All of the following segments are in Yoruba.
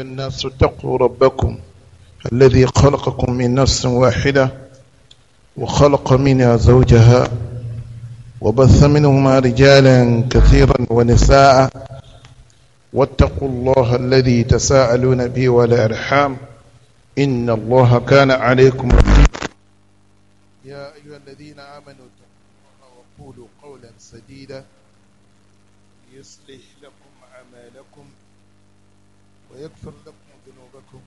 الناس اتقوا ربكم الذي خلقكم من نفس واحدة وخلق منها زوجها وبث منهما رجالا كثيرا ونساء واتقوا الله الذي تساءلون به والأرحام إن الله كان عليكم يا أيها الذين آمنوا وقولوا قولا سديدا يصلح ويغفر لكم ذنوبكم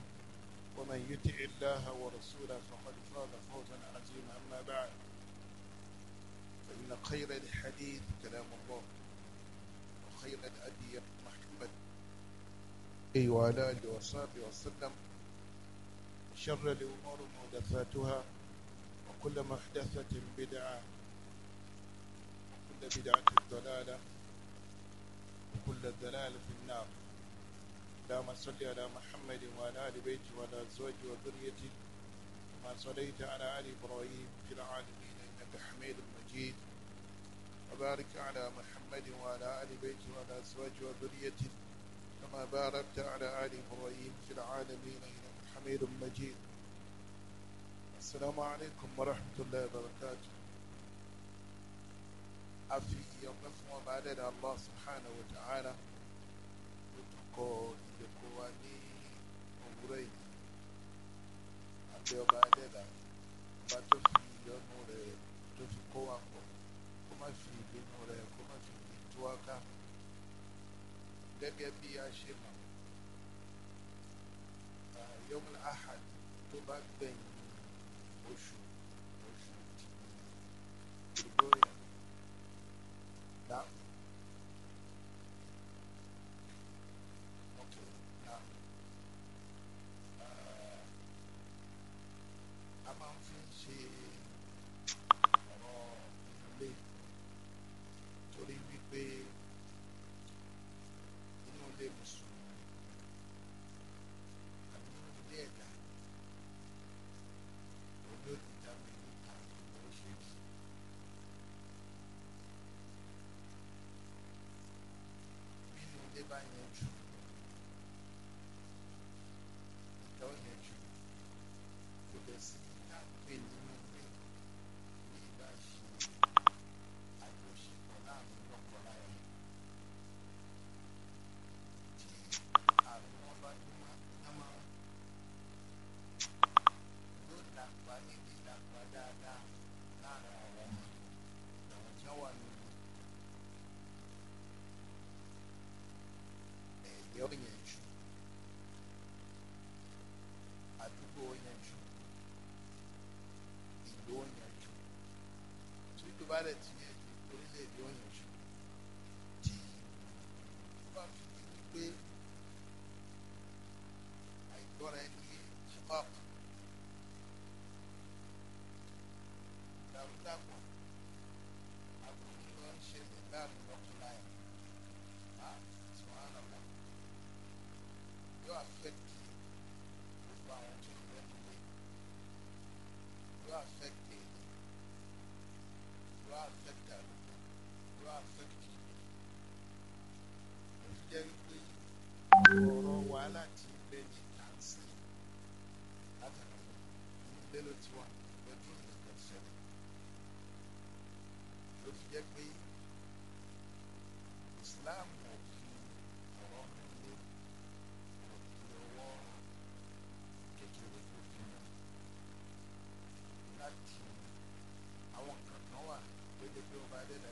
ومن يطع الله ورسوله فقد فاز فوزا عظيما أما بعد فإن خير الحديث كلام الله وخير الهدي محمد وعلى آله وصحبه وسلم شر الأمور محدثاتها وكل محدثة بدعة وكل بدعة ضلالة وكل دلاله في النار اللهم صل على محمد وعلى آل بيته وعلى زوجه وذريته كما صليت على آل إبراهيم في العالمين إنك حميد مجيد وبارك على محمد وعلى آل بيته وعلى زوجه وذريته كما باركت على آل إبراهيم في العالمين إنك حميد مجيد السلام عليكم ورحمة الله وبركاته أفي يوم وما الله سبحانه وتعالى وتقول wa ní òwúrọ̀ yìí àti ọba adẹ́dà ọba tó fi ìyọ́nú rẹ̀ tó fi kó wa pọ̀ kó má fi ìbínú rẹ̀ kó má fi ìtú wa ká gẹ́gẹ́ bí a ṣe mọ̀ yọmúlá ahad tó bá gbẹ̀yìn. by nature. it.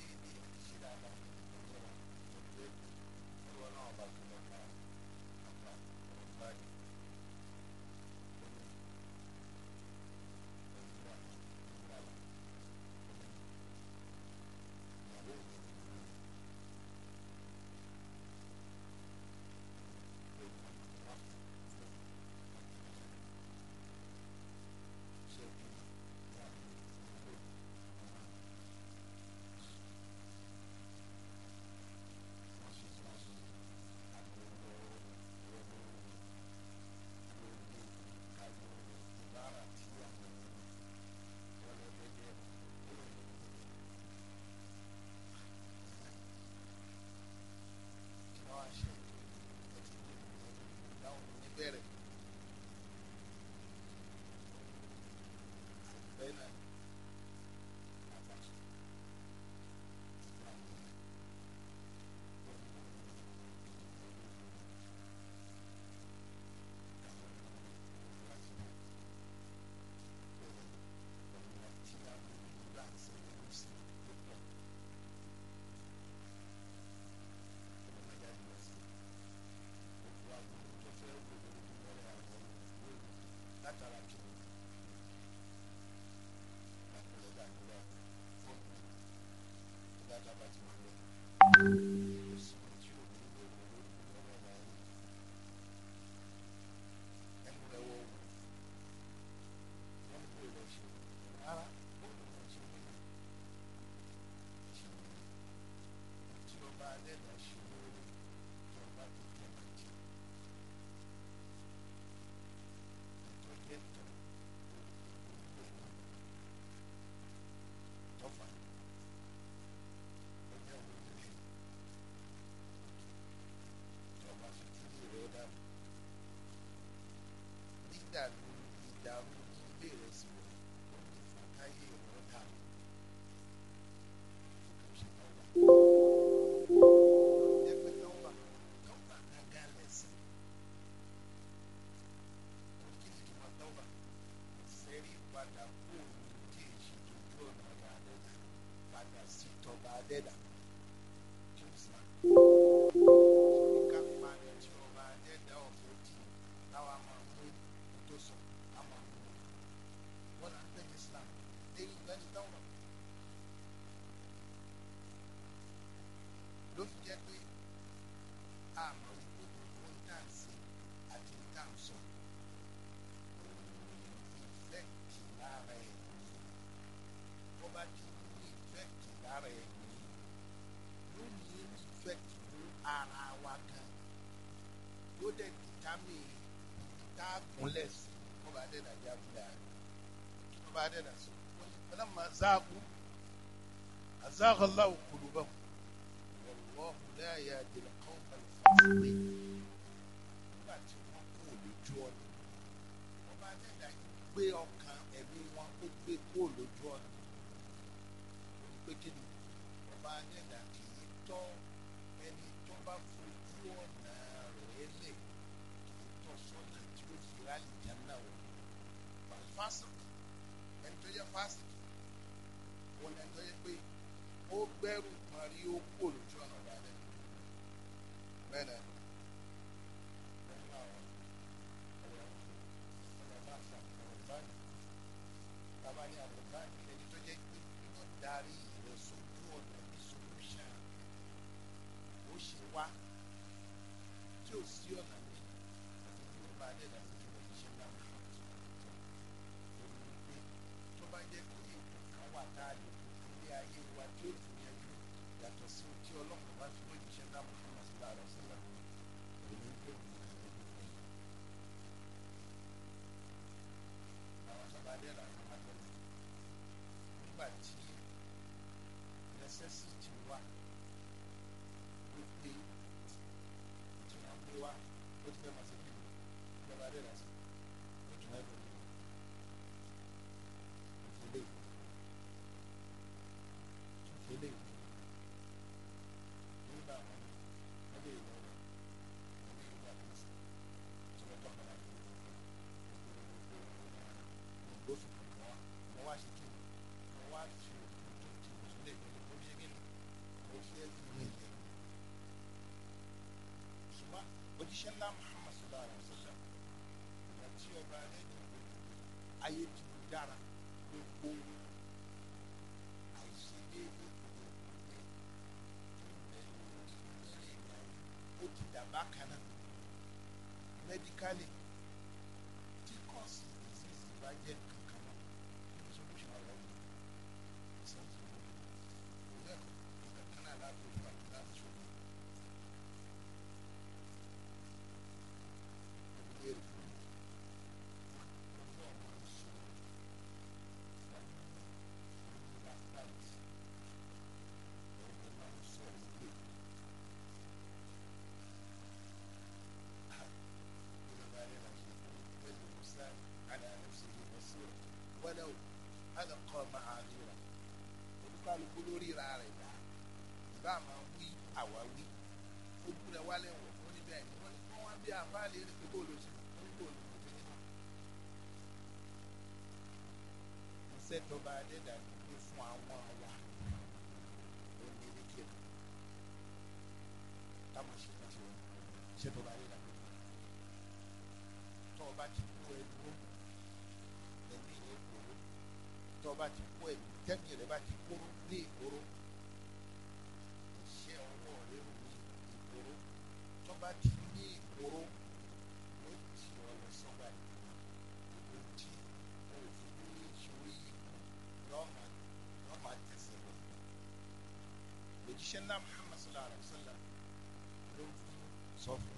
Thank you. bless ọba adẹ́dà yá fi láàrin ọba adẹ́dà sọ ọlọ́run máa záàkú azáàkọ́lá òkúlù bá wọ́n wọ́n kò láyà àjẹlẹ̀ kọ́ ọ̀pọ̀lọpọ̀ nígbà tí wọ́n kú lójú ọ̀nà ọba adẹ́dà gbé ọkàn ẹ̀mí wọn ó gbé kú lójú ọ̀nà pé kí ni ọba adẹ́dà kì í tọ́ ẹni tó bá fojú ọ̀nà rẹ̀ lẹ̀ kì í tọ́ sọ́nà ló fi rálì jẹ́nà wọ̀ fásitì ẹni tó yẹ fásitì wọn ẹni tó yẹ pé ó gbẹ́rù parí ó necessity wa wípé tí wọn gbé wa ó ti fẹ́ máa ṣe kí ni ìjọba rẹ̀ láti ọdún mẹ́rin ilé ilé ṣe ọ̀rọ̀ rẹ dìbò ayé dìbò dára gbogbo àìṣedéédé ó ti dàbá kan náà mẹ́díkálì tí kọ́ọ̀sì ìsinsìnyí bá jẹ́ nǹkan. máa bá a lórí ra rẹ̀ dá ìbá máa wí àwa wí ojú rẹ̀ wálẹ̀ wọ̀ fún níbẹ̀ ni wọ́n ní kí wọ́n bí abáàlì ní gbogbo olóṣù fún nígbà ní. fún àwọn àwa òní ní táwọn ṣe ń ṣe iṣẹ́ tó tó o bá ti kú ẹ̀ dúró tó bá ti kó ẹ̀mí tẹ́mi rẹ bá ti kóró ní ìkóró iṣẹ́ ọwọ́ rẹ rò ní ìkóró tó bá ti ní ìkóró ó ti ọ̀rọ̀ sọ́gbà nìkan gbogbo tí ó fi ní ìṣòrí lọ́mà lọ́mà tẹ̀sẹ̀ lọ. lójúṣẹ́ náà Muhammad sallallahu alayhi wa sallam sọ fún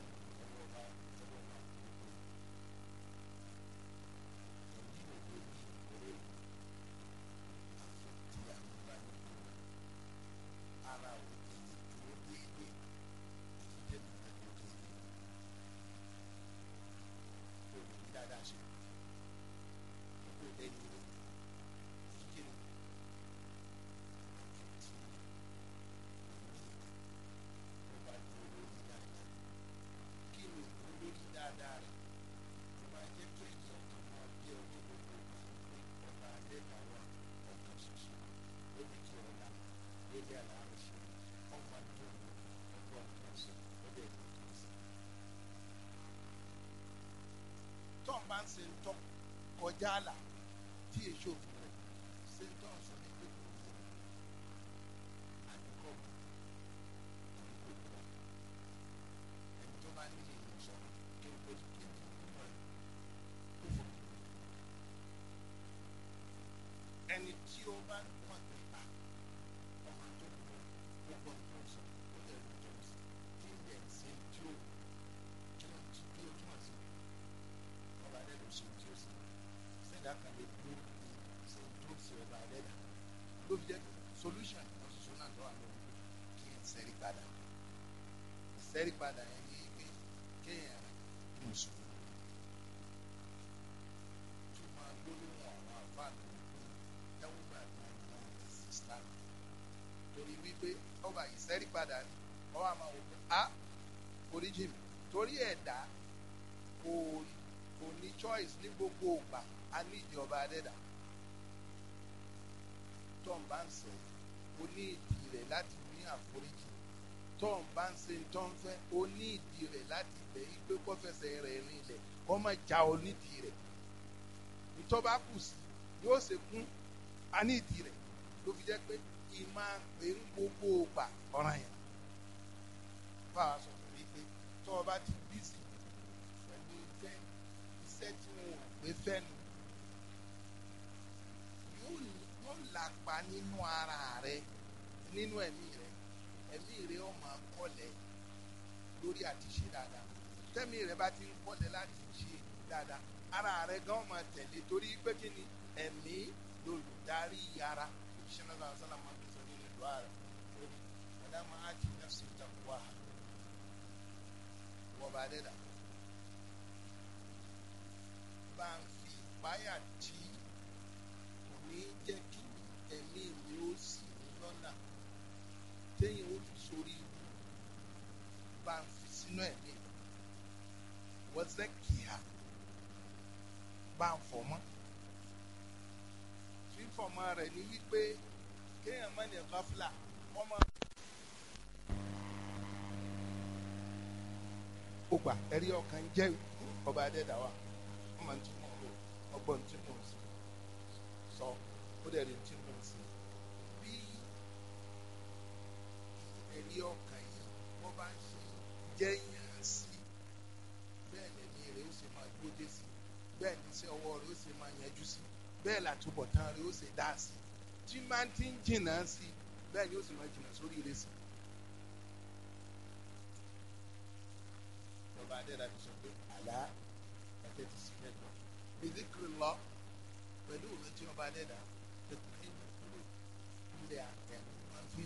ṣe ń tọ́ kọjá àlà tí èso òfin rẹ̀ ṣe ń tọ́ ọ̀sán ní pé kò sí àdúgbò àdúgbò pọ̀ ẹni tó bá ní ìlú sọ tó ń gbé kéde ìgbìmọ̀ rẹ̀ tó fò. ẹni tí ó bá ń ló fi jẹ́ solution kan ṣoṣo náà lọ́wọ́ àwọn olùkọ́ kí n sẹ́rí padà sẹ́rí padà yẹn ní pé kéèyàn mùsùlùmí tó máa gbólóhùn àwọn àfáàlù ẹ̀wọ̀n gbà ní ọ̀nà Islam torí wípé ọba yìí sẹ́rí padà ni ọba àmọ́ wò pé a ah, oríjì mi torí ẹ̀dá kò kò ní choice ní gbogbo ògbà a ní ìjọba adẹ́dàá bá ń ṣẹ̀ o ní ìdí rẹ̀ láti ní àforíjì tó ń bá ń ṣe tó ń fẹ́ o ní ìdí rẹ̀ láti bẹ̀ yí pé kó fẹsẹ̀ rẹ̀ rìn lẹ̀ kó má já o nídìí rẹ̀ ìtọ́ba kù sí yóò ṣe kún a ní ìdí rẹ̀ ló fi jẹ́ pé ìmọ̀ pé ń gbogbo ògbà ọ̀ràn yẹn bá a sọ fún pé tó o bá ti bí sí pẹ̀lú iṣẹ́ iṣẹ́ tí wọn ò gbé fẹ́ nu ìlapa nínú ara rẹ nínú ẹ̀mí rẹ ẹ̀mí rẹ ó máa kọ́lẹ̀ lórí àti ṣe dáadáa tẹ́mi rẹ bá ti ń kọ́lẹ̀ láti ṣe dáadáa ara rẹ gan máa tẹ̀lé torí pé kí ni ẹ̀mí lòlùdarí ara ìṣẹ́nà náà sọ́nà máa ń sọ nínú ìlú ààrẹ ọ̀dàmọ́ àti nafsi taqwa wọ́n dẹ́dà bá ń fi ìpáyà tí kò ní jẹ́ kí ẹ̀mí mi ó sì lọ́nà téèyàn ó fi sórí bá ń fi sínú ẹ̀mí wọ́sẹ̀ kìá bá ń fọ̀mọ́ fífọ̀mọ́ rẹ̀ ní wípé kéèyàn má ní gáfílà ọmọ. ó gbà ẹ̀rí ọkàn jẹ́ ọba adẹ́dàwà ọmọ ntúmọ̀ ọgbọ́n ntúmọ̀ sọ ó dẹ̀ rí ntúmọ̀. bí ọkàn èèyàn wọ́n bá ń ṣe jẹ́yàn sí bẹ́ẹ̀ lẹ́mí rẹ̀ ó sì máa gbóde sí bẹ́ẹ̀ ní iṣẹ́ ọwọ́ rẹ̀ ó sì máa yanjú sí bẹ́ẹ̀ làtúbọ̀tán rẹ̀ ó sì dá sí tí máa ti ń jìnnà sí bẹ́ẹ̀ ni ó sì máa jìnnà sórí rẹ̀ sí. ọba adéla ti sọ pé àlá ẹ̀fẹ́ ti sí mẹ́ta ìdíkiri lọ pẹ̀lú òwe tí ọba adéla tètè ní ìlú ilé àtẹ̀ máa fi.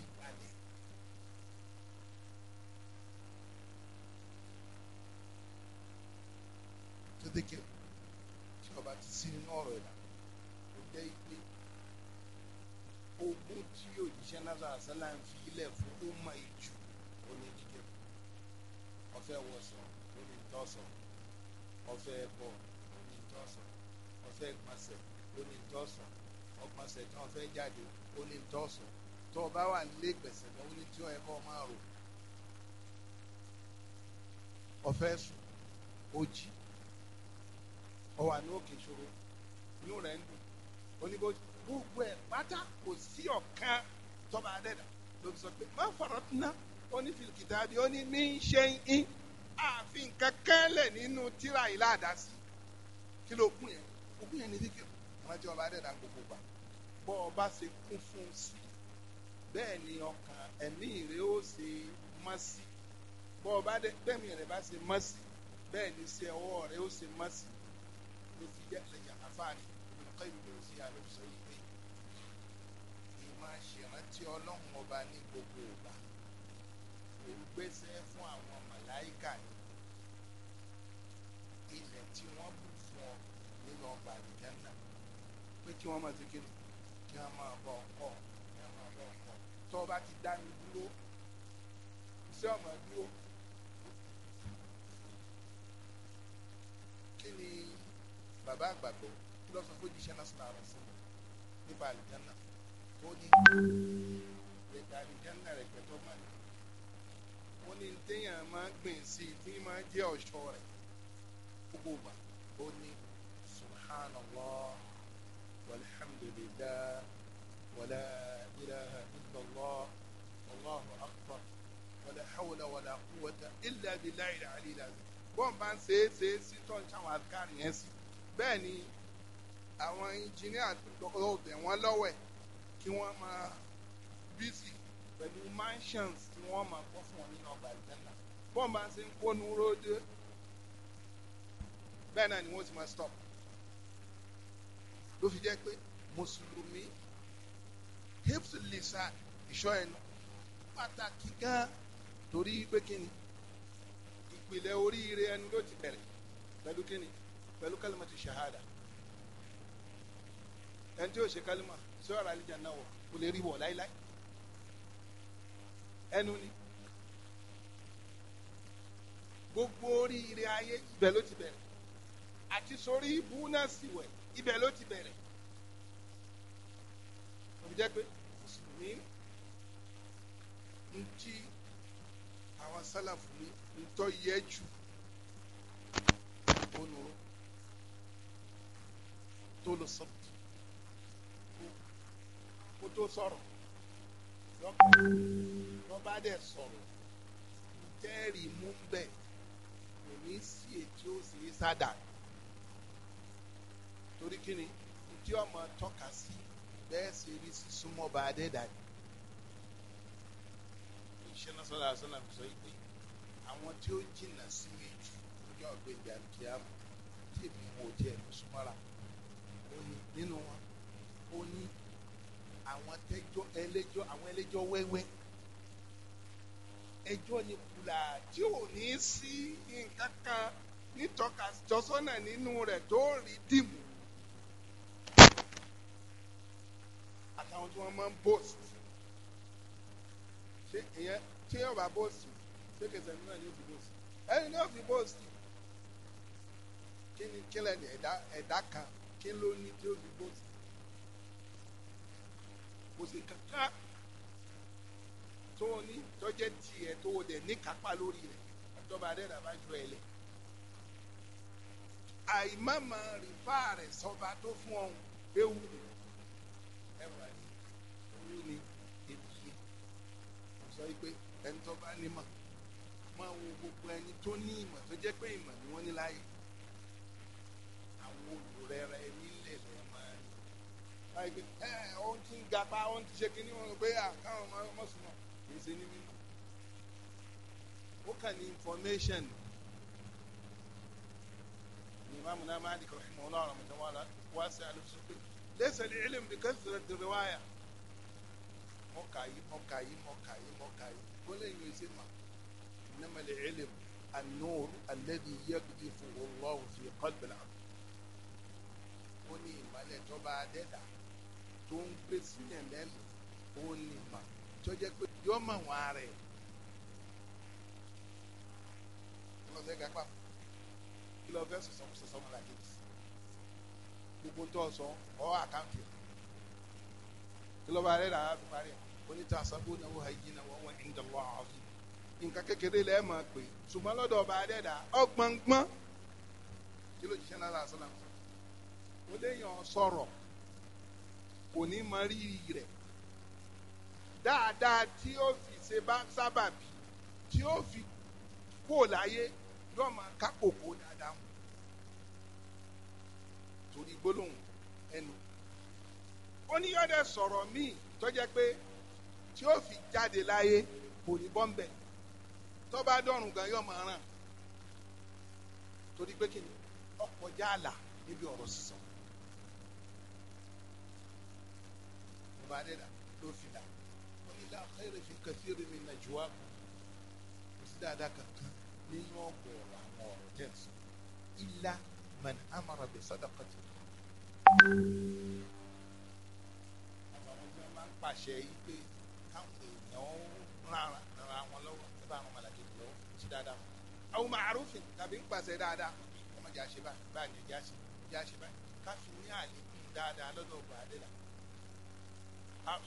gbèdéke tí ọba ti sí nínú ọ̀rọ̀ ẹ̀dá tó jẹ́ ìgbé ogún tí òjíṣẹ́ náà sọ̀rọ̀ sẹ́lá ń fi ilẹ̀ fún ó mọ ìjù oní jíjẹ ọ̀fẹ́ wọ̀sán oní tọ́sán ọ̀fẹ́ ẹ̀bọ oní tọ́sán ọ̀fẹ́ ìgbọ̀nsẹ̀ oní tọ́sán ọ̀gbọ̀nsẹ̀ tí wọ́n fẹ́ jáde oní tọ́sán tó ọba wà nílé ìgbẹ̀sẹ̀ kan oní tí ọ̀ẹ́kọ́ máa rò ọ̀fẹ́ sùn ó jí ọwà ní òkè ìṣòro inú rẹ̀ ń dùn oníbo gbogbo ẹ̀ pátá kò sí ọ̀kan tọ́ba adẹ́dà ló sọ pé má fọ̀rọ̀ ná onífìlì kìtàbí ó ní mí ń ṣe ń ààfin kankan lẹ̀ nínú tíra ìlà àdásí kí ló kún yẹn òkun yẹn ní díkìrì rántí ọba adẹ́dà gbogbo gbà bọ́ ọba ṣe kún fún sí bẹ́ẹ̀ ni ọkàn ẹ̀mí rẹ̀ ó ṣe mọ́ sí bọ́ ọba bẹ́ẹ̀ mi rẹ̀ bá ṣe mọ́ sí bẹ́ẹ̀ ni ṣe ọwọ́ rẹ̀ ó ṣe mọ́ sí ìdílé àlẹyà afáàní olùkọ ìlú sí àlọsọ ìwé ìmọ̀ ṣèrántí ọlọ́run ọba ní gbogbo ìgbà olùgbésẹ́ fún àwọn màláìkà ní ilẹ̀ tí wọ́n bù fún ọ nínú ọgbà àdìjánná pé kí wọ́n máa ti kí kí wọ́n máa bọ̀ ọkọ̀ kí wọ́n máa bọ̀ o bá ti dá mi bàbá àgbàgbọ́ kí ló sọ fún jíṣẹ́ náà sọ̀rọ̀ àrùn sí mi nípa àlìjánà ó ní ẹ̀ka àlìjánà rẹ̀ pẹ̀tọ́ máa ní ó ní téèyàn máa gbìn sí i tí máa jẹ́ ọ̀ṣọ́ rẹ̀ gbogbo wa ó ní subhanallah walhamdulillah wala ilaha illallah allahu akbar wala hawla wala quwwata illa billahi al bọ́n bá ń ṣe é ṣe é sí tó ń ṣàwọn àkàrìyàn sí i bẹ́ẹ̀ ni àwọn engineer lọ́wọ́ bẹ̀ wọ́n lọ́wẹ̀ kí wọ́n máa bísí pẹ̀lú mansions tí wọ́n máa kọ́ fún wọn nínú ọgbà ìjẹ́nà bọ́ọ̀n bá ń ṣe ń kónú róde bẹ́ẹ̀ náà ni wọ́n ti máa stop ló fi jẹ́ pé mùsùlùmí hipsi lisa ìṣọ́ ẹnu pàtàkì gan torí pé kíni ìpìlẹ̀ oríire ẹni ló ti bẹ̀rẹ̀ pẹ̀lú kíni pẹ̀lú kálímà ti ṣahada ẹni tí yóò ṣe kálímà sí ọ̀rọ̀ àlìjáná wọ̀ kò lè rí wọ̀ láíláí ẹnu ni gbogbo oríire ayé ibẹ̀ ló ti bẹ̀rẹ̀ àti sórí ibú náà wẹ̀ ibẹ̀ ló ti bẹ̀rẹ̀ òbí pé mùsùlùmí ń jí àwọn sálàfù ní ń tọ́ yẹ jù ó tó lọ sọ kó tó sọ̀rọ̀ lọ bá dẹ sọ̀rọ̀ jẹ́rìí mú bẹ kò ní sí ètí ó sì sádà torí kí ni tí ọmọ tọ́ka sí bẹ́ẹ̀ sì rí sísúnmọ́ bá adẹ́dàdì ìṣẹ́nà sọ́dọ̀ àṣọ́nà sọ pé àwọn tí ó jìnnà sí mi jù lọ́jọ́ ọ̀gbẹ́ni àbíkíyàmù tí èmi wò jẹ́ ìmọ̀súnmọ́ra nínú wọn ó ní àwọn tẹjọ ẹlẹ́jọ́ àwọn ẹlẹ́jọ́ wẹ́wẹ́ ẹjọ́ ni kùlà tí ò ní sí nǹkan kan nítọ́ka jọsọ́nà nínú rẹ̀ tó rí dìmú àtàwọn tí wọ́n máa ń bòst ṣé ìyẹn tí yóò bá bòst ṣé kẹsẹ̀ nínú ẹ̀ ní òfin bòst ẹni ní òfin bòst kí ni kílẹ̀ ẹ̀dá kan kí ló ní tí ó fi bó sí kò sí kankan tó o ní tọ́jẹ́ tiẹ̀ tó o dẹ̀ ní kápá lórí rẹ̀ àtọ́ba adẹ́rẹ́ bá jọ ẹ lẹ̀ àìmọ̀mọ̀ rìfá rẹ̀ sọba tó fún ọ̀hún ewu ẹ̀rọ ni, ewu ni èbúté sọ pé ẹni tó ni, ní mọ̀ máa wo gbogbo ẹni tó ní ìmọ̀ tó jẹ́ pé ìmọ̀ ni wọ́n ní láàyè rẹ rẹ nílẹ̀ lẹ́mọ̀ ẹ eh, ohun tí ń gapa ohun tí ṣe kíní wọn pé àkáwọn ah, ọmọ ọmọ sùnmọ̀ kì í ṣe ní mímọ̀ ó kàn ní information ni imaamu náà máa di kọfí mọ́ ọlọ́run mọ́tò wọn wá sí alùpùpù pé lẹ́sẹ̀ ní ilé mi kẹ́sì rẹ̀ tẹ̀lé wáyà mọ́kà yìí mọ́kà yìí mọ́kà yìí mọ́kà yìí kólé yìí ṣe mà nàmẹ́lẹ̀ ilé mi النور الذي يقذفه الله في قلب العبد ó ní ìmọ̀lẹ̀ tọ́ba adẹ́dà tó ń pè sílẹ̀ lẹ́nu ó ní ìmọ̀ tó jẹ́ pé yóò mọ̀ wọ́n ara ẹ̀ kí lọ́ọ́ fẹ́ ga pa kí lọ́ọ́ fẹ́ sọ̀sọ́ sọ̀sọ́ mọ́ra kejì gbogbo tó o sọ ọ́ àkáǹtì kí lọ́ọ́ bá adẹ́dà á fi parí ẹ̀ oníta àṣàbò náwó ayé náwó wọn ń dọ̀wọ́ àwọn nǹkan kékeré lẹ́ẹ̀ máa ṣùgbọ́n lọ́dọ̀ ọba adẹ́dà ọgbọ̀ngbọ́n kí ló jíṣẹ́ náà lára sọ́nà ó léèyàn sọ̀rọ̀ kò ní mọ rírì rẹ̀ dáadáa tí ó fi ṣe bá sábàbí tí ó fi kó láyé yóò máa ká kòkó dáadáa wọn torí gbólóhùn ẹnu ó ní yọ́dẹ̀ sọ̀rọ̀ míì tó jẹ́ pé tí ó fi jáde láyé kò ní bọ́m̀bẹ̀ tó bá dọ̀rùn gan yóò máa ràn torí pé kí ni ọkọ̀ já níbi ọ̀rọ̀ sísọ ọba adẹ́dà ló fi là ó ní la khayra fi kathirin min najwaakum kò sí dáadáa kankan nínú ọgọ̀ọ̀rọ̀ àwọn ọ̀rọ̀ tẹ̀ sọ illa man amara bi sadaqati. àwọn ọmọ ìjọba máa ń pàṣẹ yìí pé káwọn èèyàn ń rárá rárá wọn lọ́wọ́ nípa àwọn màlàkì lọ́wọ́ sí dáadáa wọn. àwọn màrúfin tàbí ń pàṣẹ dáadáa ọmọ ìjà ṣe báyìí báyìí ìjà ṣe báyìí ká fi ní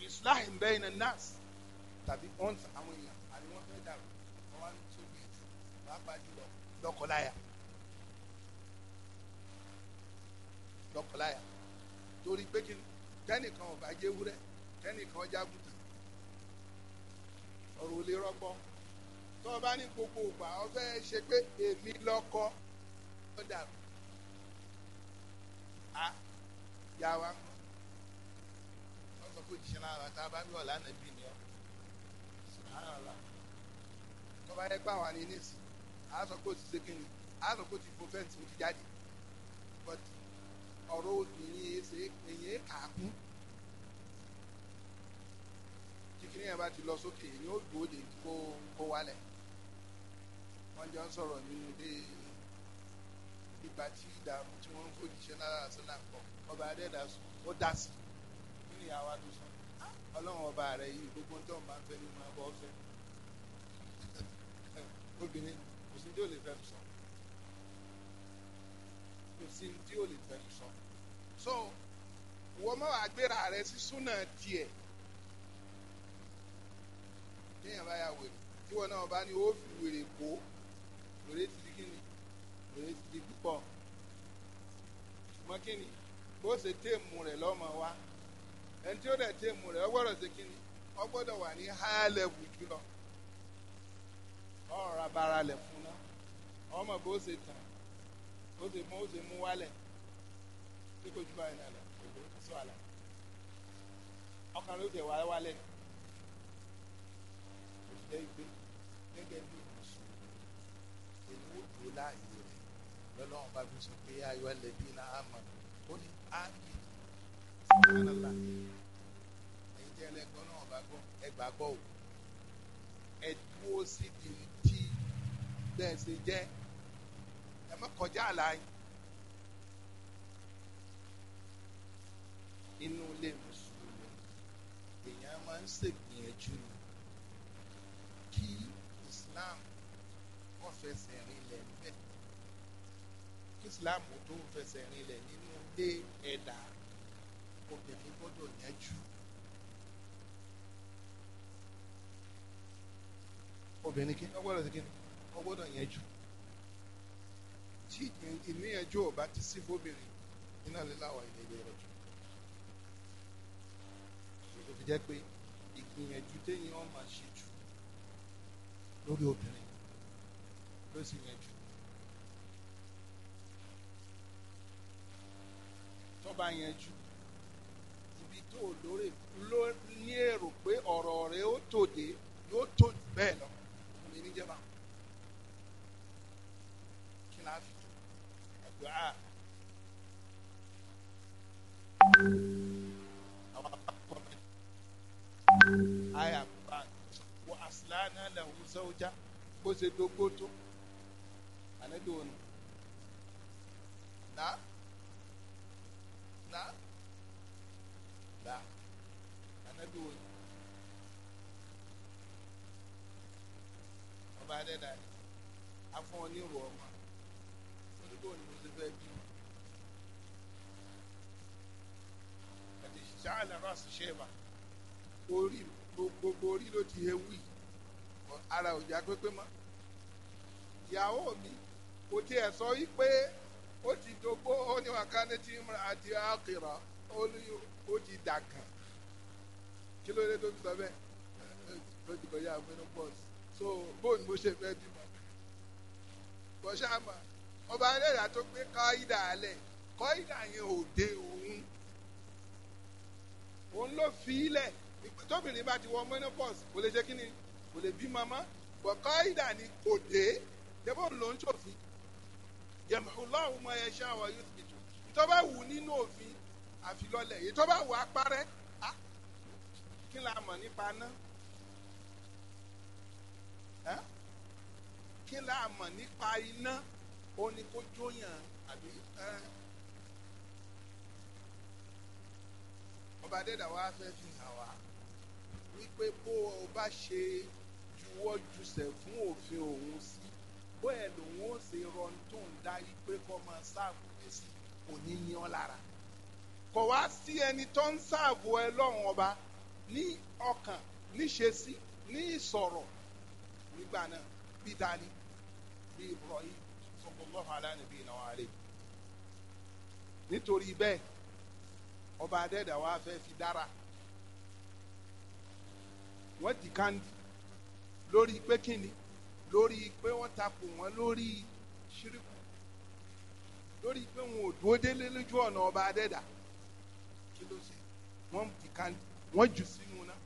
islah bẹ́ẹ̀ ní nas tàbí wọ́n ń àwọn èèyàn àbí wọ́n fẹ́ dàrú wọ́n wá ní tóbi pàápàá jùlọ lọ́kọláya lọ́kọláya torí pé kí tẹ́nìkan ò bá jẹ́ wúrẹ́ tẹ́nìkan jágùtà ọ̀rọ̀ ò lè rọ́gbọ́n tó o bá ní gbogbo ògbà o fẹ́ ṣe pé èmi lọ́kọ́ ó dàrú a yà wá kọ́ sọ pé òjíṣẹ́ náà tá a bá ń gbọ́ lánàá ni ọ́ sàrànlá tó bá yẹ pé àwọn àní nìsí a sọ pé ó ti ṣe kí a sọ pé ó ti fò fẹ́ǹsì ó ti jáde but ọ̀rọ̀ obìnrin ṣe èyí kàákún kíkiri yẹn bá ti lọ sókè ni ó dùn ó lè kó kó wálẹ̀ wọ́n jọ ń sọ̀rọ̀ nínú ilé ìgbà tí ìdààmú tí wọ́n ń kó jíṣẹ́ náírà sílẹ̀ pọ̀ ọba adẹ́dàsó ó dá ìyá wa tó sọ ọlọ́run ọba rẹ̀ yìí gbogbo tó ń bá fẹ́ ló máa bọ́ fẹ́ obìnrin kò sí tí ò lè fẹ́ sọ kò sí tí ò lè fẹ́ sọ so wọ́n mọ̀ wá gbéra rẹ̀ sí súnà tiẹ̀ téèyàn bá yà wèrè tí wọn náà bá ní ó fi wèrè kó wèrè ti di kíni wèrè ti di púpọ̀ ṣùgbọ́n kíni bó ṣe téèmù rẹ̀ lọ́mọ wa. ẹni tí ó dẹ̀ tẹ́ rẹ̀ ọ ṣe kí ni ọ wà ní high level jùlọ ọ̀rọ̀ abara lẹ̀ fún ná ọmọ bó ṣe tàn ó ṣe mú ó ṣe mú wálẹ̀ tí kò ju báyìí náà lọ kò sọ àlà ọkàn ló tẹ̀ wálẹ̀ ìgbé gẹ́gẹ́ bí láàyè rẹ̀ lọ́lọ́run bá fi sọ pé subhanallah ẹ̀yin tí ẹlẹ́gbọ́n náà bá gbọ́ ẹ gbàgbọ́ o ẹ dúró sí di ti bẹ́ẹ̀ ṣe jẹ́ ẹ má kọjá àlá inú ilé mùsùlùmí èèyàn máa ń ṣègbìyànjú kí Islam kọ́ fẹsẹ̀ rinlẹ̀ níbẹ̀ kí Islam tó fẹsẹ̀ rinlẹ̀ nínú ilé ẹ̀dá obìnrin gbọ́dọ̀ yanjú obìnrin kí wọ́n gbọ́dọ̀ kí wọ́n gbọ́dọ̀ yanjú tí ìníyanjú ò bá ti sí fóbìnrin iná líláwọ̀ ilé ilé rẹ̀ jù ló fi jẹ́ pé ìgbìyànjú téèyàn máa ṣe jù lórí obìnrin ló sì yanjú tó bá yanjú ẹni tó lórí ló ní èrò pé ọ̀rọ̀ rẹ̀ ó tòde yóò tó jù bẹ́ẹ̀ lọ òun ní níjẹba kí náà fi tó àdúrà àwọn akọ̀rọ̀ àyà bá wọ àsìláàna làwọn bó ṣe dógó tó ànábì òun náà. good. ọba adẹ́dà ni afọ́ onírò ọmọ onígbò ni mo ti fẹ́ bí mi. àti ṣáàlà gbogbo ori ló ti ewu yìí ara ò já ma ìyàwó mi o kò tiẹ̀ sọ wípé o ti dogbo ó ní wàkánẹ́tì àti àkìrà ó ní o ti dàgàn. kí ló dé tó fi sọ bẹ́ẹ̀ ló ti kọjá menopause so bóun bó ṣe fẹ́ bímọ bọ́ ṣáàmà ọba ẹlẹ́dàá tó gbé kọ́ídà alẹ̀ kọ́ídà yẹn ò dé òun òun ló fi í lẹ̀ tóbìnrin bá ti wọ menopause kò lè ṣe kí ni kò lè bí mama bọ̀ kọ́ídà ni kò dé débò ló ń ṣòfin yẹmọ̀ lọ́hùn mọ ẹṣẹ́ àwọn yóò ti bìtù ìtọ́ wù nínú òfin àfilọ́lẹ̀ ìtọ́ wù apárẹ́ kí la mọ̀ nípa náà ẹ́ kí la mọ̀ nípa iná ó ní kó jóyàn àbí ẹ́ ọba adédàwá fẹ́ fi hàn wá wípé bó o bá ṣe juwọ́ jùsẹ̀ fún òfin òun sí bóyá lòun ó ṣe rọrùn tó ń dá yí kọ́ máa ṣáàbù ẹ sí òní yan lára kò wá sí ẹni tó ń ṣáàbù ẹ lọ́rùn ọba ní ọkàn níṣesí ní ìsọ̀rọ̀ nígbà náà bí dání bí Ibrahim sallallahu ala nabiyina wa alayhi nítorí bẹ́ẹ̀ ọba adẹ́dà wa fẹ́ fi dára wọ́n di kandi lórí pé kíni lórí pé wọ́n takò wọ́n lórí ṣíríkù lórí pé wọn ò dúró délé lójú ọ̀nà ọba adẹ́dà kí ló ṣe wọ́n di kandi wọ́n jù sínú náà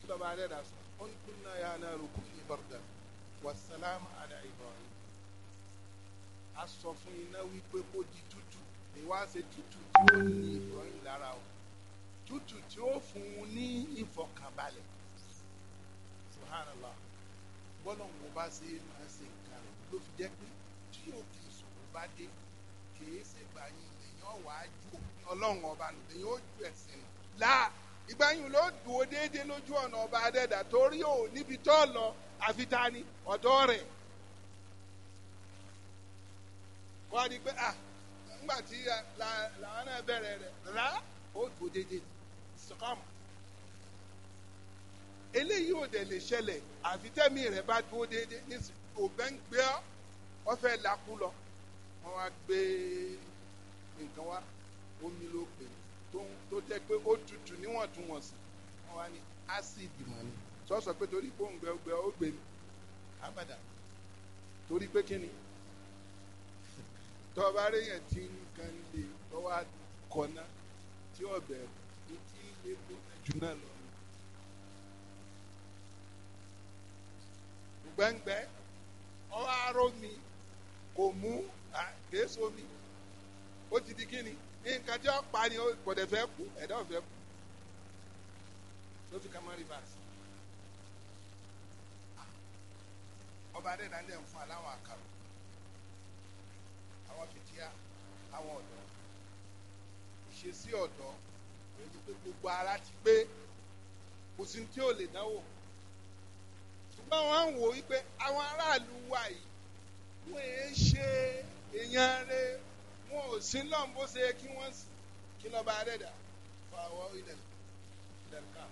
tí bàbá rẹ̀ dà sọ ọ́n kún náà yà náà rò kún ní bàrdà wà sàlámù àlà Ibrahim a sọ fún iná wípé kó di tútù ní wàá ṣe tútù tí ó ní Ibrahim lára o tútù tí ó fún un ní ìfọkànbalẹ̀ subhanallah bọ́lọ̀ ń bá ṣe é máa ṣe nǹkan rẹ̀ ló fi jẹ́ pé tí òkè ìṣòro bá dé kì í ṣègbà yìí lèyìn ọ̀wá ju ọlọ́run ọba nù ó ju ẹ̀sìn nù láà ìgbàyìn ló dúró déédéé lójú ọ̀nà ọba adẹ́dà torí ò níbi tó lọ àfi ta ni ọ̀dọ́ rẹ̀ wọ́n á di pé ah ńgbà tí làwọn náà bẹ̀rẹ̀ rẹ̀ rà ó dúró déédéé sọ́kàmù eléyìí ò dẹ̀ lè ṣẹlẹ̀ àfi rẹ̀ bá dúró déédéé ní kò wọ́n fẹ́ lakú lọ wọ́n wá gbé nǹkan wá omi ló pè tó jẹ́ pé ó tutù níwọ̀ntúnwọ̀nsì wọ́n wá ní ásíìdì mọ́ ni sọ́sọ́ pé torí pé òǹgbẹ ògbẹ ó gbé abàdà torí pé kí ni tọ́ ọba réyàn tí nǹkan lè lọ́wọ́ kọ́ná tí ọ̀bẹ ní tí lè mú jù náà lọ. gbẹ́ngbẹ́ ọwọ́ mi kò mú àdéso mi ó ti di kí ni nǹkan tí ó pa ni kò dẹ̀ fẹ́ kú ẹ̀dá ò fẹ́ kú ló fi kàmá rivers ọba adéda ń dẹ̀ ń fún aláwọ̀ àkàrò àwọn fìtíà àwọn ọ̀dọ́ ìṣesí ọ̀dọ́ pẹ̀lú pé gbogbo ara ti gbé kò sí tí ò lè dánwò ṣùgbọ́n wọ́n ń wò wípé àwọn aráàlú wa yìí wọ́n ń ṣe èèyàn rẹ̀ wọn ò sí lọ́n bó ṣe kí wọ́n sì kí lọ́ bá rẹ̀ dà fún àwọn ìdẹ̀rùkà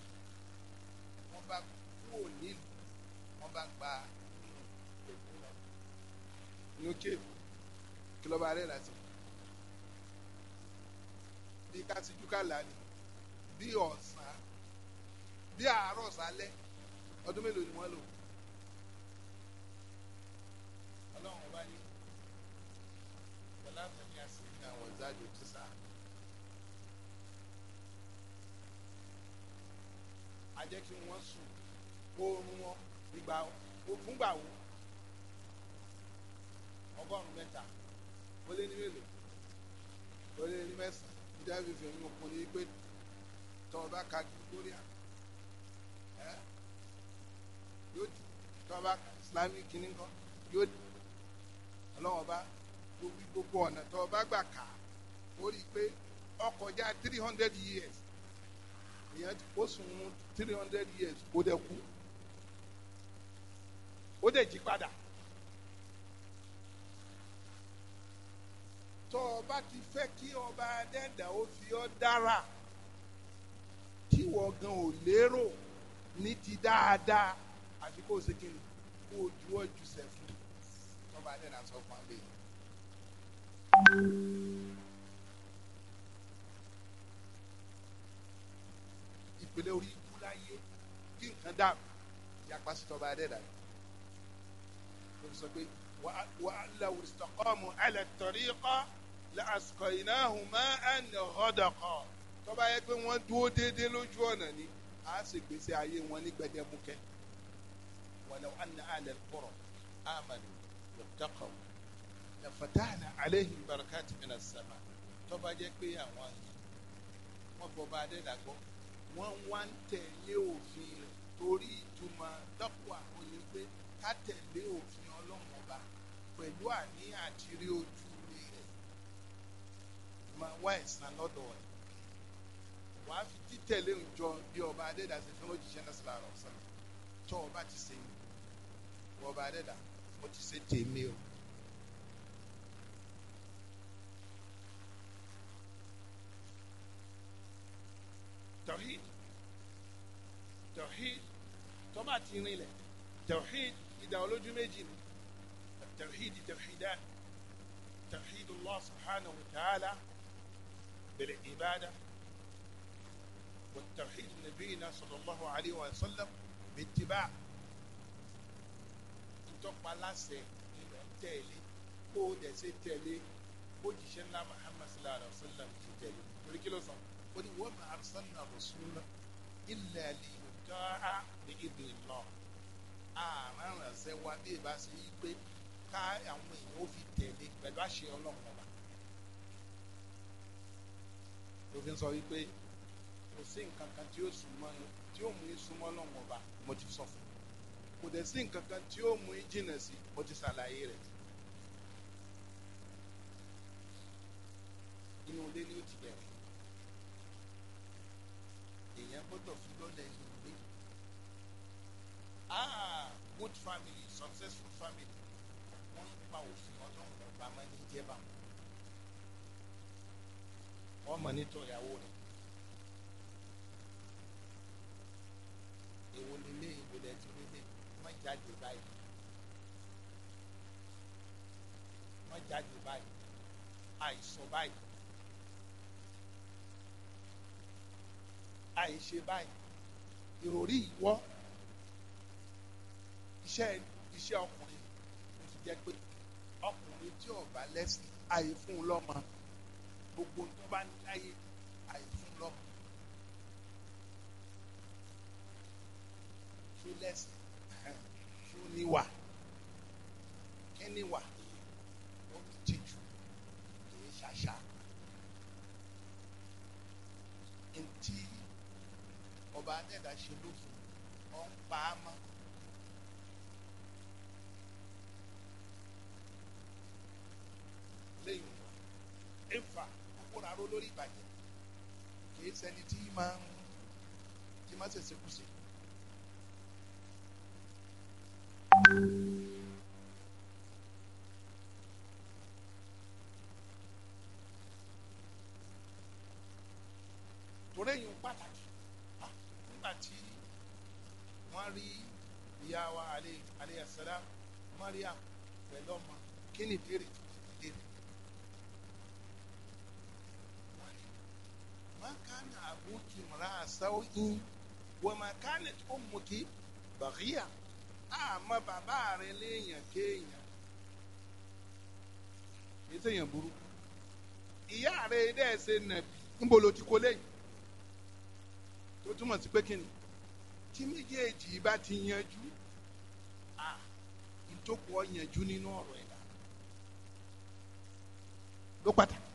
wọ́n bá kúrò nílùú wọ́n bá gba èkó lọ inú kéèkó kí lọ́ bá rẹ̀ dà sí. bí kásíjú kàlà ni bí ọ̀sán bí àárọ̀ sálẹ̀ ọdún mélòó ni wọ́n lò ọlọ́run ọba ní ọlá jáde ti sá. a jẹ́ kí wọ́n sùn oorun wọn ìgbà fúngbà wo ọgọ́rùn-ún mẹ́ta ó lé ní mélòó ó lé ní mẹ́sàn-án ìjà fífi ẹ̀yìn òkun ní pé tọ́ ọ bá ka gígóríà ẹ́ yóò di tọ́ ọ bá ka islamic kìnnìkan yóò di ọlọ́wọ́n bá gbogbo ọ̀nà tọ́ ọ gbà kàá ó rí i pé ọkọjá three hundred years ìyẹn ó sùn three hundred years ó dẹ̀ kú ó dẹ̀ jí padà. tọ́ ọ bá ti fẹ́ kí ọba adẹ́dà ó fi ọ́ dára tí wọ́n gan ò lérò ní ti dáadáa àti kó o ṣe kíni kó o ju ọ́ jù sẹ́fún ọba adẹ́dà sọ fún abẹ́yẹ. ìpìlẹ̀ orí ikú láyé kí nǹkan dà yapa sí tọba adẹ́dà ló sọ pé wà á lọ wùsùtọ̀kọ́mù alẹ́ tọ̀rí kọ́ lásìkò iná hùn mọ́ ẹnì ọ̀dọ̀kọ̀ tọba yẹ pé wọ́n dúró déédéé lójú ọ̀nà ni a sì gbèsè ayé wọn ní gbẹdẹmukẹ wọn lọ àná alẹ́ kọ̀rọ̀ àmàlù lọ́tọ̀kọ̀ lafatahna alayhim barakati minas sama tọba jẹ pé àwọn wọn bọba adẹ́dà gbọ́ wọ́n wá ń tẹ̀lé òfin rẹ̀ torí ìtumọ̀ dọ́pọ̀ àwọn yẹn pé ká tẹ̀lé òfin ọlọ́run ọba pẹ̀lú àní àtìrí ojú rẹ̀ máa wá ẹ̀san lọ́dọ̀ rẹ̀ wà á fi títẹ̀lé ìjọ bí ọba adẹ́dà ṣe fẹ́ lójijì náà sí lára ọ̀sán ọba ti ṣe mi ọba adẹ́dà mo ti ṣe tèmi o. tawhid tó bá ti rinlẹ̀ tawhid ìdá olójú méjì ni tawhid tawhidan tawhid allah subhanahu wa ta'ala bil ibada wa tawhid nabiyina sallallahu alayhi wa sallam bi ittiba' ntọ́pa láṣẹ ìlọ tẹ̀lé kó o dẹ̀ ṣe tẹ̀lé kó jìṣẹ́ ńlá muhammad sallallahu alayhi wa sallam ṣe tẹ̀lé torí kí ló sọ ó ní wa ma arsalna rasula illa li náà ní ìdè lọ àrùn ránṣẹ́ wa bí ìbá ṣe yí pé ká àwọn èèyàn ó fi tẹ̀lé pẹ̀lú àṣẹ ọlọ́run ọba ló fi ń sọ wípé kò sí nǹkan kan tí ó súnmọ́ tí ó mú ìsúnmọ́ ọlọ́run ọba mo ti sọ fún kò dẹ̀ sí nǹkan kan tí ó mú ìjìnà sí mo ti ṣàlàyé rẹ̀ inú ilé ni ó ti bẹ̀rẹ̀ èèyàn gbọ́dọ̀ fi family successful family wọ́n ń pa òfin ọlọ́run ọba máa ń jẹ́ bá wọ́n mọ̀ nítorí ìyàwó rẹ̀ èwo lélé èwo lẹ́tí lélé má jáde báyìí má jáde báyìí àìsọ báyìí àìṣe báyìí ìròrí ìwọ́ iṣẹ́ iṣẹ́ ọkùnrin ó ti jẹ́ pé ọkùnrin tí ò bá lẹ́sìn àyè fún un lọ́mọ gbogbo tó bá ní láyé àyè fún un lọ́mọ tó lẹ́sìn tó níwà kí níwà ó ti tìjú kì í ṣàṣà ntí ọba adẹ́dàá ṣe lófin ọ̀ ń pa á mọ́. ìbàjẹ́ kìí ṣẹni tí máa ń tí máa ṣèṣe kù sí. torí èyí ń pàtàkì nígbà tí wọ́n rí ìyá wa alẹ́ àṣàlá Maria pẹ̀lú ọmọ kí ni ìbéèrè tó. abuki mra sau'in wa ma kanat ummuki baghiya àmọ́ bàbá rẹ léèyàn kéèyàn kìí ṣèyàn burúkú ìyá rẹ dẹ́ ṣe nàbí ńbo lo ti kó lẹ́yìn tó túmọ̀ sí pé kíni tí méjèèjì bá ti yanjú à ìjókòó yanjú nínú ọ̀rọ̀ ẹ̀dá ló pàtàkì.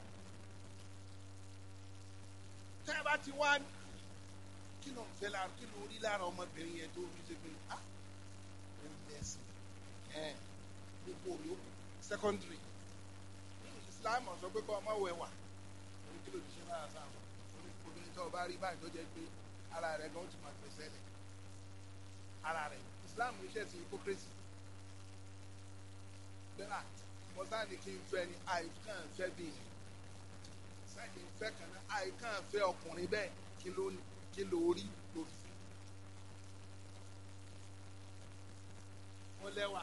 ti wá kí ló ń fẹ́ lára kí ló rí lára ọmọbìnrin yẹn tó rí ṣe pé ah ẹ̀ ń bẹ̀ sí ẹ̀ gbogbo yòókù secondary Islam sọ pé kọ́ ọmọ wẹ̀wà orí kí ló ti ṣe lára sáà orí obìnrin tó o bá rí báyìí tó jẹ́ pé ara rẹ̀ gan ó ti máa pèsè ẹ̀ ara rẹ̀ Islam iṣẹ́ ti hypocrisy bẹ́ẹ̀ ni kí n fẹ́ ni àìkàn fẹ́ bí yẹn fẹ́ni fẹ́ kan náà àìkàn fẹ́ ọkùnrin bẹ́ẹ̀ kí ló ní kí ló rí lórí fẹ́. mo lẹ́wà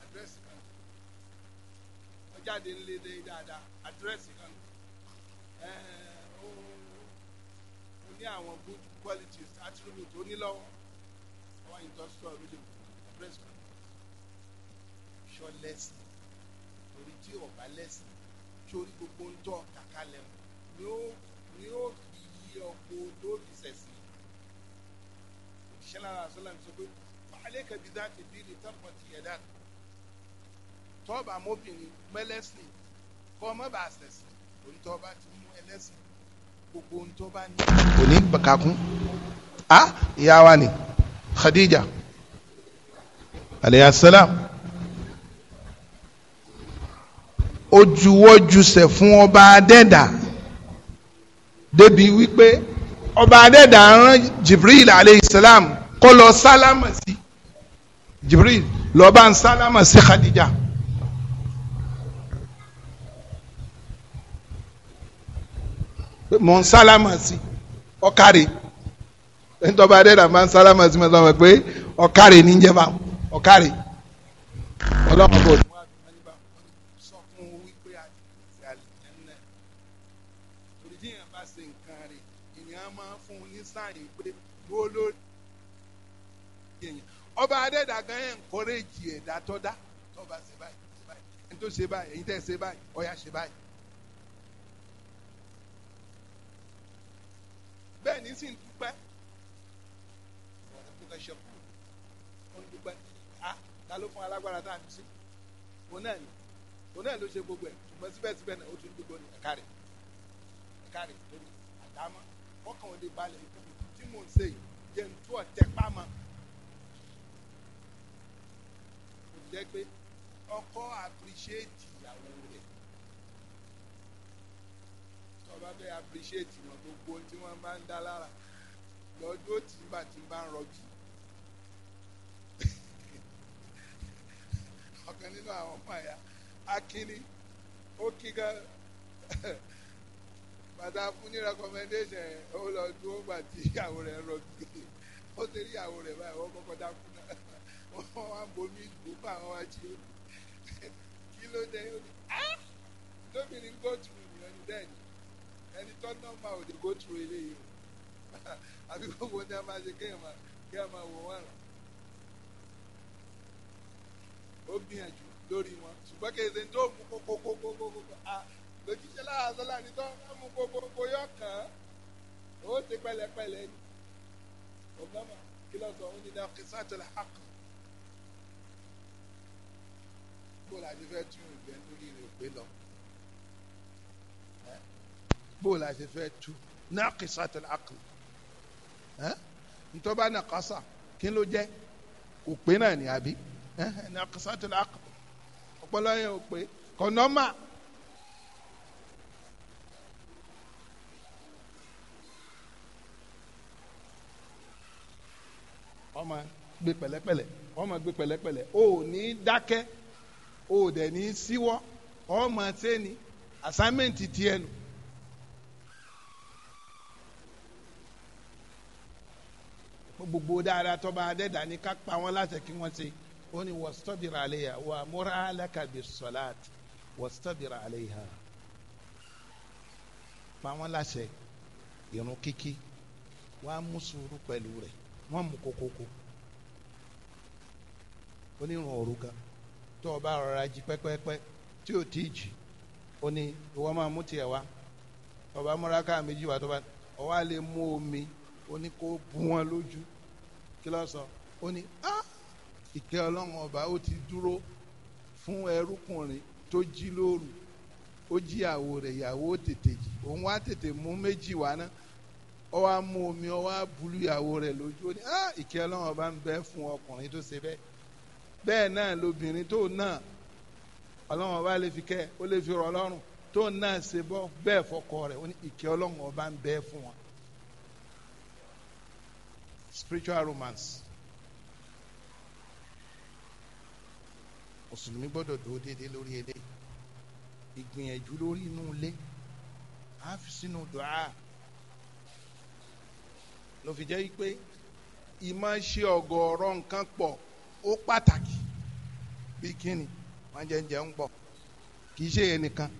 àdírẹ́sì kan mo jáde nílé dé dáadáa àdírẹ́sì kan ó ní àwọn good qualities attributes tó ní lọ́wọ́ àwọn industrial ló dé àdírẹ́sì kan ṣọ lẹ́sìn torí tí ọba lẹ́sìn torí gbogbo ń tọ́ kàkálẹ̀ ni ó ni ó fi yí ọkọ̀ tó fi sẹ̀sì òṣìṣẹ́ lára àṣọlám sọ pé fàálẹ́ kẹbi dáàtì bí ní tọ́pọ̀ ti yẹ dáàtì tọ́ọ̀bà mọ́bìnrin mẹ́lẹ́sìn kọ́ ọmọ bá sẹ̀sì òun tọ́ọ̀bà ti mú ẹlẹ́sìn gbogbo ń tọ́ bá ní. òní kakún a ah, ìyá wa ni Khadija aleyhi salaam. ó juwọ́jusẹ̀ fún ọba adẹ́dà débi wípé ọba adẹ́dà rán Jibril aleyhisselam kó lọ sálámà sí Jibril lọ bá ń sálámà sí Khadija. mọ̀ ń sálámà sí ọ̀kàrẹ̀ ntọ́ba adẹ́dà máa ń sálámà sí mọ̀ pé ọ̀kàrẹ̀ níjẹba ọ̀kàrẹ̀ ọlọ́mọbọ̀dún. ọba adẹ́dà gan ẹ̀ ń kọ́rẹ́jì ẹ̀dá tó dá tọ́ba ṣe báyìí ṣe báyìí ẹni tó ṣe báyìí ẹ̀yin tẹ́ ṣe báyìí ọ̀yà ṣe báyìí. bẹ́ẹ̀ ni sì ń dúpẹ́ ọ̀rẹ́ a ta ló fún alágbára tá à ń ṣe òun náà ni òun náà ló ṣe gbogbo ẹ̀ ṣùgbọ́n síbẹ̀síbẹ̀ náà ó tún dúpẹ́ ní ẹ̀ka rẹ̀ ẹ̀ka rẹ̀ lórí àdámọ́ wọ́n kàn balẹ̀ ìkọ́kùn tí mò ń ṣe yìí jẹ́ ń tó ọ̀tẹ́ pàmò jẹ́ pé ọkọ appreciate ìyàwó rẹ̀ tọ́ba fẹ́ appreciate wọn gbogbo tí wọ́n bá ń dá lára lọ́jọ́ tìǹbà tí ń bá ń rọjú ọ̀kan nínú àwọn ọmọ àyà akínní ó kí gan bàtà fún ní recommendation ó lọ dúró gbà tí ìyàwó rẹ̀ rọjú ó ti rí ìyàwó rẹ̀ báyìí ó kọ́kọ́ dákú wọ́n wá bomi gbópa àwọn wájú kí ló dé ó ní lómìnir go through ìyẹn ni bẹ́ẹ̀ ni ẹni tó nọ́ọ̀mà ò lè go through eléyìí o àbí gbogbo ní a máa ṣe kéèyàn máa kéèyàn máa wò wọ́n rán ó gbìyànjú lórí wọn ṣùgbọ́n kí ẹsẹ̀ tó mú kókókókókókó a lójúṣe láàzọ́là ní tó ń mú kókókó yọ kàn án ó ti pẹ̀lẹ́pẹ̀lẹ́ ni ọgbọ́n mà kí lọ́sọ̀ọ́ ó ní dá kí sátẹ̀lẹ̀ hàkàn. bó la ṣe fẹ́ tún ìgbẹ́ nítorí rẹ̀ pé lọ bó la ṣe fẹ́ tu naqisat al-aql ntọ́ba nàkásà kí ló jẹ́ kò pé náà ní àbí naqisat al-aql ọpọlọ yẹn ò pé kọ̀nọ́mà. ọmọ gbé pẹ̀lẹ́pẹ̀lẹ́ ọmọ gbé pẹ̀lẹ́pẹ̀lẹ́ ò ní dákẹ́. o dẹ̀ ní síwọ́ ọmọ sẹ́ni assignment tiẹ̀ nù. gbogbo dáadáa tọ́ba adẹ́dà ni ká pa wọ́n láti kí wọ́n ṣe ó ní wastabir alayha wa amur ahlaka bis salat wastabir alayha pa wọ́n láṣẹ irun kíkí wàá mú sùúrù pẹ̀lú rẹ̀ wọ́n mú kókókó onírun òru tó o bá rọra jí pẹ́pẹ́pẹ́ tí o tí jì ó ní ìwọ máa mú tiẹ̀ wá ọba múraká méjì wá tó bá ọwọ́ àlè mú omi ó ní kó bu wọn lójú kí ló sọ ó ní ìkẹ́ ọlọ́run ọba ó ti dúró fún ẹrúkùnrin tó jí lóru ó jí àwo rẹ̀ ìyàwó tètè jì òun wá tètè mú méjì wá ná ọ wá omi ọ wá ìyàwó rẹ̀ lójú ó ní ìkẹ́ ọlọ́run ọba ń bẹ fún ọkùnrin tó ṣe bẹ́ẹ̀ bẹ́ẹ̀ náà lobìnrin tó náà ọlọ́run ọba lè fi kẹ́ ó lè fi rọ ọlọ́run tó náà ṣe bọ́ bẹ́ẹ̀ fọkọ rẹ̀ ó ní ìkẹ́ ọlọ́run ọba ń bẹ́ẹ̀ fún wọn. spiritual romance mùsùlùmí gbọ́dọ̀ dúró déédéé lórí eléyìí ìgbìyànjú lórí inú ilé á fi sínú dùá ló fi jẹ́ pé ìmọ̀ ṣe ọ̀gọ̀ọ̀rọ̀ nǹkan pọ̀ ó pàtàkì bí kíni wọ́n jẹ ń jẹ ń pọ̀ kì í ṣe yẹn nìkan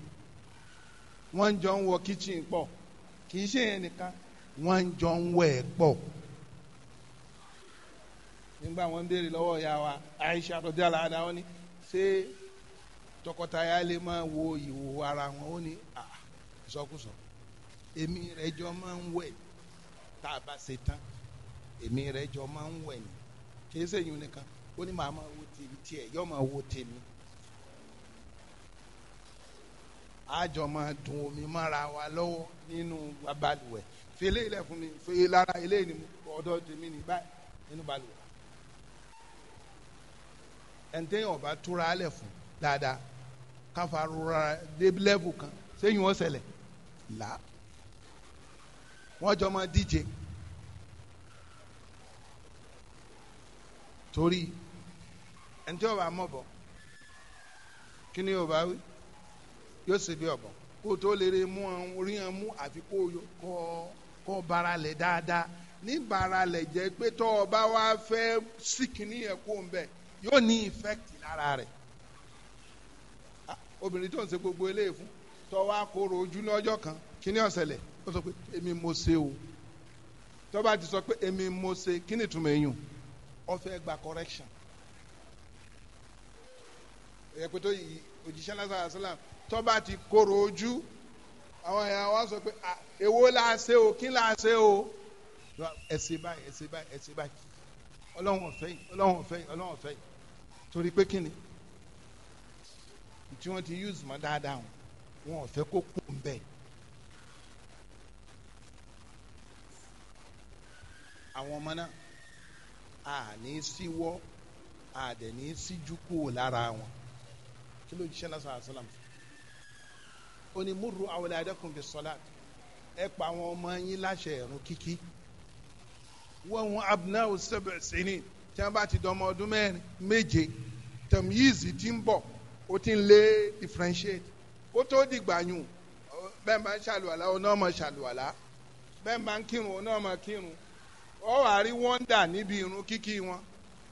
wọ́n jọ ń wọ kitchen pọ̀ kì í ṣe yẹn nìkan wọ́n jọ ń wẹ̀ pọ̀ nígbà wọ́n béèrè lọ́wọ́ ìyá wa Aisha tó dára ara wọn ni ṣé tọkọtaya lè máa wo ìwò ara wọn ó ní ah, ìsọkúsọ èmi rẹ jọ máa ń wẹ̀ tá a bá ṣe tán èmi rẹ jọ máa ń wẹ̀ ni kì í ṣèyún nìkan ó ní màá máa wo tèmi tiẹ̀ yóò máa wo tèmi àjọ máa dùn omi mọ́ra wa lọ́wọ́ nínú balùwẹ̀ fi eléyìí lẹ̀ fún mi fi lára eléyìí ni ọ̀dọ̀ tèmi ní báyìí nínú balùwẹ̀ ẹ̀ǹtẹ́yìn ọ̀bá túra alẹ̀ fún dáadáa káfa rora dé kan sẹ́yìn wọ́n ṣẹlẹ̀ là wọ́n jọ máa díje torí ẹni tí ọba mọ̀ bọ̀ kí ni ọba wí yóò ṣe bí ọ̀bọ̀ kó tó lè rí mú rí hàn mú àfi kó kọ́ kọ́ bara lẹ̀ dáadáa ní bara lẹ̀ jẹ́ pé tọ́ ọba wa fẹ́ síkìní yẹn kó ń bẹ̀ yóò ní effect lára rẹ̀ obìnrin tó ń ṣe gbogbo eléyìí fún tọ́ wa kóró ojú lọ́jọ́ kan kí ni ó ṣẹlẹ̀ ó sọ pé èmi mo ṣe o tọ́ bá ti sọ pé èmi mo ṣe kí ni ìtumọ̀ èèyàn fẹ́ gba correction ẹ̀pẹ̀tọ́ yìí òjíṣẹ́ lásán àṣàlá tọ́ba ti kóró ojú àwọn èèyàn wa sọ pé èwo la ṣe o kí la ṣe o ẹ̀sìn báyìí ẹ̀sìn báyìí ẹ̀sìn báyìí ọlọ́run ọ̀fẹ́ yìí ọlọ́run ọ̀fẹ́ yìí ọlọ́run ọ̀fẹ́ yìí torí pé kí ni tí wọ́n ti use mọ́ dáadáa wọn ọ̀fẹ́ kó kú ń bẹ́ẹ̀. àwọn ọmọ náà a ní í síwọ́ a dẹ̀ ní í síjú kúrò lára wọn kí ló jíṣẹ́ lásán àṣàlám ó ní múru awladakum bis salat ẹ pa àwọn ọmọ yín láṣẹ ẹ̀rùn kíkí wọ́n hun abnau sab'a sinin tí wọ́n bá ti dọmọ ọdún mẹ́rin méje tẹ̀míyìzì ti ń bọ̀ ó ti ń lé differentiate ó tó dìgbàyùn bẹ́ẹ̀ máa ń ṣàlùwàlá ọ náà máa ṣàlùwàlá bẹ́ẹ̀ máa ń kírun ọ náà máa kírun ọ wàá níbi irun kíkí wọn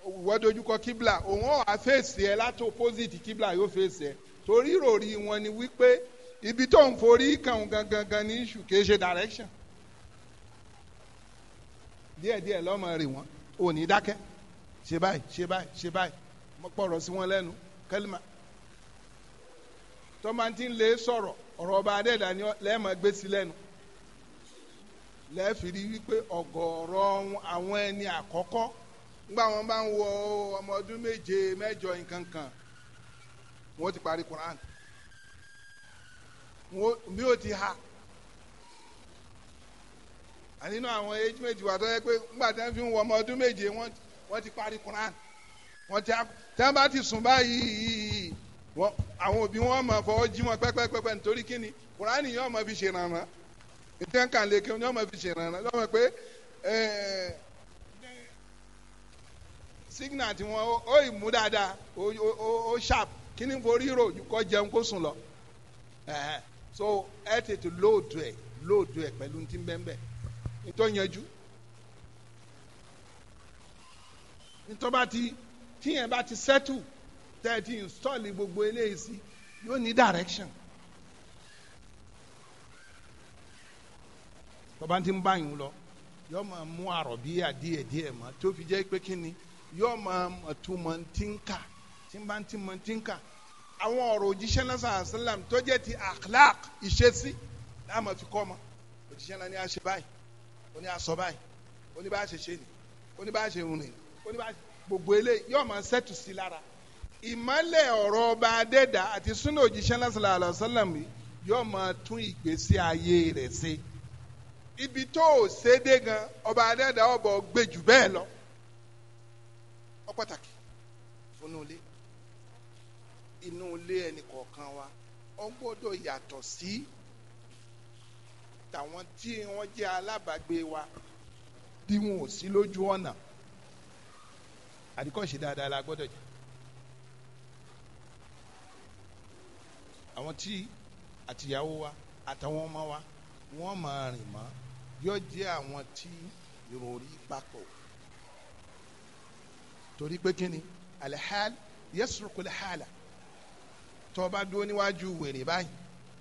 wọ́n dojúkọ kíbla òun ọ̀ wá fèsì ẹ láti opposite kíbla yóò fèsì ẹ torí ìròrí wọn ni wípé ibi tó ń forí kàn gangan ní iṣu kì ṣe direction díẹ̀díẹ̀ lọ́mọ rè wọ́n ò ní dákẹ́ ṣe báyìí ṣe báyìí ṣe báyìí mo pọ̀rọ̀ sí wọn lẹ́nu kẹ́lìmà tọ́mọ̀tì ń lè sọ̀rọ̀ ọ̀rọ̀ ọba adẹ́dà ni lẹ́ẹ̀mọ gbé sí lẹ́nu lẹ́ẹ̀fì rí wípé ọ̀gọ̀ọ̀rọ̀ àwọn ẹni àkọ́kọ́ nígbà wọn bá ń wọ ọmọ ọdún méje mẹ́jọ nǹkan kan wọn ti parí Quran wọn bí ó ti ha àninú àwọn age méjì wà tó yẹ pé nígbà tí wọn fi ń wọ ọmọ ọdún méje wọn ti parí Quran wọn ti tí wọn bá ti sùn báyìí wọn àwọn òbí wọn máa fọwọ́ jí wọn pẹ́pẹ́pẹ́pẹ́ nítorí kíni Quran yìí wọn máa fi ṣèrànràn nǹkan kan lè kí wọn máa fi ṣèrànràn lọ́wọ́ pé ẹ̀ẹ́ signal tí wọ́n ó ìmú dáadáa ó ó ó sharp kí ni forí rò kọ́ jẹun kó sùn lọ so ẹ tètè lóòdù ẹ lóòdù ẹ pẹ̀lú ti ń bẹ́ẹ̀ bẹ́ẹ̀ nítorí yanjú nítorí bá ti tíyẹn bá ti settle tẹ́ ti install gbogbo eléyìí sí yóò ní direction. tọ́ba ti ń báyìí lọ yóò máa mú àròbí àdíẹ̀díẹ̀ mọ́ tó fi jẹ́ pé kí ni yóò máa mọ̀tún mọ̀tínká tí n bá ti mọ̀tínká àwọn ọ̀rọ̀ òjíṣẹ́ náà sàn sálàm tó jẹ́ ti akhlaq ìṣesí láàmú fi kọ́ ọmọ òjíṣẹ́ náà ní a ṣe báyìí ó ní a sọ báyìí ó ní bá a ṣe ṣe ni ó ní bá a ṣe rìn ó ní bá a ṣe gbogbo eléyìí yóò máa ṣẹ́tù sí lára ìmọ̀lẹ̀ ọ̀rọ̀ ọba adẹ́dà àti súnà òjíṣẹ́ náà sàlẹ̀ yóò máa tún ìgbésí ayé rẹ̀ ṣe ibi tó o ṣe dé gan ọba adẹ́dà ọ̀bọ̀ gbèjù bẹ́ẹ̀ lọ ó pàtàkì fúnnú ilé inú ilé ẹnì kọ̀ọ̀kan wa ó gbọ́dọ̀ yàtọ̀ sí tàwọn tí wọ́n jẹ́ alábàágbé wa bí wọn ò sí lójú ọ̀nà àdìkọ́ṣe dáadáa la gbọ́dọ̀ jẹ́ àwọn tí àtìyàwó wa àtàwọn ọmọ wa wọ́n máa rìn mọ́ yóò jẹ́ àwọn tí ìròrí papọ̀ torí pé kí ni alihal yasrukul hala tó bá dúró níwájú wèrè báyìí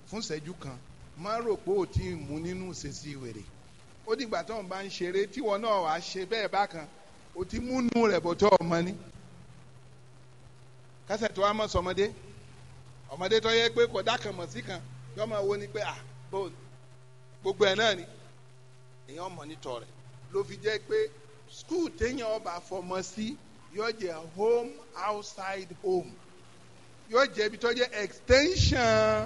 fún ìṣẹ́jú kan má rò pé ò tí ì mú nínú ìṣesí wèrè ó dìgbà tó ń bá ń ṣeré tíwọ náà wàá ṣe bẹ́ẹ̀ bákan ò tí mú nù rẹ̀ bọ̀ tó ọmọ ní. kásẹ̀ tó wá mọ̀ sọmọdé ọmọdé tó yẹ pé kò dákan mọ̀ sí kan yọ máa wo ni pé à bò gbogbo ẹ̀ náà ni èèyàn mọ̀ nítọ̀ ló fi jẹ́ pé skul téèyàn ọba fọmọ sí. Si, yóò jẹ́ home outside home yóò jẹ́ ibi tó jẹ́ extension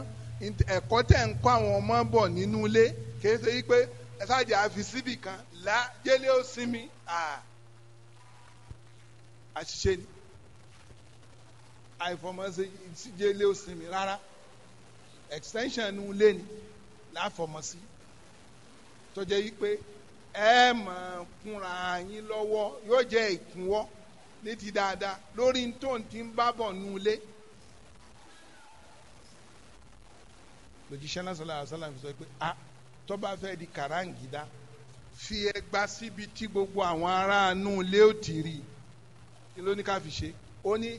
ẹ̀kọ́ tẹ̀ ń kọ́ àwọn ọmọ bọ̀ nínú ilé kìí ṣe wípé ẹ̀sájà àfi síbì kan là jẹ́lé ó sinmi àṣìṣe ni àìfọmọsí jẹ́lé ó sinmi rárá extension nu ilé ni láfọmọsí tó jẹ́ wípé ẹ máa kúnra yín lọ́wọ́ yóò jẹ́ ìkúnwọ́. E ní ti dáadáa lórí tó ń ti ń bá bọ̀ nù lé. lójúṣẹ́ náà sọ́lá àṣálà fi sọ pé a ah, tó fẹ́ di kàráǹgídá fi ẹgbà síbi tí gbogbo àwọn ará nù lé ó ti rí kí ló ní ká fi ṣe ó ní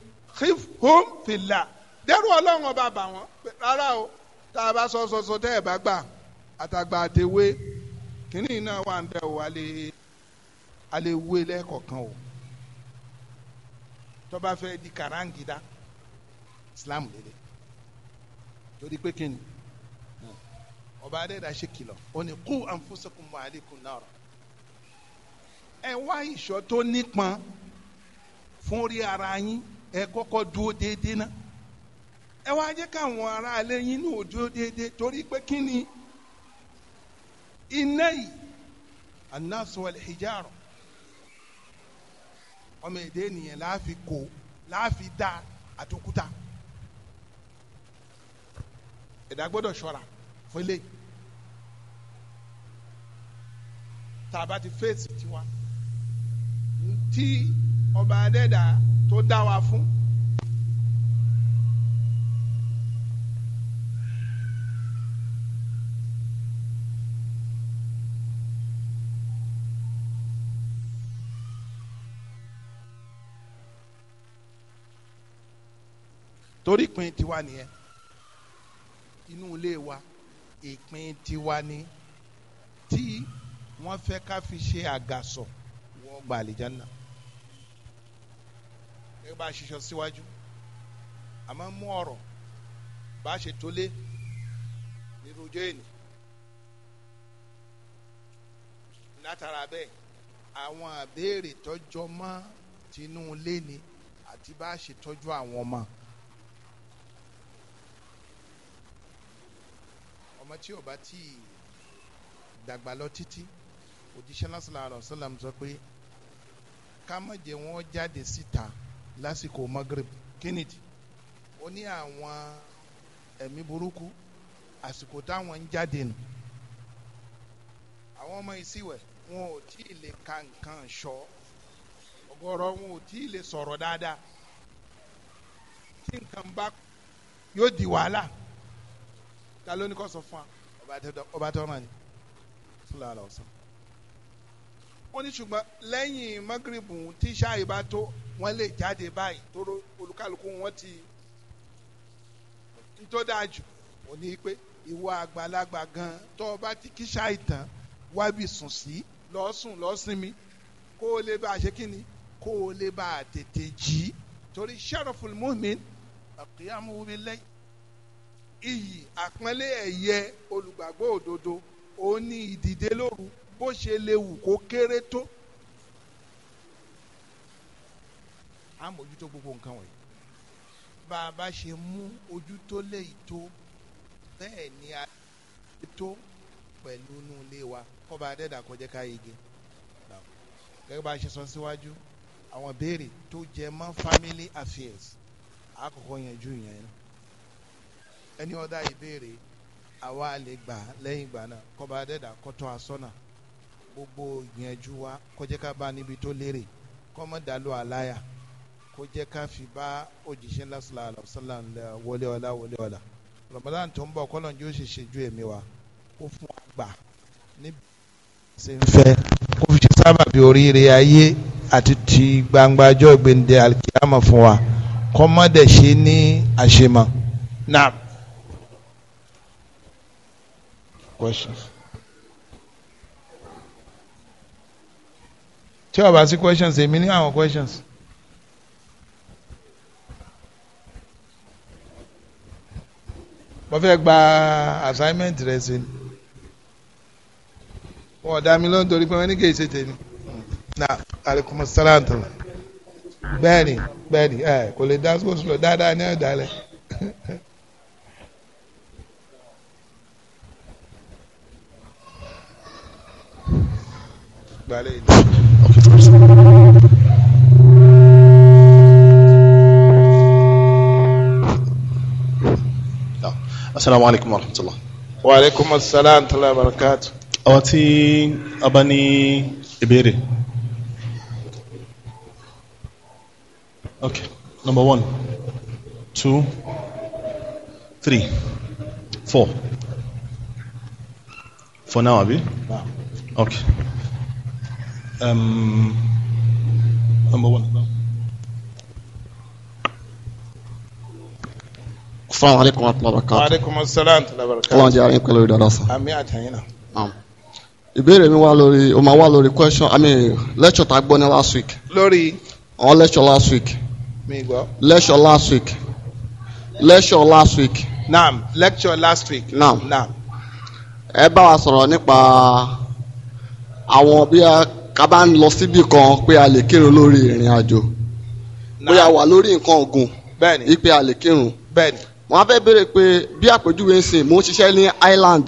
hif home fìlà dẹ́rù ọlọ́run ọba bà wọ́n rárá o tá a bá sọ sọ sọ tẹ́ ẹ̀ bá gbà àtàgbà àtẹwé kínní náà wà ń bẹ̀ o alẹ́ alẹ́ wé lẹ́kọ̀ọ̀kan o tó bá fẹ́ di kàráǹgídá islam lédè torí pé kíni ọba adẹ́dà ṣe kìlọ̀ ó ní kú anfusakum wa alaykum nara ẹ wá ìṣọ́ tó nípọn fún orí ara yín ẹ kọ́kọ́ dúró déédéé náà ẹ wá jẹ́ káwọn ará alẹ́ yín ní òjò déédéé torí pé kíni iná yìí annasu wal hijara ọmọ èdè ènìyàn láàfi kò láàfi dá àtòkúta ẹ̀dá gbọ́dọ̀ ṣọ́ra fún ilé tá a bá ti fèsì tiwa tí ọba adẹ́dà tó dá wa fún. torí ìpín tiwa nìyẹn inú ilé wa ìpín tiwa ni tí wọ́n fẹ́ ká fi ṣe àgàsọ wọ ọgbà àlìjáná ẹ bá a ṣiṣọ síwájú àmọ́ mú ọ̀rọ̀ bá a ṣe tó lé nínú ojú látara bẹ́ẹ̀ àwọn àbéèrè tọ́jọ́ mọ́ tinú ilé ni àti bá a ṣe tọ́jú àwọn ọmọ. ọmọ tí ò bá tí ì dàgbà lọ títí òjíṣẹ́ lásìlá àrò sọ́làm sọ pé ká má jẹ́ wọ́n jáde síta lásìkò magrib kínìtì ó ní àwọn ẹ̀mí burúkú àsìkò táwọn ń jáde nù àwọn ọmọ ìsíwẹ̀ wọn ò tí ì lè ka nǹkan sọ ọ̀gọ̀rọ̀ wọn ò tí ì lè sọ̀rọ̀ dáadáa tí nǹkan bá yóò di wàhálà ta ló ní kó sọ fún wa ọba tó rán ni sallallahu alaihi wasallam. ó ní ṣùgbọ́n lẹ́yìn magrib tí ṣáà ìbá tó wọ́n lè jáde báyìí tóró olúkálùkù wọn ti ń tó dáa jù ó ní pé ìwọ àgbàlagbà gan tó bá ti kí ṣáà tán wábi sùn sí lọ́sùn lọ́sìnmi kó o lè bá a ṣe kí ni kó o lè bá a tètè jí torí sharaful mu'min aqiyamu bil layl iyì àpọ́nlé ẹ̀yẹ olùgbàgbọ́ òdodo òun ni ìdìde lóru bó ṣe lè wù kó kéré tó. a mójútó gbogbo nǹkan wọ̀nyí bá a bá ṣe mú ojú tó lé ìtó bẹ́ẹ̀ ni a ṣe tó pẹ̀lú inú ilé wa kọ́ba adẹ́dà kọjá ká yege gẹ́gẹ́ bá a ṣe sọ síwájú àwọn béèrè tó jẹ mọ́ family affairs àkọ́kọ́ yanjú yẹn náà ẹni ọ̀dà ìbéèrè àwa lè gbà lẹ́yìn ìgbà náà kọba adẹ́dà kọ́tọ́ asọ́nà gbogbo ìgbìyànjú wa kó jẹ́ ká bá níbi tó lérè kọ́mọ́dàlú àláyà kó jẹ́ ká fi bá òjìṣẹ́ lásìlá àlọ́sọ́là wọlé ọ̀la wọlé ọ̀la Ramadan tó ń bọ̀ kọ́lọ̀ ní yóò ṣe ẹ̀mí wa kó fún wa gbà níbi ṣe ń fẹ́ kó fi ṣe sábàbí oríire ayé àti ti gbangbajọ́ gbèǹde alikiyama fún wa kọ́mọ́dẹ̀ ṣe ní àṣemọ́ náà. questions. tí o bá sí questions èmi ní àwọn questions. mo fẹ́ gba assignment rẹ sí ni wọ́n dá mi lóhùn torí pé wọ́n ní kì í ṣe tèmi na aleykum salaam tó bẹ́ẹ̀ ni bẹ́ẹ̀ ni ẹ kò lè dá sọ́sọ́ dáadáa ní ọ̀dàlẹ̀. السلام عليكم ورحمة الله وعليكم السلام ورحمة الله وبركاته أواتي أباني إبيري أوكي نمبر 1 2 3 4 فور ناو أبي أوكي Um, number one. Assalamu alaikum wa rahmatullahi wa barakatuh. Wa alaikum assalam wa barakatuh. Ọlọ́run jẹ́ àárín pẹ̀lú ìdárasà. Àmì àtẹ̀yìn náà. Ìbéèrè mi wá lórí, o máa wá question, I mean lecture ta gbọ́ last week. Lórí. Àwọn lecture last week. Mi gbọ́. Lecture last week. Lecture last week. Naam, lecture last week. Naam. Naam. Ẹ bá wa sọ̀rọ̀ nípa ká bá ń lọ síbi kan pé a lè kírun lórí ìrìn àjò bóyá wà lórí nǹkan ọ̀gùn ipe a lè kírun wọn á fẹ́ béèrè pé bí àpèjúwe ń sìn mò ń ṣiṣẹ́ ní island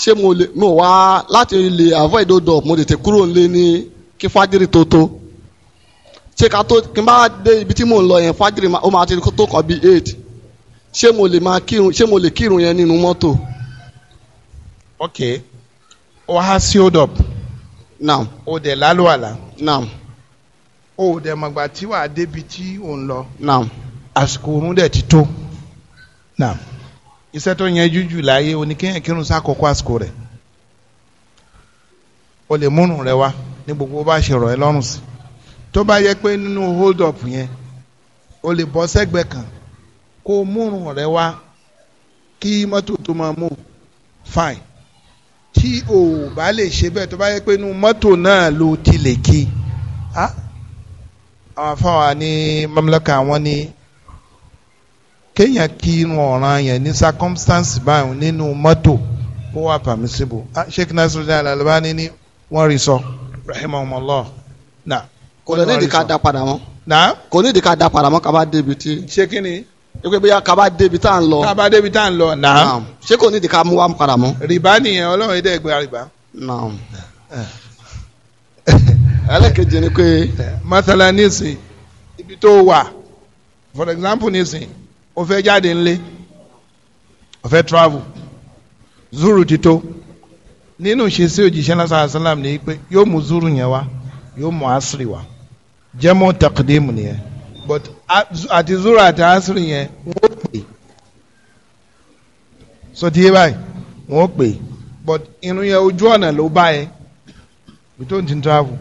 ṣé mo lè mo wá láti lè avoid hold up mo tètè kúrò nílé ní kí fájírì tó tó ṣé ká tó kí n bá dé ibi tí mò ń lọ yẹn fájírì ó máa ti tó kàn bí eight ṣé mo lè máa kírun ṣé mo lè kírun yẹn nínú mọ́tò. ok wàá sí hold up. naam o de lálùwàlà naam o dẹ̀ mọ̀gbà tí wàá débi tí o de lọ naam àsìkò oorun dẹ̀ ti tó naam iṣẹ́ tó yẹn jújù láyé oníkéyàn kírun sákòókò àsìkò rẹ̀ o lè múnú rẹ wá ní gbogbo bá ṣe rọ̀ ẹ́ lọ́rùn sí tó bá yẹ pé nínú hold up yẹn o lè bọ́ sẹ́gbẹ̀ẹ́ kan kó múnú rẹ wá kí mọ́tò tó máa mú fine tí o ò bá lè ṣe bẹ́ẹ̀ tó bá yẹ pé inú mọ́tò náà ló ti lè kí àwọn afáwa ní mamlaka àwọn ní kéèyàn kí irun ọ̀ràn yẹn ní circumstance báyìí nínú mọ́tò ó wà permissible sheikh nasiruddin alalabani ni wọ́n rí sọ rahimahumullah na. kò ní ìdí ká dá padà mọ́. na. kò ní ìdí ká dá padà mọ́ ká débi tí. ṣé kí ni pé bóyá kaba débi tá à ń lọ. kaba débi tá à ń lọ náà. ṣé kò ní ti ká mú wa padà mọ́. rìbá nìyẹn ọlọ́run ẹ̀dẹ́ ẹ̀gbẹ́ rìbá. náà ẹlẹ́kejì ni pé. Eh, masala nísìn ibi tó wà for example nísìn o fẹ́ jáde ńlé o fẹ́ travel zuru ti tó nínú ìṣesí òjíṣẹ́ lásán asálàm ni pé yóò mú zuru yẹn wá yóò mú asiri wá jẹ́mọ́ takdim nìyẹn but àti zura àti asiri yẹn wọ́n pè so díẹ̀ báyìí wọ́n pè but irun yẹn ojú ọ̀nà ló bá yẹn ibi tó ń ti travel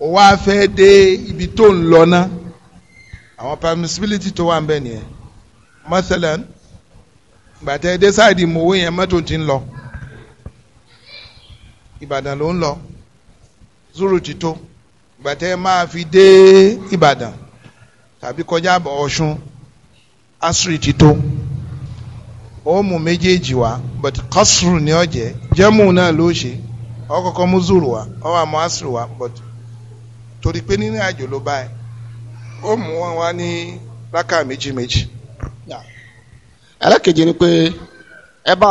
ó wá fẹ́ dé ibi tó ń lọ ná àwọn permissibility tó wà ń bẹ̀ nìyẹn masalan gbàtẹ́ dé sáàdì mowó yẹn mọ́tò ti ń lọ ìbàdàn ló ń lọ zuru ti tó gbàtẹ́ máa fi dé ìbàdàn. tàbí kọjá bọ̀ ọ̀ṣun asri tó mú méjèèjì but ni ọ jẹ náà ló ṣe ọ kọ́kọ́ mú zuru wá wà but torí pé nínú àjò ló báyìí ẹ wọn wá ní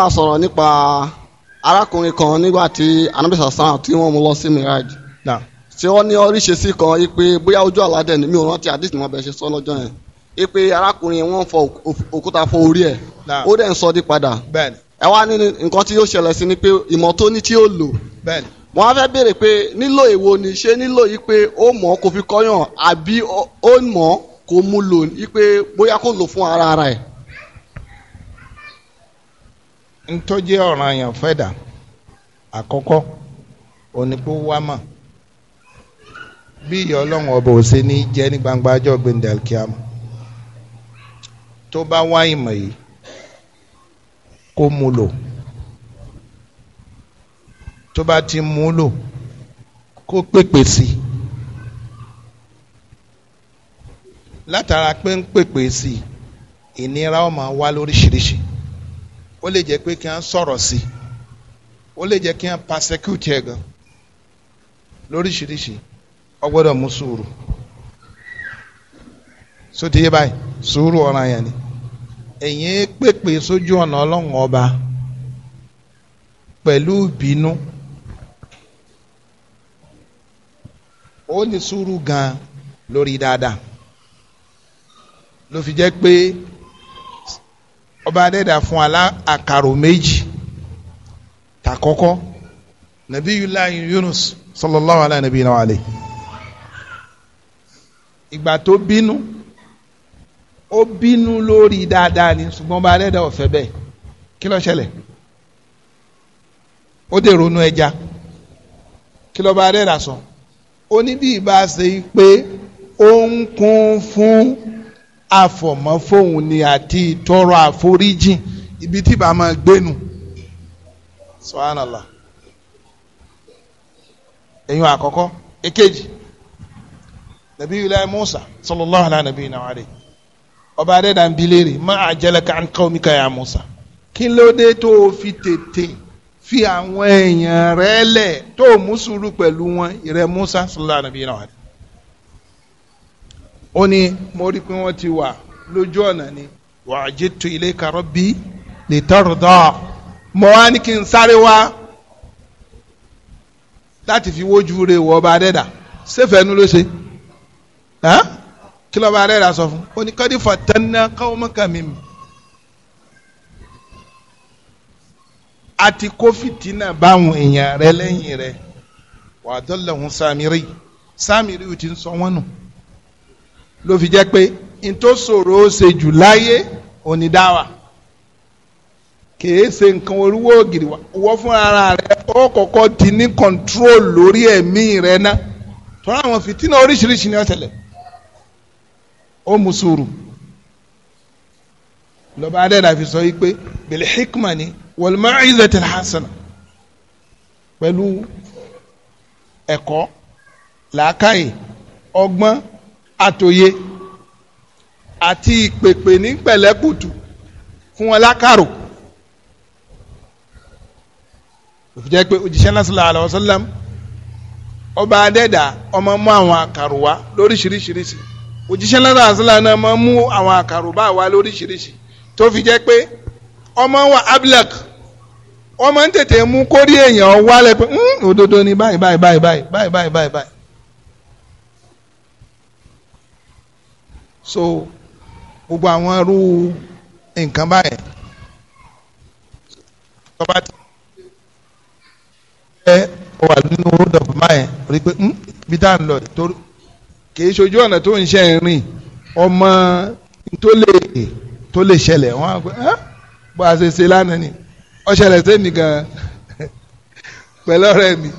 a sọ̀rọ̀ nípa arákùnrin kan nígbà tí sàn tí wọ́n lọ sí mirage ṣé wọ́n ní oríṣiríṣi kan pé bóyá ojú àládẹ ni mi ò rántí àdìsí ni wọ́n bẹ ṣe sọ lọ́jọ́ yẹn pé arákùnrin wọn fọ òkúta fọ orí ẹ̀ ó dẹ̀ ń sọ di padà ẹ wá ní nǹkan tí yóò ṣẹlẹ̀ sí ni pé ìmọ̀ tó ní tí yóò lò wọ́n á fẹ́ béèrè pé nílò èwo ni ṣé nílò ipe ó mọ̀ kò fi kọ́yàn àbí ó mọ̀ kò mú lò yìí bóyá kò lò fún ara ara ẹ̀. ntọ́jú ọ̀ràn yẹn fẹ́ dà àkọ́kọ́ òní kó wá mọ̀. bí ìyà ọlọ́run ọba ò ṣe ní jẹ́ ní gbangba ajọ́ gbendel kiam tó bá wá ìmọ̀ yìí kó mu lò tó bá ti mu lò kó pèpè sí i látara pé ń pèpè sí i ìnira ó máa lóríṣiríṣi ó lè jẹ́ pé kí wọ́n sọ̀rọ̀ sí i ó lè jẹ́ kí wọ́n persecute ẹ̀ gan lóríṣiríṣi ọgbọ́dọ̀ mú sùúrù sóti yé báyìí sùúrù ọ̀ràn yẹn ni ẹ̀yin pèpè sójú ọ̀nà ọlọ́run ọba pẹ̀lú ìbínú ó ní sùúrù gan lórí dáadáa ló fi jẹ́ pé ọba adẹ́dà fún alá àkàrò méjì tàkọ́kọ́ nàbí yúlá Yunus sallallahu alaihi nàbí náà wàlẹ́ ìgbà tó bínú ó bínú lórí dáadáa ni ṣùgbọ́n bá rẹ́dà ọ̀fẹ́ bẹ́ẹ̀ kí ló ṣẹlẹ̀ ó dè ronú ẹja kí ló bá rẹ́dà sọ ó ní bí ìbá ṣe pé ó ń kún fún àfọ̀mọ́fóun ni àti ìtọrọ àforíjìn ibi tí bàá máa gbénu subhanallah ẹ̀yin àkọ́kọ́ èkejì. E nabiyulayi musa sallallahu ala nabiyina wa alayhi ọba adéda ń bi léèrè má àjẹlẹka an qaumika ya musa kí ló dé tó o fi tètè fi àwọn èèyàn rẹ lẹ tó o mú sùúrù pẹ̀lú wọn ìrẹ musa sallallahu ala nabiyina wa alayhi ó ní mo rí pé wọ́n ti wà lójú ọ̀nà ni wa ajitu ilayka rabbi litarda mo wá ní kí n sáré wá láti fi wójú rẹ̀ wọ ọba adéda sẹfẹ̀ẹ́nu ló ṣe kí lọ́ba alẹ́ rà sọ fún ó ní kọ́dí fọ̀tẹ́nà káwọ́mọ́kàmí mi. àti kó fìtínà báwọn èèyàn rẹ lẹ́yìn rẹ wàá dọ́là òun sàmìrì sàmìrì ò ti ń sọ wọ́n nù ló fi jẹ́ pé n tó ṣòro ó ṣe jù láyé onídàwà kìí ṣe nǹkan oríwó ògiri wọ́ fún ara rẹ ó kọ́kọ́ ti ní kọ́ńtrol lórí ẹ̀mí rẹ ná tọ́lá àwọn fìtínà oríṣiríṣi ni ó ṣẹlẹ̀ ó mú sùúrù lọ́ba adẹ́dà fi sọ wípé bil hikma ni wal ma'izatil hasana pẹ̀lú ẹ̀kọ́ làákàyè ọgbọ́n àtòye àti ìpèpè ní pẹ̀lẹ́kùtù fún wọn lákàrò òfin pé òjíṣẹ́ náà sallallahu alaihi wasallam ọba adẹ́dà ọmọ mú àwọn àkàrò wá lóríṣiríṣiríṣi òjíṣẹ́ náà sàásìlà náà máa mú àwọn àkàròbá wa lóríṣiríṣi tó fi jẹ́ pé ọmọ wa ablak ọmọ ń tètè mú kórí èèyàn wálẹ̀ pé hmm, òdodo ni báyìí báyìí báyìí báyìí báyìí báyìí báyìí. so gbogbo àwọn irú nǹkan báyìí tọ́ba ti ṣe ẹ wà nínú road of mine rí i pé hmm, bí dáhùn lọ torí kìí ṣojú ọ̀nà tó ń ṣe rìn ọmọ tó lè tó lè ṣẹlẹ̀ wọ́n á pẹ́ ẹ́ bó a ṣe ṣe lánàá ni ó ṣẹlẹ̀ sẹ́ni gan pẹ̀lú ọ̀rẹ́ mi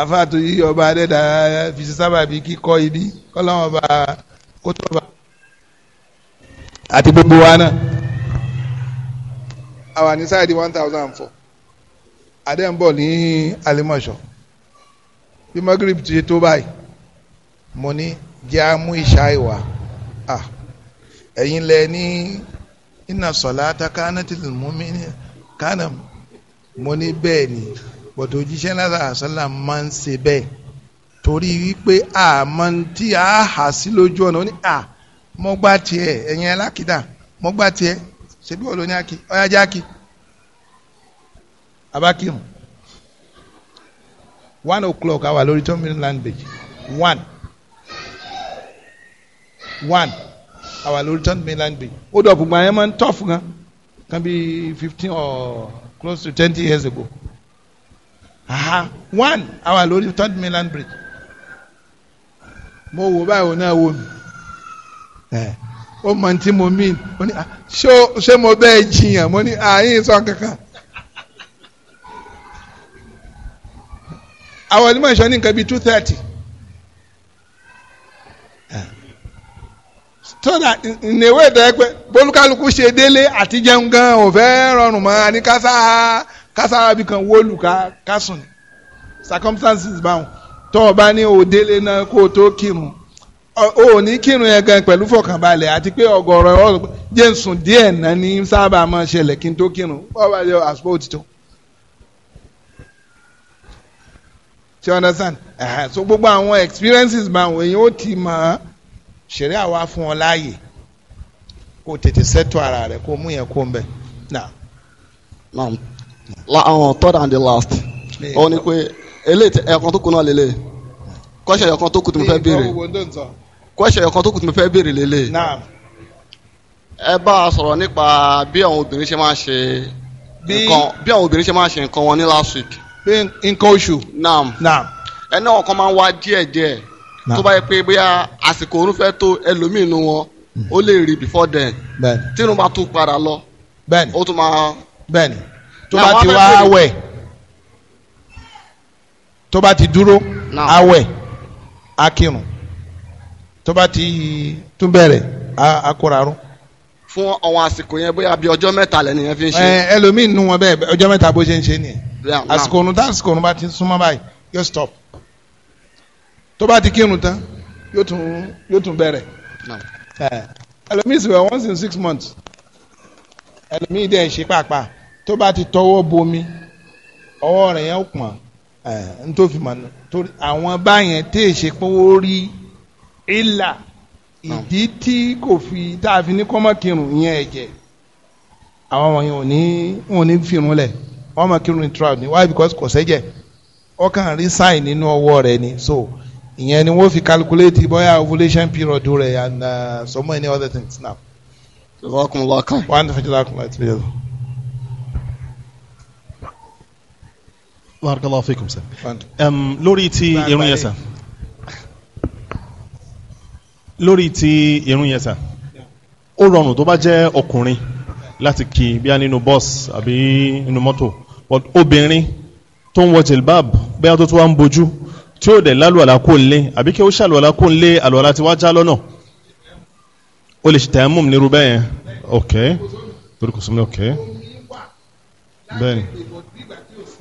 àfàtò yìí ọba adẹ́dà fi ṣe sábàbí kíkọ́ ibi kọ́lọ́wọ́n bá kó tó bá àti gbogbo wa náà àwa ní one thousand and four adé ń bọ̀ ní alimọ̀ṣọ́ bí magrib ti tó báyìí mo ní jẹ́ amú ìṣá ìwà ẹ̀yin lẹ ní iná sọ̀lá takáná tìlù mú mi kánà mo ní bẹ́ẹ̀ ni bọ̀dọ̀ òjíṣẹ́ lára àṣálà máa ń ṣe bẹ́ẹ̀ torí wípé àmọ́ tí a hà sí lójú ọ̀nà ó ní à mo gbá tiẹ̀ ẹ̀yin alákìdá mo gbá tiẹ̀ ṣebí olóní aki ọ̀yájá aki abákirun one o'clock àwa lórí Tomilin land bridge one one àwa lórí Tomilin land bridge ó dọ̀ gbogbo àyẹ̀mọ́ ń tọ́ fún gan kan fifteen or close to twenty years ago aha one àwa lórí Tomilin land bridge mo wò báyìí òun náà wò mí eh. ó mọ tí mo mean ah, ṣé mo bẹ́ẹ̀ jiyàn mo ní àyìn ah, sọ kankan. àwọn onímọ̀ ìṣọ́ ní nǹkan bíi two thirty So ìnáwó ìdáyẹ pé bólúkálukú ṣe délé àti jẹun gan ò fẹ́ rọrùn mọ́ àní kásá kására bí kan wọ́ọ̀lù ká sùn circumstances báwọn tó o bá ní o délé náà kó o tó kírun o ò ní kírun yẹn gan pẹ̀lú fọkànbalẹ̀ àti pé ọgọ́rọ̀ jẹ́ ń sùn díẹ̀ náà ní sábà máa ṣẹlẹ̀ kí n tó kírun ọba yọ àsopọ̀ òtítọ́. ṣe understand uh so gbogbo àwọn experiences máa wọ èyàn ó ti máa ṣeré àwa fún ọ láàyè kó tètè sẹ́tọ̀ ara rẹ̀ kó mú yẹn kó ń bẹ̀ náà. naam la àwọn third and the last òun ni pé eléyìí ẹ̀kan tó kù náà lélẹ̀ kọ́ṣẹ́ ẹ̀kan tó kù tó fẹ́ béèrè kọ́ṣẹ́ ẹ̀kan tó kù tó fẹ́ béèrè lélẹ̀. naam ẹ bá a sọ̀rọ̀ nípa bí àwọn obìnrin ṣe máa ṣe nǹkan bí àwọn obìnrin ṣe máa ṣe nǹkan wọn ní last week pé nǹkan oṣù. naam naam. ẹni náà kàn máa ń wá díẹ̀díẹ̀ tó bá yẹ pé bóyá àsìkò oorun tó ẹlòmíì wọn mm-hmm. ó lè rí before then tí irun bá tún padà lọ ó tún máa. bẹ́ẹ̀ni tó bá ti wá wẹ̀ tó bá ti dúró awẹ̀ akírun tó bá ti tún bẹ̀rẹ̀ akóraró fún àwọn àsìkò yẹn bóyá bíi ọjọ́ mẹ́ta lẹ́nu yẹn fi ń ṣe. ẹ wọn bẹ́ẹ̀ ọjọ́ mẹ́ta bó ṣe ń ṣe nìyẹn àsìkò òrùn tá àsìkò òrùn bá ti súnmọ́ báyìí yóò stop tó bá ti kírun tán yóò tún yóò tún bẹ̀rẹ̀ ẹlòmíì sì once in six months ẹlòmíì dẹ̀ ṣe pàápàá tó bá ti tọwọ́ bomi ọwọ́ rẹ̀ yẹn pọ̀n ntòfin mọ̀ torí àwọn báyẹn tẹ̀ ṣe pé ó rí ìlà ìdí tí kò fi tá a fi ní kọ́mọ́kirun ìyẹn ẹ̀jẹ̀ àwọn wọ̀nyẹn ò ní wọn lẹ̀ wọ́n máa kírun ní trout ni why because kò sẹ́jẹ̀ ọkàn rí sign nínú ọwọ́ rẹ̀ ni so ìyẹn ni wọ́n fi calculate bóyá ovulation period rẹ̀ and uh, so many other things now. jazakumullah khair. wàá ní fẹjọ́ lakum láti fẹjọ́. barakallahu fikum sir. Um, lórí ti irun yẹn sir. lórí ti irun yẹn sir. ó rọrùn tó bá jẹ́ ọkùnrin láti kí bí nínú bọ́ọ̀sì àbí nínú mọ́tò but obìnrin tó ń wọ jilbab bẹ́ẹ̀ tó tún wá ń bojú tí ó dẹ̀ lálùwàlá kó ń lé àbí kí ó ṣàlùwàlá kó ń lé àlùwàlá tí wá já lọ́nà ó lè ṣe tẹ̀yẹ́mùm nírú bẹ́ẹ̀ ok torí kò ok bẹ́ẹ̀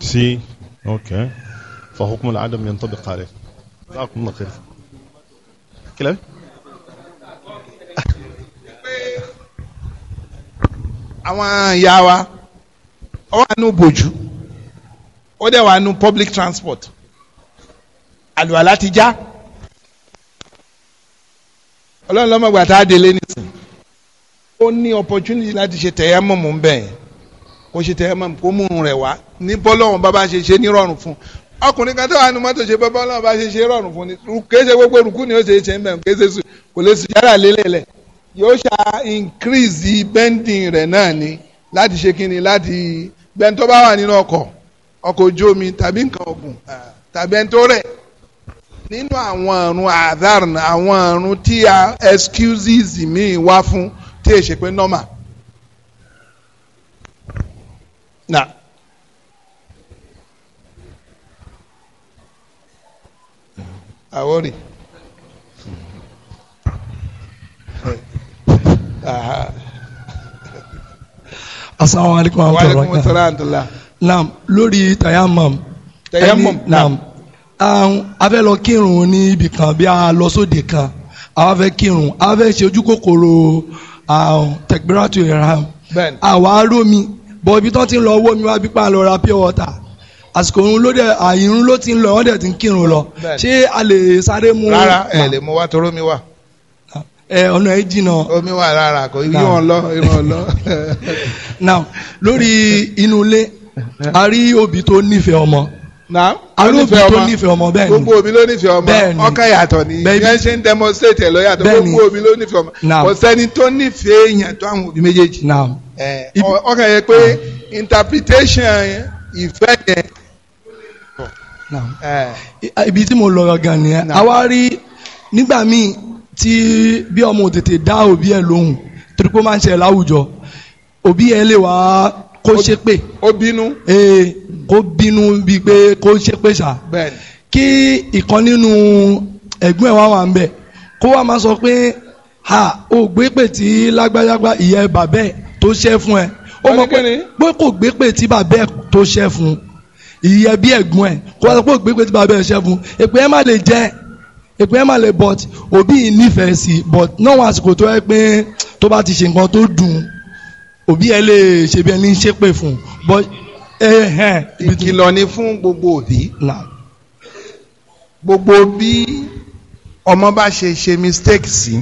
sí ok fàhùkùn làádọ́ mi ń tọ́bi kárẹ̀ láàkùn náà kiri kílẹ̀. àwọn ìyá wa ó wà nù bòjú ó dẹ̀ wà nù public transport àlùwàlá ti já ọlọ́run lọ́mọ gbà tá a délé nìsín ó ní opportunity láti ṣe tẹ̀yẹ́ mọ̀mọ́ ń bẹ̀ kó ṣe tẹ̀yẹ́ mọ̀mọ́ kó mú un rẹ̀ wá ní bọ́lọ́run bá bá ṣe ṣe nírọ̀rùn fún ọkùnrin kan tó wà nù mọ́tò ṣe bọ́ bọ́lọ́run bá ṣe ṣe rọ̀rùn fún ni kéṣe gbogbo rùkú ni ó ṣe ṣe ń bẹ̀ kéṣe kò lè sùn yàrá lélẹ̀ yóò ṣá increase bending rẹ̀ náà ni láti ṣe kínni láti gbẹ́ni tó bá wà nínú ọkọ̀ ọkọ̀ ojú omi tàbí nǹkan ọ̀gùn ah. tàbí ẹni tó rẹ̀ nínú àwọn àrùn àdárùn àwọn àrùn tí a excuses míì wá fún tí èsè pé normal. Nah. Àwọ̀rì. Ah. asalaamualeykum wa rahmatulah naam lórí tayamam tayamam naam a fẹ́ lọ kírun ní ibì kan bí a lọ sóde kan a fẹ́ kírun a fẹ́ ṣe ojú kòkòrò tẹkbíràtù ìram àwa rómi bọ̀ ibi tó ti ń lọ owó mi wá bí pa lọ ra pure water àsìkò òun ló dẹ àyìnrún ló ti ń lọ wọ́n dẹ̀ ti ń kírun lọ ṣé a lè sáré mú. rárá ẹ lè mú wa toró mi wá ẹ ọ̀nà ẹ jìnnà. omi wà lára kò yíwọ̀n lọ yíwọ̀n lọ. now lórí inú ilé a rí òbí tó nífẹ̀ẹ́ ọmọ. na ó nífẹ̀ẹ́ ọmọ arúgbó tó nífẹ̀ẹ́ ọmọ bẹ́ẹ̀ ni gbogbo òbí ló nífẹ̀ẹ́ ọmọ ọkàn yàtọ̀ ni yẹn ṣe ń demonstrate ẹ̀ lọ́yàtọ̀ gbogbo òbí ló nífẹ̀ẹ́ ọmọ kò sẹ́ni tó nífẹ̀ẹ́ èèyàn tó àwọn òbí méjèèjì. ọkàn yẹn pé ah. interpretation ìfẹ́ yẹn. ibi tí mo lọ gan nìyẹn àwa rí nígbà míì tí bí ọmọ ò tètè dá òbí ẹ lóhùn torí pé ó máa ń ṣẹlẹ̀ láwùjọ òbí ẹ lè wá kó ṣépè ó bínú ee kó bínú bíi pé kó ṣépè ṣá kí ìkan nínú ẹ̀gbọ́n ẹ̀ wá wà ń bẹ̀ kó wá máa sọ pé ha ò gbé pè tí lágbájágbá ìyẹn bàbá ẹ̀ tó ṣẹ́ fún ẹ ó mọ̀ pé pé kò gbé pè tí bàbá ẹ̀ tó ṣẹ́ fún ìyẹn bí ẹ̀gbọ́n ẹ̀ kó wá sọ pé kò gbé pè tí bàbá ẹ̀ ṣẹ́ fún èpè ẹ̀ má lè jẹ́ èpè ẹ má lè but òbí yìí nífẹ̀ẹ́ sí but náà wọn àsìkò tó ẹ pé tó bá ti ṣe nǹkan tó dùn òbí ẹ lè ṣe bí ẹni ṣépè fún but ẹ ẹ. ìkìlọ̀ ni fún gbogbo òbí gbogbo bí ọmọ bá ṣe ṣe mistake sí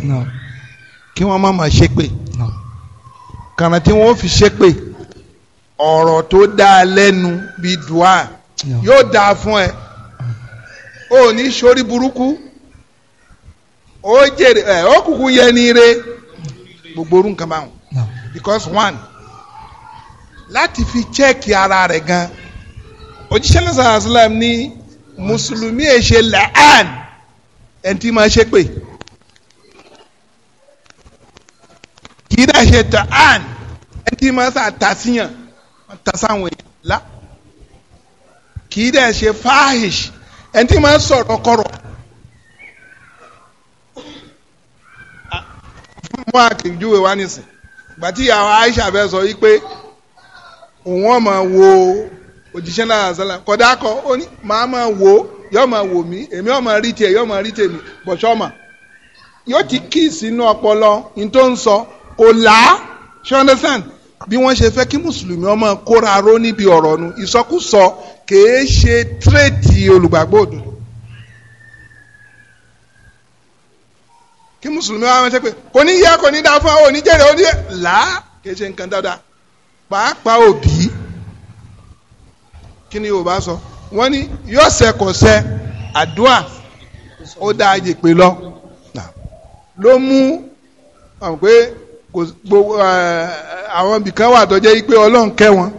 kí wọ́n má má ṣépè kànáà tí wọ́n fi ṣépè ọ̀rọ̀ tó dáa lẹ́nu bíi dùá yóò dáa fún ẹ o ní sori burúkú ó jèrè ẹ ó yẹ ní ire gbogbo orun kan báwọn because one láti fi chẹ́ẹ̀kì ara rẹ̀ gan òjíṣẹ́ náà sàlá sàlám ní mùsùlùmí ẹ̀ ṣe lẹ́hàn ẹni tí máa ṣe pé kì í dà ṣe tàn ẹni tí máa sà tà síyàn tà sáwọn èèyàn lá kì í dà ṣe fáhìṣ ẹni tí máa sọ̀rọ̀ kọ̀rọ̀. mú àkèjúwe wá nísìn gbàtí àwọn Aisha fẹ́ sọ wípé òun ọmọ wo òjíṣẹ́ náà sálà kọ́dá kọ́ ó ní màá máa wo yóò máa wò mí èmi ọmọ rí tiẹ̀ yóò máa rí tèmi bọ̀ṣọ́mà yóò ti kí sínú ọpọlọ ní tó ń sọ kò là á ṣé you understand bí wọ́n ṣe fẹ́ kí mùsùlùmí ọmọ kóra ró níbi ọ̀rọ̀ nu ìsọkúsọ kèé ṣe tírèètì olùgbàgbọ́ òdodo kí mùsùlùmí wa máa ṣe pé kò ní yẹ kò ní dáa fún ọ ò ní jèrè ó ní là á kì í ṣe nǹkan dáadáa pàápàá òbí kí ni yorùbá sọ wọ́n ní yóò ṣẹkọ̀ṣẹ àdúà ó dáa yèpè lọ ló mú pé àwọn ibìkan wà tó jẹ́ pé ọlọ́run kẹ́ wọn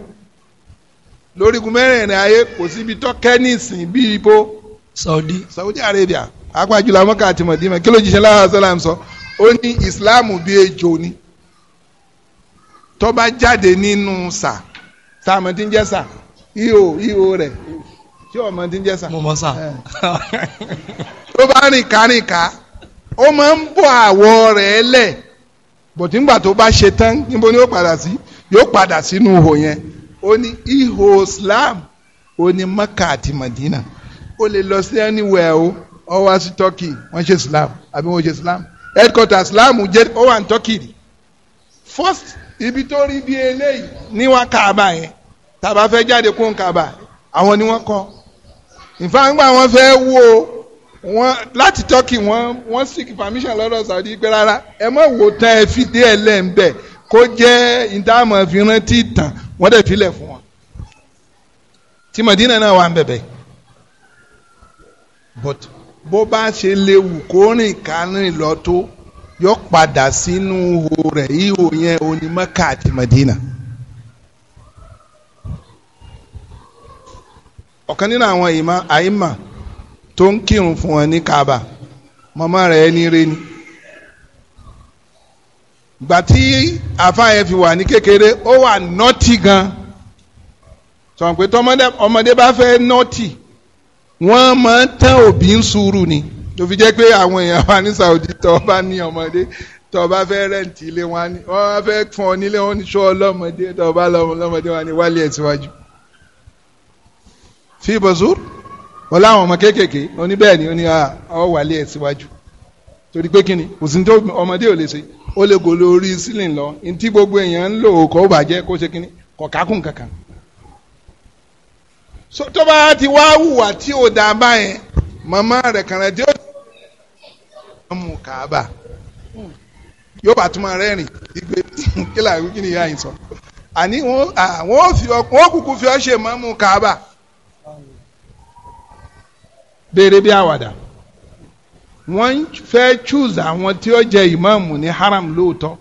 lórígun mẹ́rẹ̀ẹ̀rin ayé kò síbi tó kẹ́ nísìn bíi ibo Saudi Saudi Arabia apájùlọ amọ́kà àti mọ̀dínà kí ló jíṣẹ́ lára sọ́làm sọ ó ní ìsìláàmù bí ejò ni tó bá jáde nínú sà sàmù tí ń jẹ́ sà ihò ihò rẹ̀ tí ọmọ tí ń jẹ́ sà. mo mọ sà. Eh. tó bá rìn ká rìn ká ó máa ń bọ̀ àwọ̀ rẹ̀ lẹ̀ bọ̀tíngbà tó bá ṣe tán níbo ni ó padà sí yóò padà sínú ihò yẹn ó ní ihò islam ó ní mọ́kà àti mọ̀dínà ó lè lọ sí anywhere o ó wá sí turkey wọ́n ṣe islam àbí wọ́n ṣe islam headquarter islam jẹ́ ó wà ní turkey rí first ibi tó rí bí eléyìí níwọ̀n kaaba yẹn tàbá fẹ́ jáde kún kaaba àwọn ni wọ́n kọ́ ìfàǹgbà wọn fẹ́ wo wọn láti turkey wọn wọn seek permission lọ́dọ̀ saudi pé rárá ẹ mọ̀ wò tán ẹ fi dé ẹ lẹ́ńbẹ̀ kó jẹ́ ìdáàmú fi rántí tàn wọ́n dẹ̀ filẹ̀ fún wọn tí madina náà wà ń bẹ̀bẹ̀ but bó bá ṣe léwu kó rìn kárìn lọ tó yọ padà sínú ihò rẹ̀ ihò yẹn onímọ̀ká Madina. ọ̀kan nínú àwọn ìmọ̀ àìmọ̀ tó ń kírun fún ní Kaaba rẹ̀ reni gbà tí àfáàyẹ fi wà ní kékeré ó wà nọ́ọ̀tì gan sọ̀rọ̀ pé tọmọdé bá fẹ́ wọ́n máa ń tán òbí ń sùúrù ni tó fi jẹ́ pé àwọn èèyàn wa ní Saudi tó bá ní ọmọdé tó bá fẹ́ rẹǹtì ilé wọn ni wọ́n fẹ́ fún ọ nílé wọn ní sọ ọlọmọdé tó bá lọmọ ọlọmọdé wọn ni wálé ẹ síwájú. fi bọ̀sùr wọ́n láwọn ọmọ kéékèèké oníbẹ̀ẹ́ni ó ní ọ wálé ẹ síwájú torí pé kíni kò sí ní tó ọmọdé ò lè ṣe ó lè gòlò orí sílìn lọ ní tí gbogbo èèyàn ń lò kó bàjẹ́ tó bá ti wá hùwà tí ò dá báyẹn màmá rẹ̀ kàrẹ́ tí ó ti mú kàába yóò bá tún máa rẹ́rìn igbe kílà kí ni ìyá yìí sọ àní wọn fi ọ wọn kúkú fi ọ ṣe mọ́mú kàába déédéé bí àwàdà wọ́n fẹ́ choose àwọn tí ó jẹ ìmáàmù ní haram lóòótọ́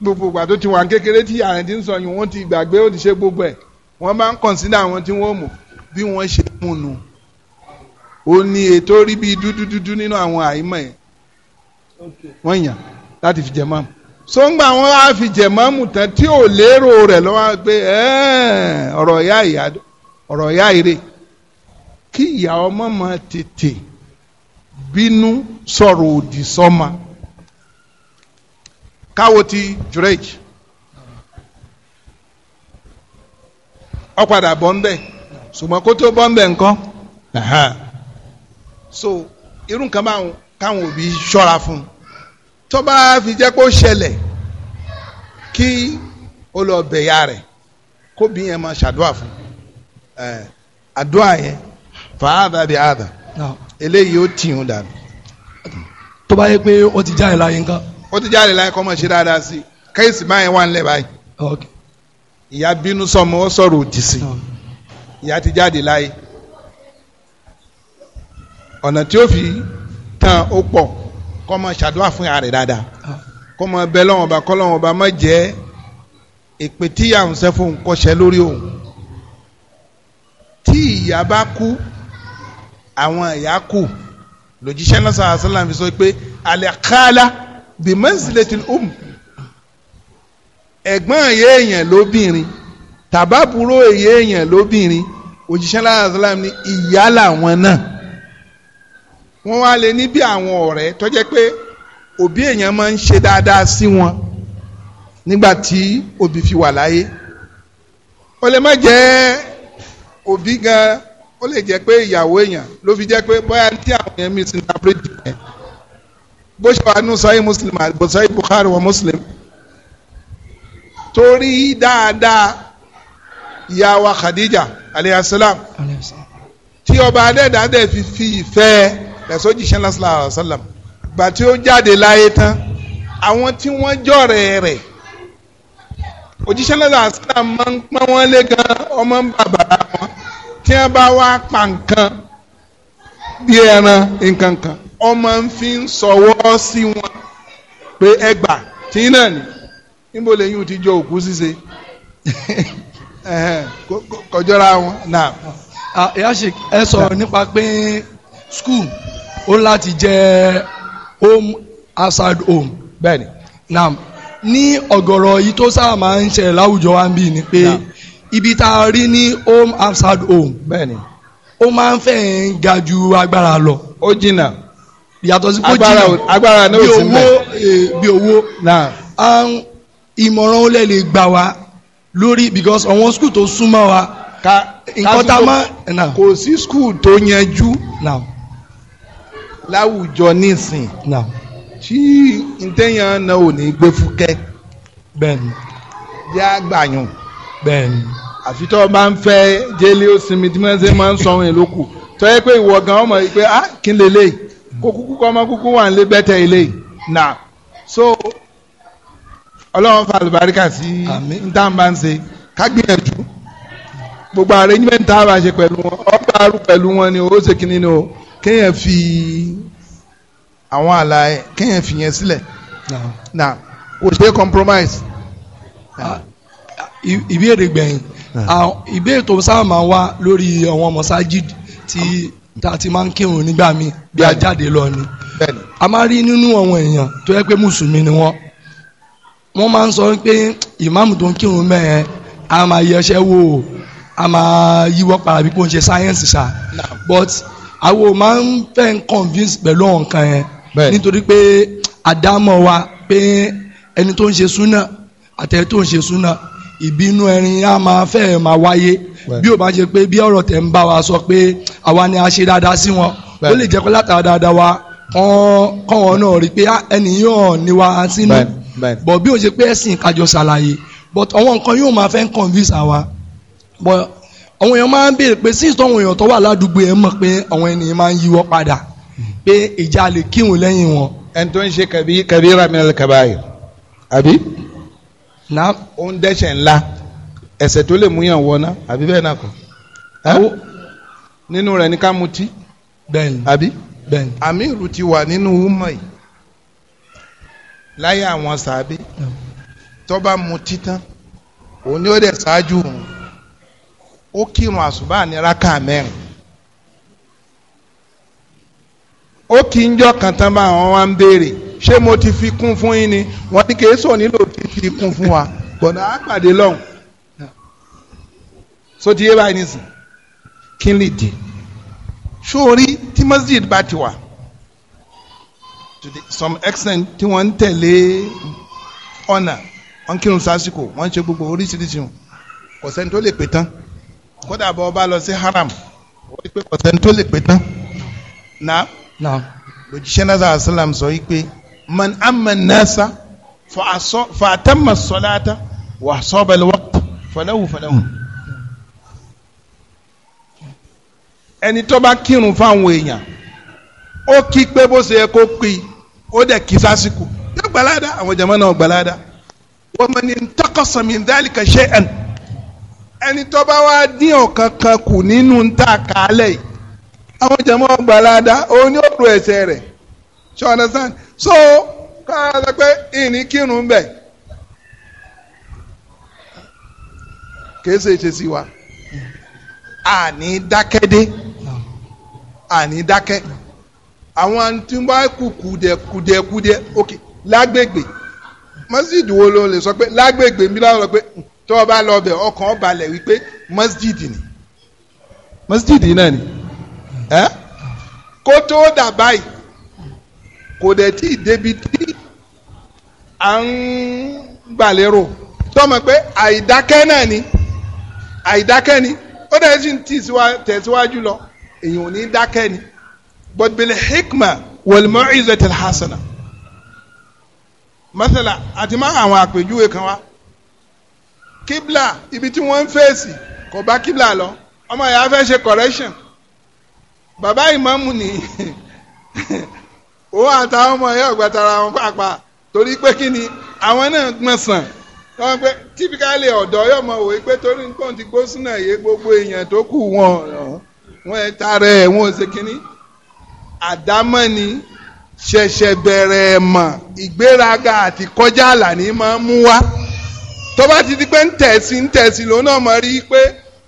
gbogbo ìgbà tó ti wà kékeré tí àrùn ti ń sọ yìí wọ́n ti gbàgbé ó ti ṣe gbogbo ẹ̀ wọ́n bá ń kọ̀nsídà àwọn tí wọ́n mọ̀ bí wọ́n ṣe mú nu ó ní ètò rí bíi dúdúdúdú nínú àwọn àìmọ̀ yẹn wọ́n yàn láti fi jẹ mọ́mù sọ́ngbà wọn á fi jẹ mọ́mù tán tí ò lérò rẹ̀ lọ́wọ́ pé ọ̀rọ̀ ìyá ìyá ọ̀rọ̀ ìyá ìrè kí ìyá ọmọ mọ tètè bínú sọ̀rọ̀ òdì sọ́mà káwo ti jùrẹ́jì. ó padà bọ́ ń bẹ̀ ṣùgbọ́n kó tó bọ́ ń bẹ̀ so irú nǹkan báwọn káwọn òbí ṣọ́ra fún un tó bá fi jẹ́ kó ṣẹlẹ̀ kí ó lọ bẹ̀yà rẹ̀ kó bí yẹn máa ṣàdúrà fún un àdúrà yẹn fàáda bí àdà eléyìí ó tì ń dànù. tó bá yẹ pé ó ti jáde láyé nǹkan. ó ti jáde láyé kọ́ mọ̀ ṣe dáadáa sí i kéèsì báyìí wà ń lẹ̀ báyìí ìyá bínú sọmọ ó sọ̀rọ̀ òdì sí ìyá ti jáde láyé ọ̀nà tí ó fi tán ó pọ̀ kọ́ mọ ṣàdúrà fún ìyá rẹ̀ dáadáa kọ́ mọ bẹ lọ́wọ́n ọba kọ́ lọ́wọ́n ọba mọ jẹ́ èpè tí ìyá ń sẹ́ fún kọ́ṣẹ́ lórí òun tí ìyá bá kú àwọn ìyá kù lòjíṣẹ́ náà sàásìlà fi sọ pé àlẹ́ kálá bí mẹ́sìlẹ̀ tìlú ẹ̀gbọ́n èyí èèyàn lóbìnrin tàbábúrò èyí èèyàn lóbìnrin òjíṣẹ́ láàzọ́làm ní ìyá làwọn náà wọ́n wá lé ní bí àwọn ọ̀rẹ́ tó jẹ́ pé òbí èèyàn máa ń ṣe dáadáa sí wọn nígbà tí òbí fi wà láyé ó lè má jẹ́ òbí gan ó lè jẹ́ pé ìyàwó èèyàn ló fi jẹ́ pé bóyá tí àwọn èèyàn misinterpret yẹn bó ṣe wà nù sọ́yìn muslim àgbọ̀sọ́yìn bukhari wa muslim torí dáadáa ìyàwó Khadija aleyhisselam tí ọba adẹ́dàdẹ́ fi fi ìfẹ́ lẹ́sọ́jìṣẹ́ lásìlára sálàm gbà tí ó jáde láyé tán àwọn tí wọ́n jọ̀rẹ̀ rẹ̀ òjíṣẹ́ lásìlára sálàm máa ń pọ́n wọ́n lé gan ọmọ ń bàbàrà wọn tí wọ́n bá wá pa nǹkan bí ẹran nǹkan kan ọmọ ń fi ń sí wọn pé ẹgbà tí náà ni níbo lẹ́yìn ò ti jọ òkú ṣíṣe kọjọ́ra wọn náà. yasik ah, ẹ sọ̀rọ̀ nípa pé school ó láti jẹ́ home aside home. bẹ́ẹ̀ni. na ní ọ̀gọ̀rọ̀ yìí tó sáà máa ń ṣẹlẹ̀ láwùjọ wa ń ni pé ibi tá a rí ní home outside home. bẹ́ẹ̀ni. ó máa ń fẹ́ ń ga ju agbára lọ. ó jìnnà. yàtọ̀ sí kó jìnnà agbára náà ò bí owó eh, bí owó. naam ìmọ̀ràn ó lè lè gbà wá lórí because àwọn school tó súnmọ́ wa nǹkan tá a mọ̀ kò sí school tó yanjú láwùjọ nísìn tí ntẹ́yàn náà ò ní gbé fúkẹ́ bẹ́ẹ̀ni jẹ́ àgbàyàn bẹ́ẹ̀ni àfi tó o bá ń fẹ́ jẹ́lé ó sinmi tí wọ́n ṣe máa ń sọ ohun èlò kù tó yẹ pé ìwọ gan ọmọ yìí pé ah kí n lè lè kó kúkú kọ́ ọmọ kúkú wà ń lé bẹ́tẹ̀ ilé yìí so ọlọ́run fa àlùbáríkà sí ntàǹbà ń ṣe kágbìyànjú gbogbo arrangement tá a bá ṣe pẹ̀lú wọn ọgbà arú pẹ̀lú wọn ni ó ṣe kínní ni o kéèyàn fi àwọn àlà kéèyàn fi yẹn sílẹ̀ na kò ṣe compromise. Ah. ìbéèrè gbẹ̀yìn ìbéèrè tó sáà máa wá lórí àwọn mọ́sájid tí tá a ti máa ń kírun nígbà míì bí a jáde lọ ni a máa rí nínú àwọn èèyàn tó yẹ pé mùsùlùmí ni wọ́n wọ́n máa ń sọ pé ìmáàmù tó ń kírun mẹ́ẹ̀ a máa yẹ ẹṣẹ́ wò a máa yíwọ́ padà bí kò ń ṣe sáyẹ́ǹsì ṣá but àwọn ò máa ń fẹ́ ń convince pẹ̀lú ọ̀nkan yẹn nítorí pé àdámọ̀ wa pé ẹni tó ń ṣe súnà àtẹ̀yẹ tó ń ṣe súnà ìbínú ẹrin á máa fẹ́ máa wáyé bí ó bá ṣe pé bí ọ̀rọ̀ tẹ̀ ń bá wa sọ pé àwa ni a ṣe dáadáa sí wọn ó lè jẹ́ pé látara dáadáa wa kọ́ wọn náà rí i pé ah, ẹnìyàn ni wa sínú but bí o ṣe pé ẹ̀sìn kájọ ṣàlàyé but àwọn nǹkan yóò máa fẹ́ ń convince àwa but àwọn èèyàn máa ń béèrè pé sí ìtọ́ àwọn èèyàn tó wà ládùúgbò ẹ̀ mọ̀ pé àwọn ènìyàn máa ń yíwọ́ padà pé ìjà lè kírun lẹ́yìn wọn. ẹni tó ń ṣe kàbí kàbí ramil kabayo àbí. na ó ń dẹ́ṣẹ̀ ńlá ẹ̀ṣẹ̀ tó lè múyàn wọná àbí bẹ́ẹ̀ náà kọ́. nínú rẹ̀ ní ká mutí. bẹ́ẹ̀ni àbí. bẹ́ẹ̀ni àmì ìrù ti wà nínú wúmọ̀ yìí láyé àwọn sàábé tó bá mu títán òun ni ó dẹ̀ ṣáájú òun ó kírun àsùbá ní rákà mẹ́rin ó kì í jọ kàn bá àwọn wa ń béèrè ṣé mo ti fi kún fún yín ni wọ́n ní kìí sọ nílò ti fi kún fún wa gbọ̀nà àpàdé lọ́hùn sotiyé báyìí nìsín kí n lè dì sórí tí masjid bá ti wà to the some extent tí wọ́n ń tẹ̀lé ọ̀nà wọ́n kírun sásìkò wọ́n ṣe gbogbo oríṣiríṣi kò sẹ́ni tó lè pè tán kódà bọ́ ọba lọ sí haram wọ́n pé kò sẹ́ni tó lè pè tán na lójúṣẹ́ náà sàlá sàlám sọ yìí pé man amma nasa fa atamma salata wa asaba alwaqt falahu falahu. ẹni tó bá kírun fáwọn èèyàn ó kí pé bó ṣe yẹ kó pè é ó dẹ̀ kí sásìkò yóò gbalada àwọn jama náà gbalada wọ́n mọ̀ ní ntọ́kọ̀sọ̀ mi dálìkà ṣe ẹn ẹni tó bá wá dín ọ̀kan kan kù nínú ntà kálẹ̀ yìí àwọn jama gbalada òun ni ó ro ẹsẹ̀ rẹ̀ ṣe ọ̀nà so kára sọ pé ìní kírun bẹ̀ kìí ṣe ṣe wa àní dákẹ́dé àní dákẹ́ àwọn tí wọ́n kù kùdẹ̀kùdẹ̀kùdẹ̀ ok lágbègbè masjid wo ló lè sọ pé lágbègbè mi láwọn lọ pé hmm, tó o bá lọ bẹ̀ ọkàn ó balẹ̀ wípé masjid ni masjid náà ni ẹ kó tó dà báyìí kò dẹ̀ tí ì débi tí à ń gbàlérò tọmọ pé àìdákẹ́ náà ni àìdákẹ́ ni ó dẹ̀ sì ń tẹ̀síwájú lọ èèyàn ò ní dákẹ́ ni but bil hikma wal mau'izati al hasana masala àti má àwọn àpèjúwe kan wá kíblà ibi tí wọ́n ń fèsì kò bá kíblà lọ ọmọ ìyá fẹ́ ṣe correction bàbá ìmáàmù ni òun àtàwọn ọmọ ìyá ọ̀gbà tara wọn pàápàá torí pé kí ni àwọn náà gbọ̀n sàn wọ́n pẹ́ típíkálì ọ̀dọ́ yóò mọ òwe pé torí nǹkan ti gbósùnà yé gbogbo èèyàn tó kù wọn wọn ẹ̀ tara ẹ̀ wọn ò ṣe kínní àdámọ́ni ṣẹ̀ṣẹ̀ bẹ̀rẹ̀ ẹ̀mọ̀ ìgbéraga àti kọjá àlà máa ń mú wá tó bá ti di pé ń tẹ̀sí ń tẹ̀sí lòun náà mọ̀ rí i pé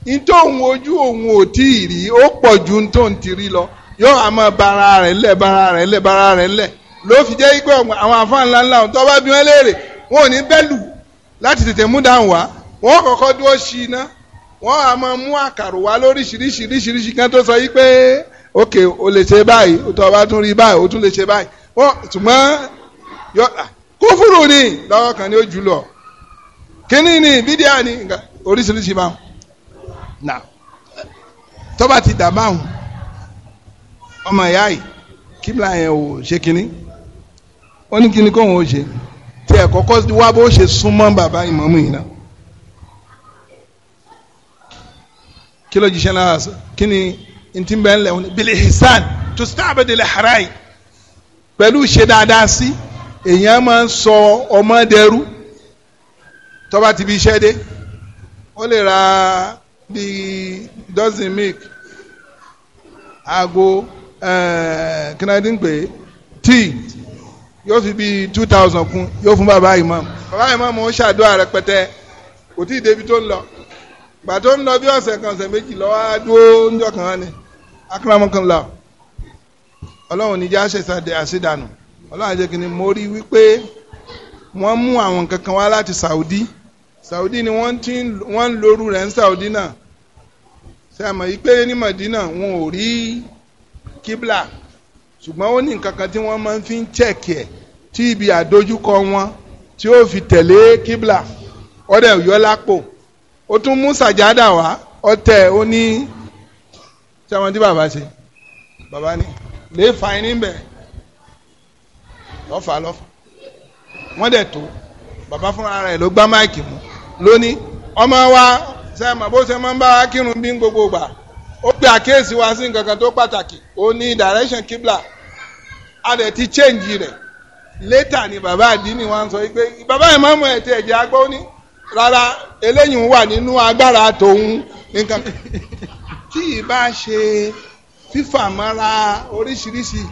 ní tóun ojú òun ò tí ì rí ó pọ̀ ju ní tóun ti rí lọ yóò àmọ́ bara rẹ̀ ńlẹ̀ bara rẹ̀ ńlẹ̀ bara rẹ̀ ńlẹ̀ ló fi jẹ́ pé àwọn àfáàn ńláńlá ọ̀hún tó bá bí wọ́n léèrè wọn ò ní bẹ́lù láti tètè mú dáhùn wá wọn kọ́kọ́ dúró sí iná wọn àmọ́ mú àkàrò wá lóríṣiríṣiríṣiríṣi kan tó sọ yí pé ok o lè ṣe báyìí o tọ́ ọba tún rí báyìí o tún lè ṣe báyìí wọ́n ṣùgbọ́n yọ kófúrú ni lọ́wọ́ kan ni ó jù lọ kíní ni bídíà ni oríṣiríṣi máa ń nà tọ́ba ti dà báwọn ọmọ ìyá yìí kíbla yẹn ò ṣe kíní ó ní kíní kóhun ó ṣe tí ẹ̀ kọ́kọ́ wá bó ṣe súnmọ́ bàbá ìmọ̀mú yìí náà. kí ló jíṣẹ́ náà kí ni ntí bẹ́ẹ̀ lẹ́wọ̀n ni bili hisan tó sábà délé harai pẹ̀lú ṣe dáadáa sí èèyàn máa ń sọ ọmọ dẹrú tó bá ti bí iṣẹ́ dé ó lè ra bíi dozen milk aago eh, kínádì ń pè yóò fi bíi two thousand kún yóò fún bàbá imam bàbá imam ó ṣàdúrà rẹpẹtẹ kò tí ì débi tó ń lọ gbà tó ń lọ bí ọ̀sẹ̀ kan ọ̀sẹ̀ méjì lọ́wọ́ á dúró ń jọ kàn án ni akramakanla ọlọ́run níjẹ́ àṣẹ̀sáde àṣẹdànù ọlọ́run àjẹkìnní mo rí wípé wọ́n mú àwọn kankan wá láti Saudi Saudi ni wọ́n ti wọ́n ń lóru rẹ̀ ń Saudi náà ṣe àmọ̀ yìí pé ní Madina wọn ò rí kíbla ṣùgbọ́n ó ní nǹkan kan tí wọ́n máa ń fi ń chẹ́ẹ̀kì ẹ̀ tí ibi àdójúkọ wọn tí ó fi tẹ̀lé kíbla ọ̀rẹ́ òyọ́ lápò ó tún mú sàjádà wá ọ̀tẹ̀ ó ní ṣé àwọn tí bàbá ṣe bàbá ni lè fa ẹni ń bẹ lọ́fà lọ́fà wọ́n dẹ̀ tó bàbá fúnra rẹ̀ ló gbá máìkì mú lónìí ọmọ wa ṣe mọ̀ bó ṣe máa ń bá wa bí gbogbo gbà ó pe àkíyèsí wa sí nǹkan kan tó pàtàkì ó ní direction kibla a dẹ̀ ti change rẹ̀ later ni bàbá àdínì wa ń sọ pé bàbá yẹn máa mú ẹ̀ tí ẹ̀ jẹ́ agbó ní rárá eléyìí wà nínú agbára tòun nǹkan tí ìbá ṣe fífàmọ́ra oríṣiríṣi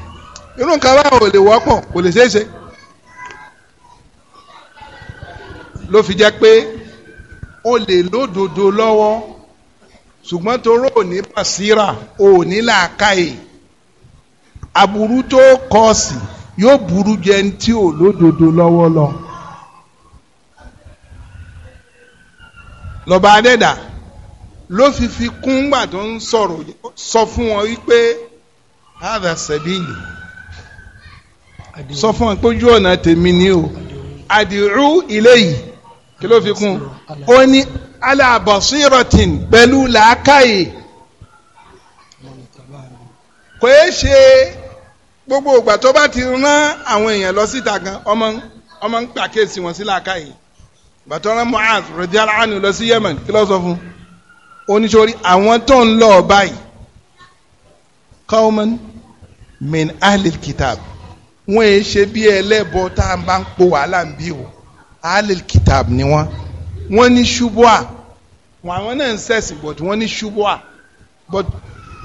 irú nǹkan báwo ò lè wọ́pọ̀ kò lè ṣeé ṣe ló fi jẹ́ pé o lè lódodo lọ́wọ́ ṣùgbọ́n toró òní basira òní làákàyè aburú tó kọ sí yóò burú jẹ tí ò lódodo lọ́wọ́ lọ. lọ́ba adẹ́dà. Lo ló fi fi kún gbà tó ń sọ̀rọ̀ sọ fún wọn wípé hadha sabili sọ fún wọn pé ojú ọ̀nà tèmi ni o àdìrú ilé kí ló fi kún ó ní ala basiratin pẹ̀lú làákàyè kò é ṣe gbogbo ìgbà tó bá ti rán àwọn èèyàn lọ síta gan ọmọ ọmọ ń pàkíyèsí wọn sí làákàyè ìgbà tó rán Mu'adh radiyallahu anhu lọ sí Yemen kí ló sọ fún un oníṣòrí àwọn tó ń lọ báyìí qauman min ahlil kitab wọ́n èé ṣe bí ẹlẹ́bọ tá a bá ń po wàhálà ń bí o ahlil kitab ni wọ́n wọ́n ní ṣubúà wọn àwọn náà ń sẹ̀sìn but wọ́n ní ṣubúà but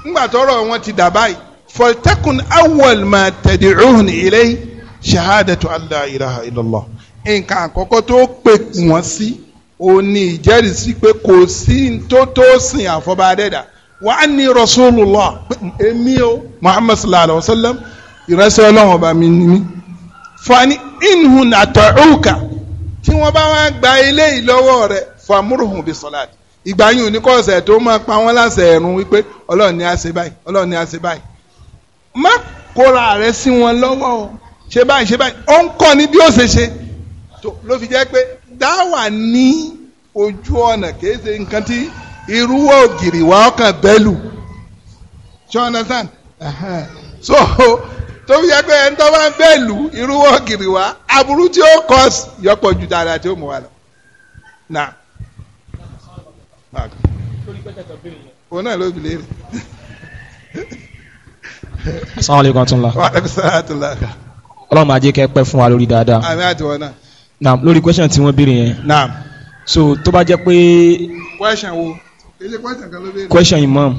ńgbà tọrọ wọn ti dà báyìí faltakun awwal ma tad'uhun ilay shahadatu an ilaha illallah nǹkan àkọ́kọ́ tó pè wọ́n sí. Si òun ni ìjẹ́rìsí pé kò sí tó tó sìn àfọ̀bá adẹ́dà wa anni rasulullah èmi o muhammad sallallahu alayhi wa sallam ìrẹsẹ̀ ọlọ́run ọba mi ni mí. fani inhun ata'uka tí wọ́n bá wá gba eléyìí lọ́wọ́ rẹ̀ famurhum bi salat ìgbà yìí ò ní kọ́ ọ̀sẹ̀ tó máa pa wọ́n láṣẹ ẹ̀rùn wípé ọlọ́run ni a báyìí ọlọ́run ni a báyìí. má kóra rẹ sí wọn lọ́wọ́ o ṣe báyìí ṣe báyìí ó ń kọ́ ni bí ó ṣe ṣe ló fi jẹ́ pé dáwà ní ojú ọ̀nà kìí nǹkan tí o ògiri wa ọkàn bẹ́lù ṣé understand so tó fi yẹ pé ẹni tó bá ń bẹ́lù irúwọ́ ògiri wa aburú tí ó kọ́ yọpọ̀ ju dáadáa tí ó mú wa lọ. Nah òun náà ló bìlẹ̀ rẹ̀. asalaamualeykum wa rahmatulah. wa rahmatulah. ọlọ́run máa jẹ́ kẹ́ pẹ́ fún wa lórí naam lórí question tí wọ́n béèrè yẹn. naam. so tó bá jẹ́ pé. question wo question kan ló béèrè. question imam.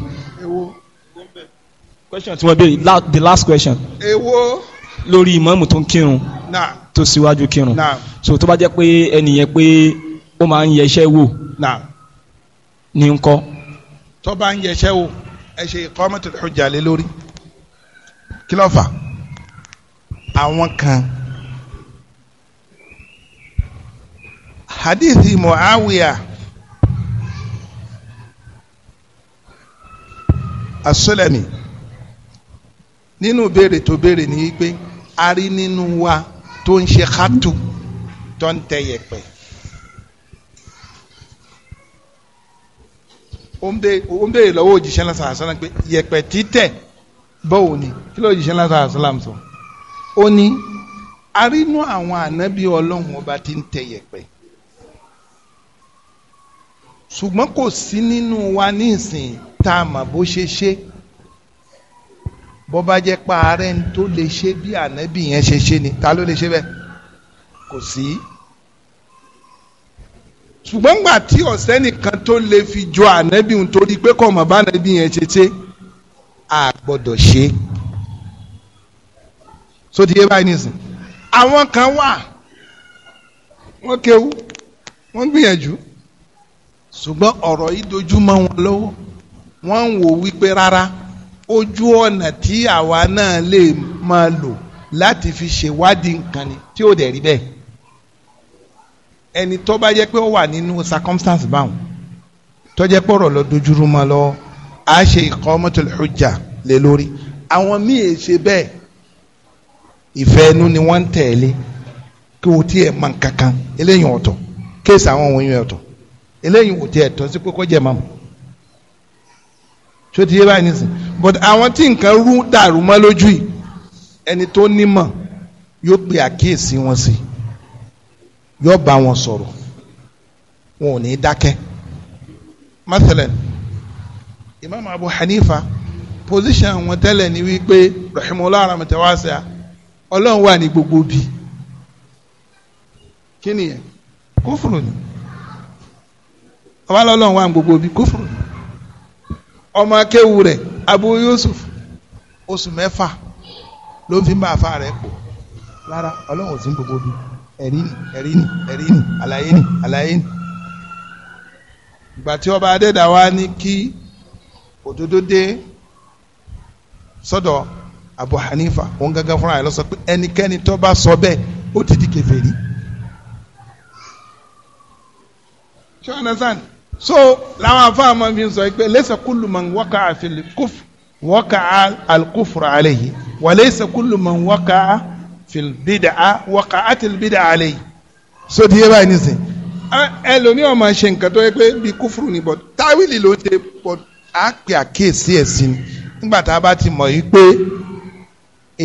question tí wọ́n béèrè la the last question. èwo. lórí imam tó ń kírun. naam. tó síwájú kírun. naam. so tó bá jẹ́ pé ẹnìyẹn pé ó máa ń yẹ iṣẹ́ wò. naam. ní nkọ́. tó bá ń yẹ iṣẹ́ wò ẹ ṣe iqamatul hujja lé lórí kí ló fà àwọn kan hadithi muawiya asolami nínú béèrè tó béèrè ní wípé a rí nínú wa tó ń ṣe hatu tó ń tẹ yẹ̀pẹ̀. ó ń béèrè lọ́wọ́ òjíṣẹ́ ńlá sàásánà pé yẹ̀pẹ̀ títẹ̀ bọ́ọ̀ ni kí ló òjíṣẹ́ ńlá sàásánà sọ. ó ní a rí nínú àwọn ànábì ọlọ́run ọba tí ń tẹ yẹ̀pẹ̀ ṣùgbọ́n kò sí nínú wa nísìn tá a mọ̀ bó ṣe ṣe bó bá jẹ́ pa ààrẹ ń tó lè ṣe bí ànábì yẹn ṣe ṣe ni ta ló lè ṣe bẹ́ẹ̀ kò sí. ṣùgbọ́n gbà tí ọ̀sẹ́ nìkan tó lè fi jọ ànábì ń torí pé kò mọ̀ bá ànábì yẹn ṣe ṣe a gbọ́dọ̀ ṣe. so ti yé báyìí nísìn àwọn kan wà wọ́n kéwú wọ́n gbìyànjú ṣùgbọ́n ọ̀rọ̀ yìí dojú mọ́ wọn lọ́wọ́ wọ́n ń wò wípé rárá ojú ọ̀nà tí àwa náà lè máa lò láti fi ṣèwádìí nǹkan ni tí ò dẹ̀ rí bẹ́ẹ̀ ẹni tó bá jẹ́ pé ó wà nínú circumstance báwọn tó jẹ́ pé ọ̀rọ̀ lọ dojúrú mọ́ lọ á ṣe iqamatul hujja lé lórí àwọn míì è ṣe bẹ́ẹ̀ ìfẹ́ inú ni wọ́n ń tẹ̀lé kí o tiẹ̀ mọ̀ kankan eléyìí ọ̀tọ̀ kéèsì àwọn ohun yẹn ọ̀tọ̀ eléyìí ò tiẹ̀ tọ́ sí pé kó jẹ́ mọ́mọ́ tó ti yé báyìí nísìn but àwọn tí nǹkan rú dàrú mọ́ lójú yìí ẹni tó nímọ̀ yóò pe àkíyèsí wọn sí yóò bá wọn sọ̀rọ̀ wọn ò ní dákẹ́ mathalan imam abu hanifa position wọn tẹ́lẹ̀ ni wípé rahimahullah rahmatan wasi'a ọlọ́run wà ní gbogbo bí kí nìyẹn kófòrò ni. Ye, ọba lọ́lọ́run wà gbogbo bí kófòrò ọmọ akéwu Yusuf oṣù mẹ́fà ló fi ń bá àfa rẹ̀ pò rárá ọlọ́run ò sí gbogbo ẹ̀rí ni ẹ̀rí ni ẹ̀rí ni àlàyé ni àlàyé ni ìgbà tí ọba ní kí òdodo dé Abu Hanifa òun gángan fúnra lọ so làwọn afáà máa fi sọ pé laysa kullu man waqa'a fil kufr waqa'a al-kufru alayhi wa laysa kullu man waqa'a fil bid'a waqa'at al-bid'a alayhi so di yé báyìí nísìn ẹ lóní ọmọ ṣe nǹkan tó yẹ pé bí kúfùrù ni bọ táwìlì ló ń ṣe bọ á pè àkíyèsí ẹ sí ni nígbà tá a bá ti mọ̀ yìí pé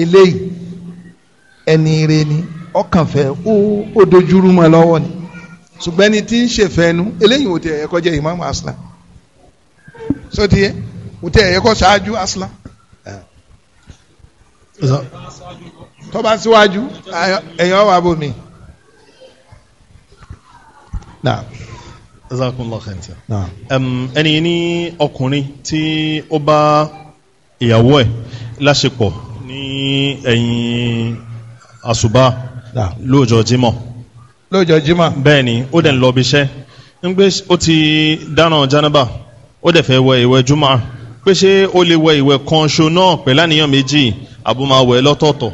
eléyìí ẹni ni ọkàn ó ó dojúrú mọ́ lọ́wọ́ ni ṣùgbọ́n ẹni tí ń ṣèfẹ́nu eléyìí ò tẹ ẹ̀kọ́ jẹ́ imam aslam sọtí yẹ ò tẹ ẹ̀kọ́ ṣáájú aslam tọ́ba síwájú ẹ̀yàn wà bómi. ẹni ní ọkùnrin tí ó bá ìyàwó ẹ̀ láṣepọ̀ ní ẹ̀yìn àṣùbà lóòjọ́ jímọ̀ lọ́jọ́ jimá. bẹ́ẹ̀ni ó dẹ̀ ń lọ ibiṣẹ́ ń gbé ó ti dáná jánábà ó dẹ̀ fẹ́ wẹ ìwẹ̀ jumá pé ṣé ó lè wẹ ìwẹ̀ kan ṣo náà pẹ̀lú àníyàn méjì àbúmáwẹ̀ lọ́tọ̀ọ̀tọ̀.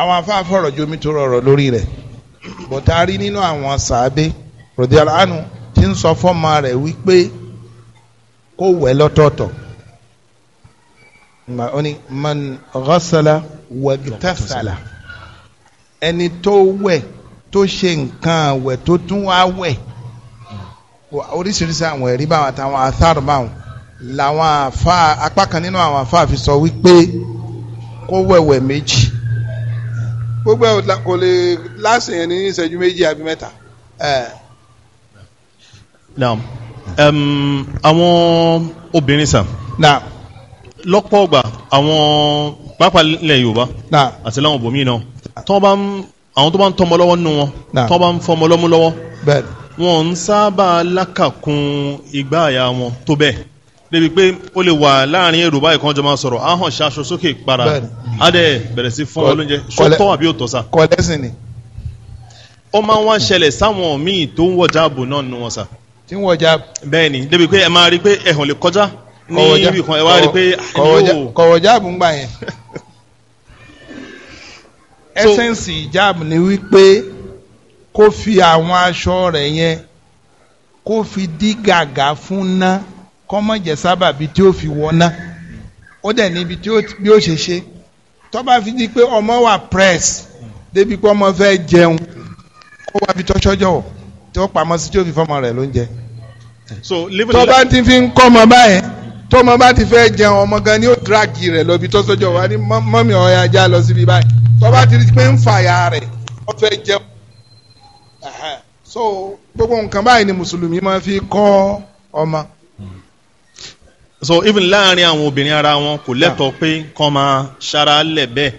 àwọn afáfọ̀rọ̀ jomi tó rọrọ̀ lórí rẹ̀ bọ̀tá rí nínú àwọn sàábé rọ̀dí aláàánú tí ń sọ fọ́mọ rẹ̀ wípé kó wẹ̀ lọ́tọ̀ọ̀tọ̀ ó ní man ghasala wagtasala ẹni tó wẹ̀ tó ṣe nǹkan àwẹ̀ tó tún wá wẹ̀ oríṣiríṣi àwọn ẹ̀rí báwọn àtàwọn àtàrò báwọn làwọn àfa apá kan nínú àwọn àfa fi sọ wípé kó wẹ̀wẹ̀ méjì. gbogbo ẹ̀ kò lè láṣẹ yẹn ní ìṣẹ́jú méjì àbí mẹ́ta. naam um, àwọn obìnrin sàn. lọ́pọ̀ ọgbà àwọn pápá ilẹ̀ yorùbá àti láwọn bòmí náà tí wọ́n bá ń àwọn tó bá ń tọmọ lọ́wọ́ nù wọn tó bá ń fọmọ lọ́mú lọ́wọ́ wọn ń sábà lákàkún ìgbà àyà wọn tó bẹ́ẹ̀ débi pé ó lè wà láàrin èrò báyìí kan jọ máa sọ̀rọ̀ ahọ́n ṣaṣọ sókè para adé bẹ̀rẹ̀ sí fún ọlọ́njẹ ṣọ́tọ́ àbí òtọ́ sa. kọ́lẹ́sìn ni. ó máa ń wá ṣẹlẹ̀ sáwọn míì tó ń wọ̀jà ààbò náà nù wọn sa. tí ń wọ̀jà. bẹ́ẹ̀ ni débi pé ẹ máa rí pé ẹ̀hàn lè kọjá ní ibì kan ẹ wá rí pé. kọ̀wọ̀jà ah, kọ̀wọ̀jà àbùngbà yẹn. ẹsẹ̀nsì ìjáàb ni wípé kó fi àwọn aṣọ rẹ̀ yẹn kó fi dí gàgà fún ná kọ́mọ̀jẹ̀ sábàbí tí ó fi wọ́n ná ó dẹ̀ níbi tí ó ṣe ṣe tó fi di pé ọmọ wà press débi pé ọmọ fẹ́ jẹun kó wá fi tọ́ṣọ́jọ́ wọ̀ tí ó pamọ́ sí tí ó fi fọmọ rẹ̀ lóúnjẹ tó bá ti fi ń kọ́ ọmọ báyẹn tọmọ bá ti fẹ́ jẹun ọmọ gan ni ó dragi rẹ̀ lọ bí tọ́sọ́jọ́ wa ni mọ́mí ọ̀ya já lọ síbi báyìí tọ́ba ti di pé ń fa àyà rẹ̀ wọ́n fẹ́ jẹun so gbogbo nǹkan báyìí ni mùsùlùmí máa fi kọ́ ọmọ. so even láàrin àwọn obìnrin ara wọn kò lẹ́tọ̀ọ́ ah. pé kán máa ṣara lẹ̀ bẹ́ẹ̀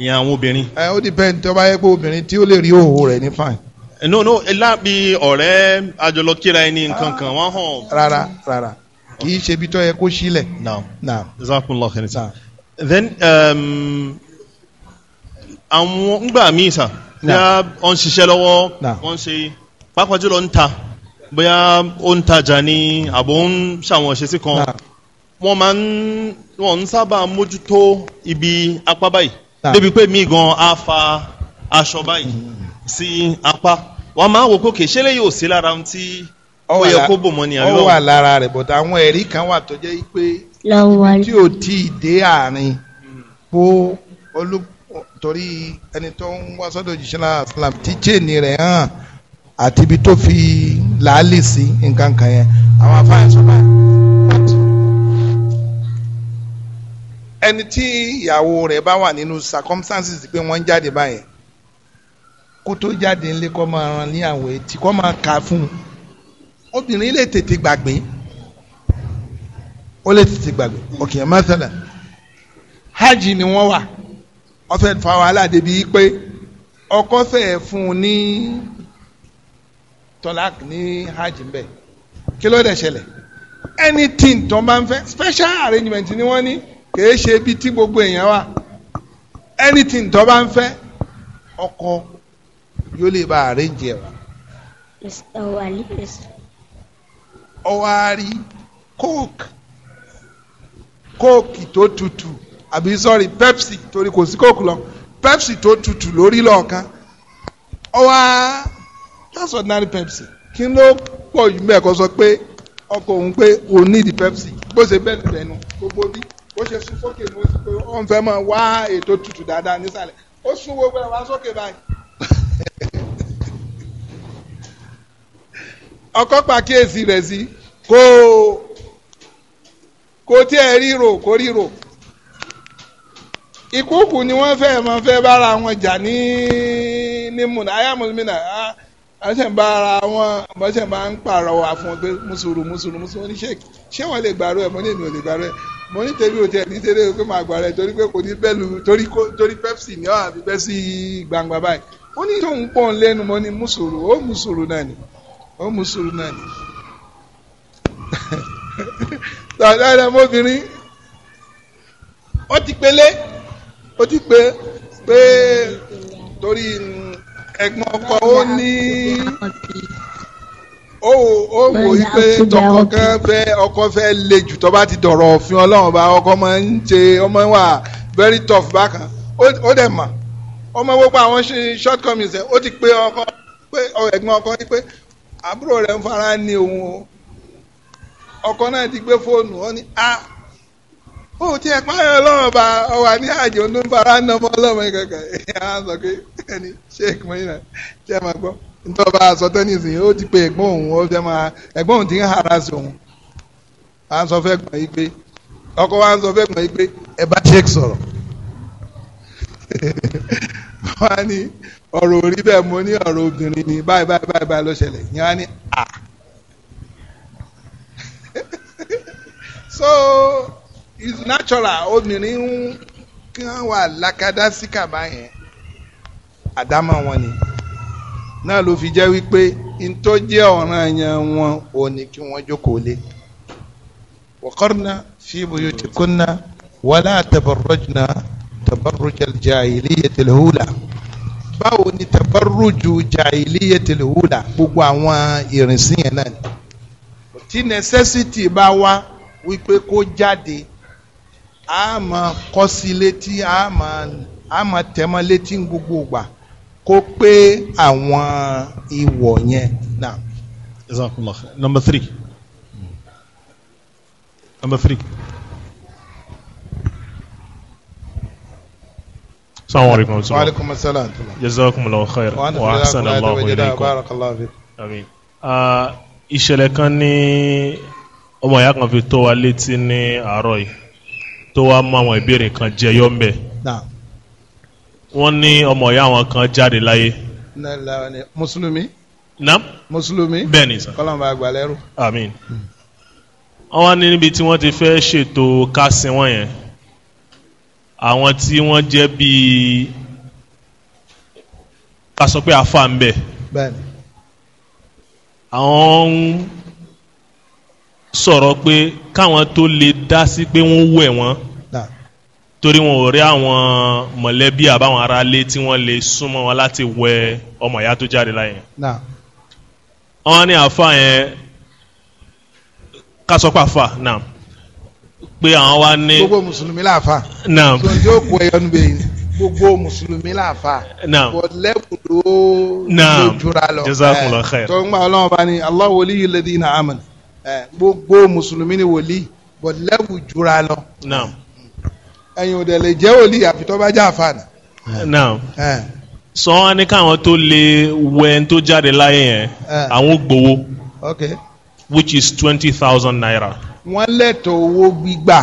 ìyẹn àwọn obìnrin. ẹ ó depend tọ́ba yẹ pé obìnrin tí ó lè rí òwò rẹ̀ ní fine eh, no no lábí ọ̀rẹ́ àjọlọ kíra ẹni nǹkan kan wọ́n hàn. rárá rárá kì í ṣe ibi tó yẹ kó sílẹ̀. naam naam. then um, àwọn ngbà míì sà bóyá wọ́n ṣiṣẹ́ lọ́wọ́ wọ́n ṣe pápá jùlọ ń ta bóyá ó ń tajà ní àbò ń ṣàwọn ṣe kan wọ́n máa ń wọ́n ń sábà mójútó ibi apá báyìí débi pé míì gan á fa aṣọ báyìí sí apá wọ́n máa wò kókè ṣé lè yóò sí lára ohun tí ó yẹ kó bò mọ́ ni àríwá. ó wà lára rẹ̀ bọ̀dọ̀ àwọn ẹ̀rí kan wà tó jẹ́ pé tí ò tí dé àárín kó olùkọ́ torí ẹni tó ń wá sọ́dọ̀ òjíṣẹ́ náà islam tí chéènì rẹ̀ hàn àti ibi tó fi làálì sí nǹkan kan yẹn àwọn afáàyàn sọ báyìí. ẹni tí ìyàwó rẹ̀ bá wà nínú circumstances pé wọ́n ń jáde báyìí kó tó jáde ńlé kó máa ran ní àwẹ̀ tí kó máa kà fún un obìnrin lè tètè gbàgbé ó lè tètè gbàgbé ok ẹ̀ hajj ni wọ́n wà ọfẹ fa wàhálà débi pé ọkọ fẹ́ fún un ní tọlak ní hajj mbẹ kí ló dé ṣẹlẹ̀ anything tó bá ń fẹ́ special arrangement ni wọ́n ní kìí ṣe ibi tí gbogbo èèyàn wà anything tó bá ń fẹ́ ọkọ yóò lè bá arrange ẹ wa. ọwọ́ àárí coke coke tó tutù àbí sorry pepsi torí kò sí kóòkù lọ pepsi tó tutù lórí lọ́ọ̀kan ọwọ́ just ordinary pepsi kí ló pọ̀ jù bẹ́ẹ̀ kó sọ pé ọkọ̀ òun pé òun need pepsi bó ṣe bẹ́ẹ̀ lẹ́nu gbogbo bí bó ṣe sún sókè ní oṣù pé ó ń fẹ́ máa wá ètò tutù dáadáa nísàlẹ̀ ó sún gbogbo ẹ̀ wá sókè báyìí. ọkọ pàkíyèsí rẹ̀ sí kó kó tí ríro kó ríro ìkúùkù ni wọ́n fẹ́ mọ fẹ́ bára wọn jà ní ní múna ayámúlùmínà àwọn ṣẹ̀ ń bá ara wọn àmọ́ ṣẹ̀ máa ń pàrọwà fún pé mùsùlùmí mùsùlùmí mùsùlùmí ní ṣèkì ṣé wọ́n lè gbàrú ẹ̀ mọ́ ní èmi ò lè gbàrú ẹ̀ mo ní tèmi ò ní tèmi pé màá gbàrú ẹ̀ torí pé kò ní bẹ́ẹ̀lù torí pepsi ní ọ̀hún àbí pepsi gbangba báyìí ó ní tóun pọ̀ ń lẹ́nu mọ́ ní mùsùlùmí ó mùsùlùmí náà ni ó mùsùlùmí náà ni ó ti pé pé torí ẹ̀gbọ́n ọkọ ó ní ó ó wò pé tọkọ kan ọkọ fẹ́ le jù tó bá ti dọ̀rọ̀ òfin Ọlọ́run bá ọkọ máa ń ṣe ọmọ wa very tough bákan ó dẹ̀ mọ̀ ọmọ gbogbo àwọn shortcomings ẹ̀ ó ti pé ọkọ pé ẹ̀gbọ́n ọkọ yí pé àbúrò rẹ̀ ń fara ní òun o ọkọ náà ti gbé fóònù ó ní ah ó ti ẹ̀ páyọ̀ ọlọ́run ọwà ní àjò ló ń ń nọmọ ọlọ́run kankan ìyá sọ pé ẹni sheik mọ́yìnà tí ẹ máa gbọ́ nítorí ọba ó ti pe ẹ̀gbọ́n òun ó fẹ́ máa ẹ̀gbọ́n òun ti ń hara sí òun sọ fẹ́ gbọ̀n pé ọkọ wa ń sọ̀rọ̀ Wà ní ọ̀rọ̀ it's natural obìnrin ń kí wọ́n wà lákàdá sí kàbá yẹn àdámọ̀ wọn ni náà ló fi jẹ́ wípé ntọ́ jẹ́ ọ̀ràn yẹn wọn ò ní kí wọ́n jókòó lé waqarna fi buyutikunna wala tabarrujna tabarrujal jahiliyatil hula báwo ni tabarruju jahiliyatil hula gbogbo àwọn ìrìnsí yẹn náà ni tí necessity bá wá wípé kó jáde a máa kọ́ sí létí a máa a máa tẹ̀mọ́ létí gbogbo ìgbà kó pé àwọn ìwọ̀ yẹn náà. number three number three. السلام عليكم ورحمة الله وعليكم السلام جزاكم الله خير وأحسن الله إليكم بارك الله فيك آمين ìṣẹ̀lẹ̀ kan ní ọmọ ìyá kan fi tó wa létí ní àárọ̀ yìí tó wá mú àwọn ìbéèrè kan jẹyọ ń bẹ. wọ́n ní ọmọ ìyá àwọn kan jáde láyé. mùsùlùmí. naam. mùsùlùmí. bẹ́ẹ̀ ni sà. kọ́lọ́mù àgbà lẹ́rù. àmín. Hmm. wọ́n wá ní níbi tí wọ́n ti fẹ́ ṣètò kásin wọn yẹn àwọn tí wọ́n jẹ́ bíi ká sọ pé àfa ń bẹ. bẹ́ẹ̀ ni. àwọn ń sọ̀rọ̀ pé káwọn tó lè dá sí pé wọ́n wẹ̀ wọ́n torí wọn ò rí àwọn mọ̀lẹ́bí àbáwọn aráalé tí wọ́n lè súnmọ́ wọn láti wẹ ọmọ ìyá tó jáde láyé. wọ́n ní àfa yẹn kásọ́pà fà náà pé àwọn wa ní. gbogbo mùsùlùmí làáfà. náà tó ń jẹ́ òkú ẹyọnu bẹ́ẹ̀ ni gbogbo mùsùlùmí làáfà. náà wọ́n lẹ́kùn ló. náà jésù àkùnlọ xẹ́. tó ń gbà ọlọ́run bá ní Allahu waliyul ladina amanu gbogbo mùsùlùmí ni wòlíì but lẹ́wù jura lọ. ẹ̀yin ò dẹ̀ lè jẹ́ wòlíì àfi tó bá jẹ́ àfààní. sọ wọn ní káwọn tó lè wẹ ẹni tó jáde láyé yẹn àwọn gbowó which is twenty thousand naira. wọ́n lẹ́tọ̀ owó gbígbà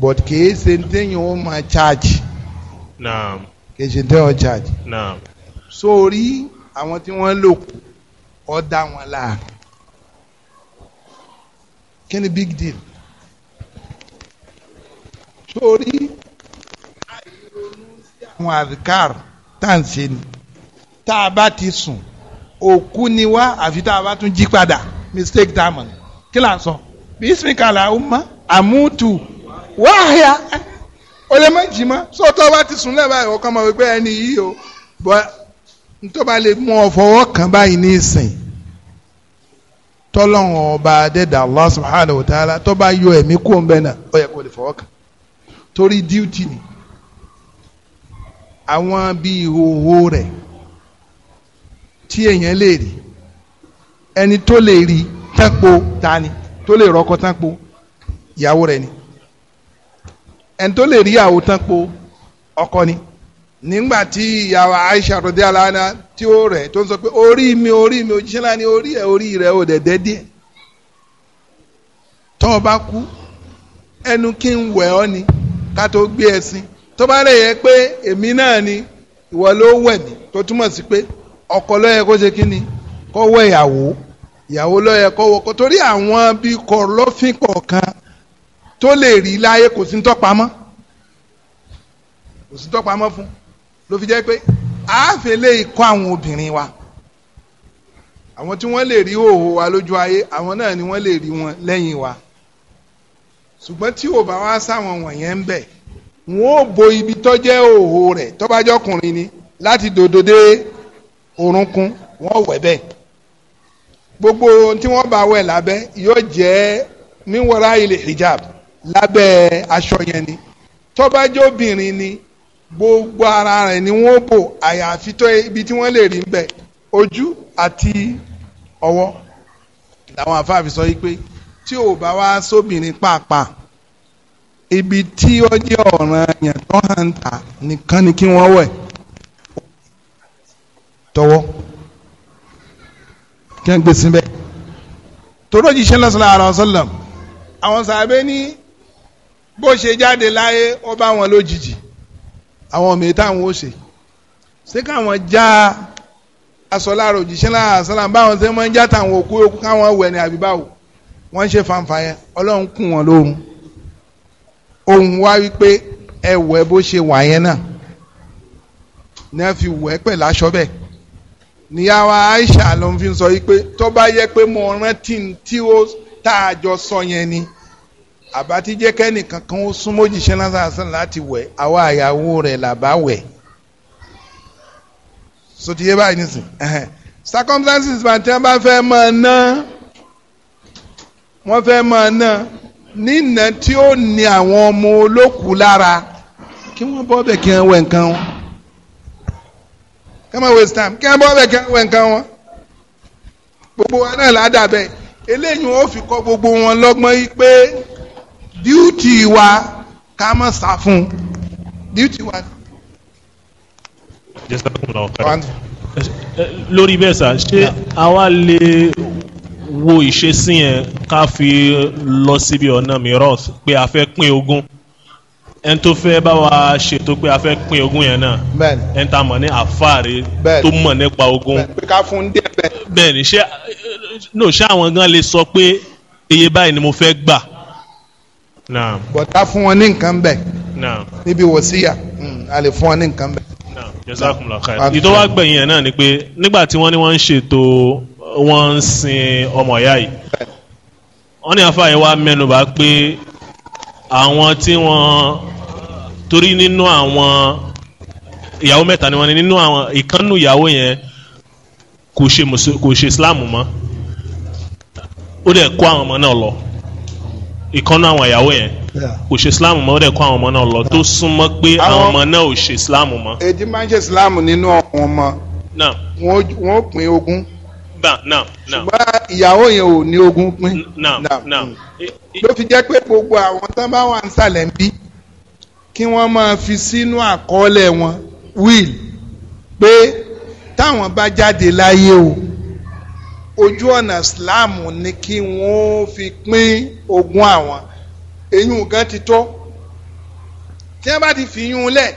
but kìí ṣe téèyàn ó máa charge. kìí ṣe téèyàn ó charge. sórí àwọn tí wọ́n lò kù ọ́ dá wọn láàrin kí ni big deal sórí àìronú sí àwọn àdìkàr tá à ń ṣe ni tá a bá ti sùn òkú ni wá àfi tá a bá tún jí padà mistake tá a mọ̀ ni kí là ń sọ bísímìkàlà ọmọ àmútu wáhíà o lè má jì mọ́ sọ́tọ́ bá ti sùn lẹ́bàá ìwọ̀n kan mọ̀ wípé ẹni yìí o bọ́ ntọ́ bá lè mú ọ fọwọ́ kàn báyìí ní ìsìn tọ́lọ́hún ọba adẹ́dà allah subhanahu wa ta'ala tó bá yọ ẹ̀mí kú ọ̀nbẹ náà ó yẹ kó lè fọwọ́ kàn torí díútì ni àwọn bíi ìhòòhò rẹ̀ tí èèyàn lè rí ẹni tó lè rí tánpo ta ni tó lè rọ́kọ tánpo ìyàwó rẹ̀ ni ẹni tó lè rí ìyàwó tánpo ọkọ ni. nígbà yawa Aisha rọdí alana tí ó rẹ̀ tó ń sọ pé orí mi orí mi òjíṣẹ́ náà ni ori ẹ̀ orí rẹ̀ ò dẹ̀dẹ̀ díẹ̀ tó o bá kú ẹnu kí n wẹ̀ ọ́ ni ká tó gbé ẹ sin tó bá rẹ̀ yẹ pé èmi náà ni ìwọ ló wẹ̀ mí tó túmọ̀ sí pé ọkọ ló yẹ kó ṣe kí ni kó wẹ̀ ìyàwó ìyàwó ló kó wọ kó torí àwọn bíi kọ̀ọ̀lọ́fín kọ̀ọ̀kan tó lè rí láyé kò sí ń tọ́pamọ́ kò sí ń tọ́pamọ́ fún un ló fi jẹ́ pé àáfẹ́lẹ́ ikọ́ àwọn obìnrin wa àwọn tí wọ́n lè rí òhò wa lójú ayé àwọn náà ni wọ́n lè rí wọn lẹ́yìn wa ṣùgbọ́n tí ò bá wá sáwọn wọ̀nyẹn ń bẹ̀ wọ́n ò bo ibi tó jẹ́ òhò rẹ̀ tó bá jọkùnrin ni láti dòdò dé orúnkún wọ́n wẹ̀ bẹ́ẹ̀ gbogbo tí wọ́n bá wẹ̀ lábẹ́ yóò jẹ́ min ilé hijab lábẹ́ aṣọ yẹn ni tó ni gbogbo ara rẹ̀ ni wọ́n bò àyàfi tó ibi tí wọ́n lè rí ń bẹ̀ ojú àti ọwọ́ làwọn àfáàfi sọ yìí pé tí ò bá wá sóbìnrin pàápàá ibi tí ó jẹ́ ọ̀ràn yẹn tó hàn tà nìkan ni kí wọ́n wẹ̀ tọwọ́ kí wọ́n gbé síbẹ̀ torí òjíṣẹ́ lọ́sọ̀lá ara ọ̀sọ́lọ̀ àwọn sàbẹ̀ ní bó ṣe jáde láyé ó bá wọn lójijì àwọn ọmọ èyí táwọn ó ṣe ṣé káwọn já asọ́láàrò òjíṣẹ́ láàṣálà báwọn ṣe máa ń já táwọn òkú yòókù káwọn wẹ̀ ní àbí báwo wọ́n ṣe fanfa yẹn ọlọ́run kùn wọ́n lóhun ohun wá wípé ẹ wẹ̀ bó ṣe wà yẹn náà ní a fi wẹ̀ pẹ̀lú aṣọ bẹ́ẹ̀ níyàwó Aisha ló ń fi sọ yìí pé tó bá yẹ pé mo rántí tí ó tá a jọ sọ yẹn ni àbátijẹ́ kẹ́nìkan kan ó súnmọ́ òjíṣẹ́ lásán láti wẹ̀ àwa àyàwó rẹ̀ làbá wẹ̀ sotiye báyìí nísìn circumstances bàtí wọn bá fẹ́ mọ̀ ná wọn fẹ́ mọ̀ ná nínà tí ó ní àwọn ọmọ olókù lára kí wọ́n bọ́ bẹ̀ kí wọ́n wẹ̀ nǹkan wọn kí wọ́n waste time kí wọ́n bọ́ bẹ̀ kí wọ́n wẹ̀ nǹkan wọn gbogbo wa náà ládàá bẹ́ẹ̀ eléyìí wọn fi kọ́ gbogbo wọn lọ́gbọ́n yìí pé duty wa ká má sá fún duty wa. lórí bẹ́ẹ̀ sà ṣé àwa lè wo ìṣesí yẹn ká fi lọ síbi ọ̀nà mìíràn pé a fẹ́ pín ogún ẹni tó fẹ́ bá wa ṣètò pé a fẹ́ pín ogún yẹn náà ẹni tá a mọ̀ ní àfáàrí tó mọ̀ nípa ogún bẹ́ẹ̀ ni ṣé àwọn gan lè sọ pé iye báyìí ni mo fẹ́ gbà bọ̀dá fún wọn ní nǹkan bẹ̀ níbi wòsíyà mm, a lè fún wọn ní nǹkan bẹ̀. jazakumullah khair ìtọ́ wa gbẹ̀yìn ẹ̀ náà ni pé nígbà tí wọ́n ní wọ́n ń ṣètò wọ́n ń sin ọmọ ìyá yìí wọ́n ní afáàyè wa mẹ́nuba pé àwọn tí wọ́n torí nínú àwọn ìyàwó mẹ́ta ni wọ́n ní nínú àwọn ìkànnù ìyàwó yẹn kò ṣe Islam mọ́ ó dẹ̀ kó àwọn ọmọ náà lọ ìkànnà àwọn ìyàwó yẹn kò ṣe islam mọ́ ó dẹ̀ kó àwọn ọmọ náà lọ tó súnmọ́ pé àwọn ọmọ náà ò ṣe islam mọ́. èdè máa ń ṣe islam nínú àwọn ọmọ wọn ó pín ogún ṣùgbọ́n ìyàwó yẹn ò ní ogún pín ló fi jẹ́ pé gbogbo àwọn tó bá wà nísàlẹ̀ ń bí kí wọ́n máa fi sínú àkọọ́lẹ̀ wọn will pé táwọn bá jáde láyé o ojú ọ̀nà Islam ni kí wọ́n fi pín ogún àwọn èyí nǹkan ti tó tí wọ́n bá ti fi yún un lẹ̀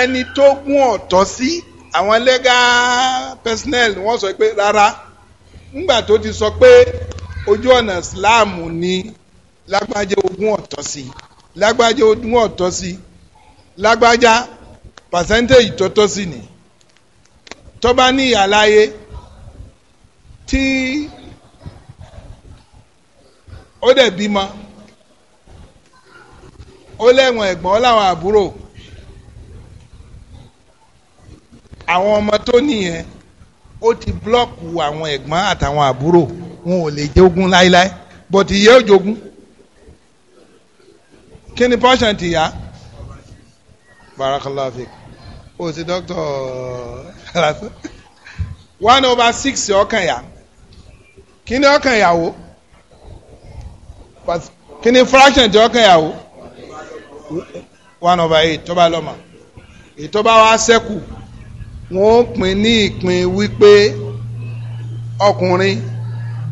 ẹni tó gún ọ̀tọ̀ sí àwọn legal personnel wọ́n sọ pé rárá ńgbà tó ti sọ pé ojú ọ̀nà Islam ni lágbájá ogún ọ̀tọ̀ sí lágbájá ogún ọ̀tọ̀ sí lágbájá percentage tó sí ni tó bá ní ìyàláyé tí ó dẹ̀ bímọ ó lẹ́wọ̀n ẹ̀gbọ́n láwọn àbúrò àwọn ọmọ tó nìyẹn ó ti blọ́ọ̀kù àwọn ẹ̀gbọ́n àtàwọn àbúrò wọn ò lè jogún láéláé bọ̀tì ìyá ò jogún kí ni pọ́ṣán ti yá barakallahu fik o ti dọ́kítọ̀ one over six ọkàn yá kí ni ọkàn ìyàwó kí ni fraction ti ọkàn ìyàwó one over eight tó bá lọ́mọ ètò bá wá sẹ́kù wọ́n pín ní ìpín wípé ọkùnrin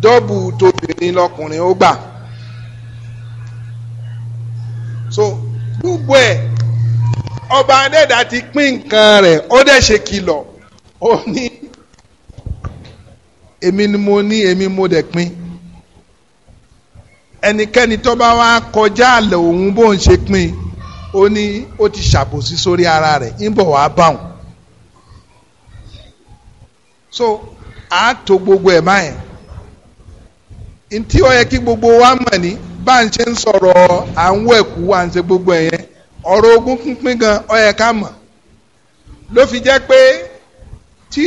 dọ́bù tóbìnrin lọkùnrin ó gbà so gbogbo ẹ̀ ọba adẹ́dà ti pín nǹkan rẹ̀ ó dẹ̀ ṣe kìlọ̀ ó ní èmi ni mo ní èmi mo dẹ̀ pín ẹnikẹ́ni tó bá wá kọjá àlẹ́ òun bó ń ṣe pín ó ní ó ti ṣàbòsí sórí ara rẹ̀ ń bọ̀ wá bá wọn. so a tó gbogbo ẹ̀ báyẹn ntí ó yẹ kí gbogbo wa mọ̀ ní bá ń ṣe ń sọ̀rọ̀ à ń wọ ẹ̀kú à ń ṣe gbogbo ẹ̀ yẹn ọ̀rọ̀ ogún pínpín gan ó yẹ ká mọ̀ ló fi jẹ́ pé tí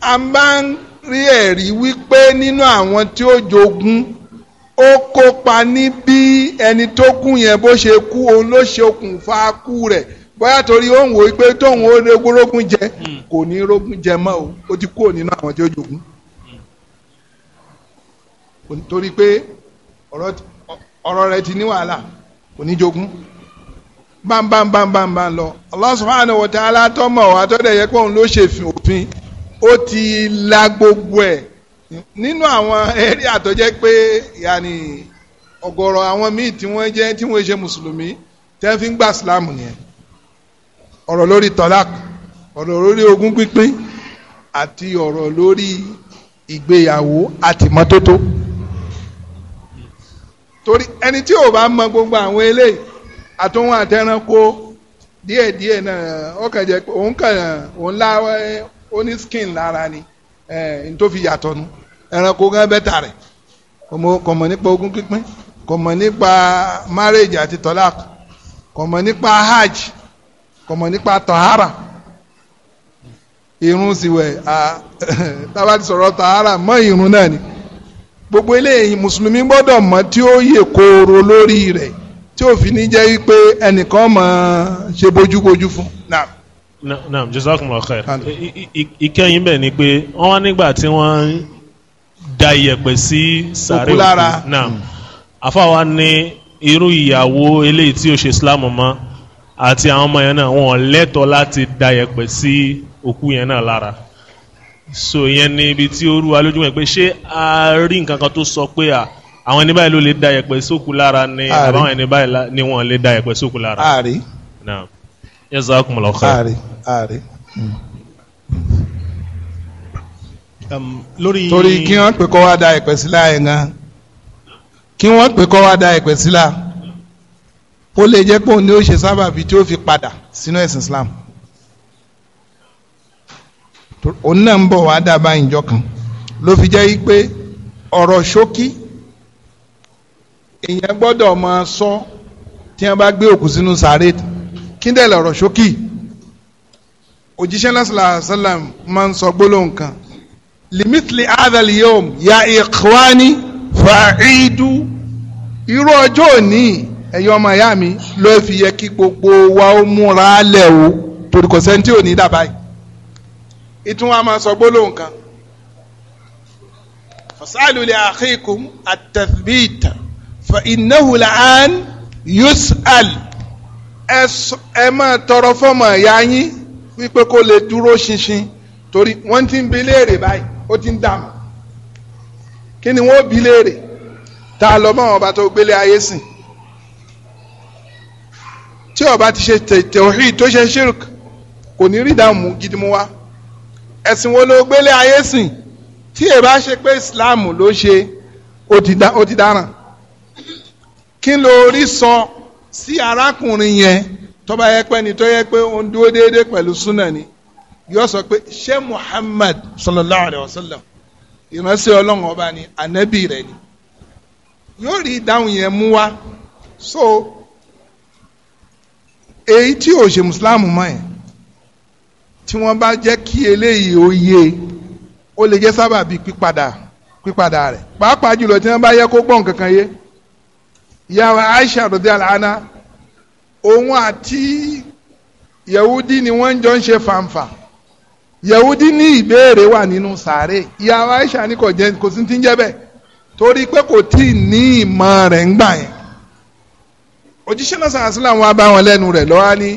a bá ń rí ẹ̀rí wípé nínú àwọn tí ó jogún ó kópa ní bí ẹni tó kú yẹn bó ṣe kú òun ló ṣe okùnfà kú rẹ̀ bóyá torí ó ń wò pé tóun ó rógún jẹ hmm. kò ní rógún jẹ mọ́ o ó ti kúrò nínú àwọn tí ó jogún torí pé ọ̀rọ̀ rẹ̀ ti ní wàhálà kò ní jogún bámbámbámbámbá lọ Allah subhanahu wa ta'ala tọ́mọ̀ wà tọ́dẹ̀ yẹ kóun ló ṣe òfin ó ti la gbogbo ẹ̀ nínú àwọn ẹ̀ríà tó jẹ́ pé yàní ọ̀gọ̀rọ̀ àwọn míì tí wọ́n jẹ́ tí wọ́n ṣe mùsùlùmí tẹ́ fi ń gba sílámù nìyẹn ọ̀rọ̀ lórí tọ́lák ọ̀rọ̀ lórí ogún pínpín àti ọ̀rọ̀ lórí ìgbéyàwó àti mọ́tótó torí ẹni tí ò bá mọ gbogbo àwọn eléyìí àtúnwò àtẹranko díẹ̀díẹ̀ náà ó kàn pé òun kàn òun láwẹ́ ó ní skin lára ni n tó fi yàtọ̀ nu ẹranko gan bẹ́tà rẹ̀ kò mọ̀ nípa ogún pínpín kò mọ̀ nípa marriage àti tọ́lák kò mọ̀ nípa hajj kò mọ̀ nípa tọ́hárà irun sì wẹ̀ tábàtì sọ̀rọ̀ tọ́hárà mọ́ irun náà ni gbogbo eléyìí mùsùlùmí gbọ́dọ̀ mọ̀ tí ó yè kooro lórí rẹ̀ tí òfin ní jẹ́ wípé ẹnìkan mọ̀ ṣe bójúbójú fún naam jazakumullahu khair ìkẹyìn bẹ́ẹ̀ ni pé wọ́n wá nígbà tí wọ́n ń da iyẹ̀pẹ̀ sí sàárè òkú naam àfàwa ní irú ìyàwó eléyìí tí ó ṣe islam mọ́ àti àwọn ọmọ yẹn náà wọ́n lẹ́tọ̀ọ́ láti da iyẹ̀pẹ̀ sí òkú yẹn náà lára so yẹn ni ibi tí ó rú wa lójúmọ́ pé ṣé a rí nǹkan kan tó sọ pé à àwọn ẹni báyìí ló lè da iyẹ̀pẹ̀ sókú lára ni àbáwọn ẹni báyìí ni wọ́n lè da iyẹ̀pẹ̀ sókú lára. àárí. naam. Jazakumullahu khair. ààrẹ um, lórí. torí kí wọ́n pè kọ́ wá da ẹ̀pẹ̀ sílá yẹn gan kí wọ́n pè kọ́ wá da ẹ̀pẹ̀ sílá ó lè jẹ́ pé òun ni ó ṣe sábàbí tí ó fi padà sínú ẹ̀sìn Islam òun náà ń bọ̀ wá dábàá ìjọ kan ló fi jẹ́ pé ọ̀rọ̀ ṣókí èèyàn gbọ́dọ̀ máa sọ tí wọ́n bá gbé òkú sínú sàréè kí n dẹ̀ lọ̀rọ̀ ṣókì òjíṣẹ́ lásìlá sálàm máa ń sọ gbólóhùn kan limitli adal yom ya ikhwani fa'idu irú ọjọ́ òní ẹ̀yin ọmọ ìyá mi ló fi yẹ kí gbogbo wa ó múra lẹ̀ o torí kò sẹ́ni tí dàbá yìí ìtún wa máa sọ gbólóhùn kan fasalu li akhikum at fa innahu la'an yus'al ẹ máa tọrọ fọmọ ìyá yín wípé kó lè dúró ṣinṣin torí wọ́n ti ń bi léèrè báyìí ó ti ń dààmú kí ni wọ́n bi léèrè tá a lọ mọ́ ọba tó gbélé ayé sìn tí ọba ti ṣe tẹ̀wọ̀hì tó ṣe ṣírk kò ní rí ìdààmú gidi mu wá ẹ̀sìn wo ló gbélé ayé sìn tí ẹ bá ṣe pé Islam ló ṣe ó ti dáràn kí ló rí sọ. So, sí arákùnrin yẹn tó bá yẹ pé ni tó yẹ pé ó ń dúró déédéé pẹ̀lú súnà ni yóò sọ pé ṣé Muhammad sallallahu alayhi wa sallam ìránṣẹ́ ọlọ́run ọba ni ànábì rẹ̀ ni yóò rí ìdáhùn yẹn mú wá so èyí tí ò ṣe mùsùlùmù mọ́ ẹ̀ tí wọ́n bá jẹ́ kí eléyìí ó yé ó lè jẹ́ sábàbí pípadà pípadà rẹ̀ pàápàá jùlọ tí wọ́n bá yẹ kó gbọ́n kankan yé ìyàwó Aisha radiyallahu anha òun àti Yahudi ni wọ́n jọ ń ṣe fanfa Yahudi ní ìbéèrè wà nínú sàárè ìyàwó Aisha ni kò jẹ́ kò sí ti ń jẹ́ bẹ́ẹ̀ torí pé kò tí ì ní ìmọ̀ rẹ̀ ń gbà yẹn òjíṣẹ́ náà sàásì làwọn wá bá wọn lẹ́nu rẹ̀ lọ́wọ́ ní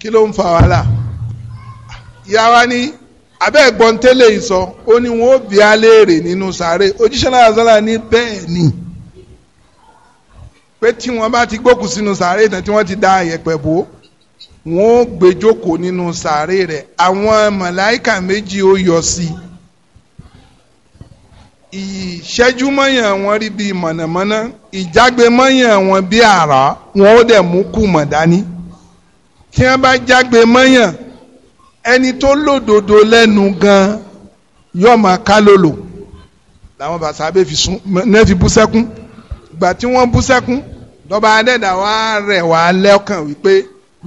kí ló ń fa wàhálà ìyá wa ní abẹ́ gbọ́ntẹ́lẹ̀ ìsọ ó ní wọn ó bí a léèrè nínú sàárè òjíṣẹ́ náà sàásì ní bẹ́ẹ̀ ni. Benny pé tí wọ́n bá ti gbókùn sínú sàárè tán tí wọ́n ti da àyẹ̀pẹ̀ bò wọ́n ó gbé jókòó nínú sàárè rẹ̀ àwọn màláìkà méjì ó yọ sí i ìṣẹ́jú mọ́yàn wọn rí bíi mọ̀nàmọ́ná ìjágbe mọ́yàn wọn bíi àrá wọn ó dẹ̀ mú kù mọ̀ dání tí wọ́n bá jágbe mọ́yàn ẹni tó lòdòdó lẹ́nu gan-an máa ká lòlò làwọn bàtà abẹ́ sún náà fi bú sẹ́kún gbà tí wọ́n bú sẹ́kún lọ́ba adẹ́dà wá rẹ̀ wá lẹ́ọ̀kan wípé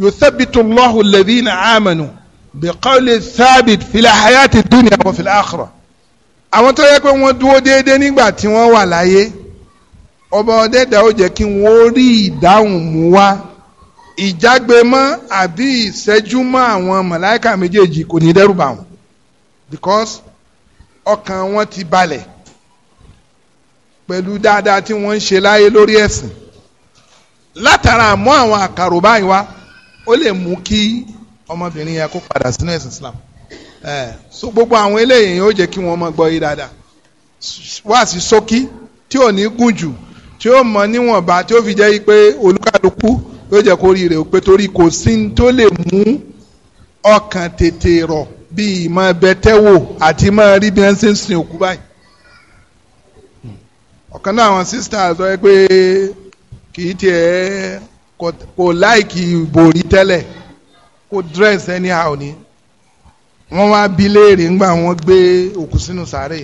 yuthabitu Allahu alladhina amanu biqawli thabit fil hayati dunya wa fil akhirah àwọn tó yẹ pé wọ́n dúró déédéé nígbà tí wọ́n wà láyé ọba ọdẹ́dà ó jẹ́ kí wọ́n rí ìdáhùn mú wá ìjágbémọ́ àbí ìṣẹ́júmọ́ àwọn màláíkà méjèèjì kò ní dẹ́rù bà wọ́n because ọkàn wọn ti balẹ̀. pẹ̀lú dáadáa tí wọ́n ń ṣe láyé lórí ẹ̀sìn látara àmọ́ àwọn àkàrò báyìí wá ó lè mú kí ọmọbìnrin yẹn kó padà sínú ẹ̀sìn Islam ẹ̀ so gbogbo àwọn eléyìí yóò jẹ́ kí wọ́n mọ gbọ́ yìí dáadáa wá sí ṣókí tí ò ní gùn jù tí ó mọ níwọ̀nba tí ó fi jẹ́ pé olúkálukú yóò jẹ́ kó rí rẹ̀ pé torí kò sí ní tó lè mú ọkàn tètè rọ̀ bíi ìmọ̀ bẹ́tẹ́wò àti ìmọ̀ rí bí wọ́n sin òkú báyìí. ọ̀kan náà àwọn sisters sọ pé kì í tiẹ̀ kò láìkì ìbòrí tẹ́lẹ̀ kò dress anyhow ni wọ́n wá bi léèrè ńgbà wọ́n gbé òkú sínú sàárè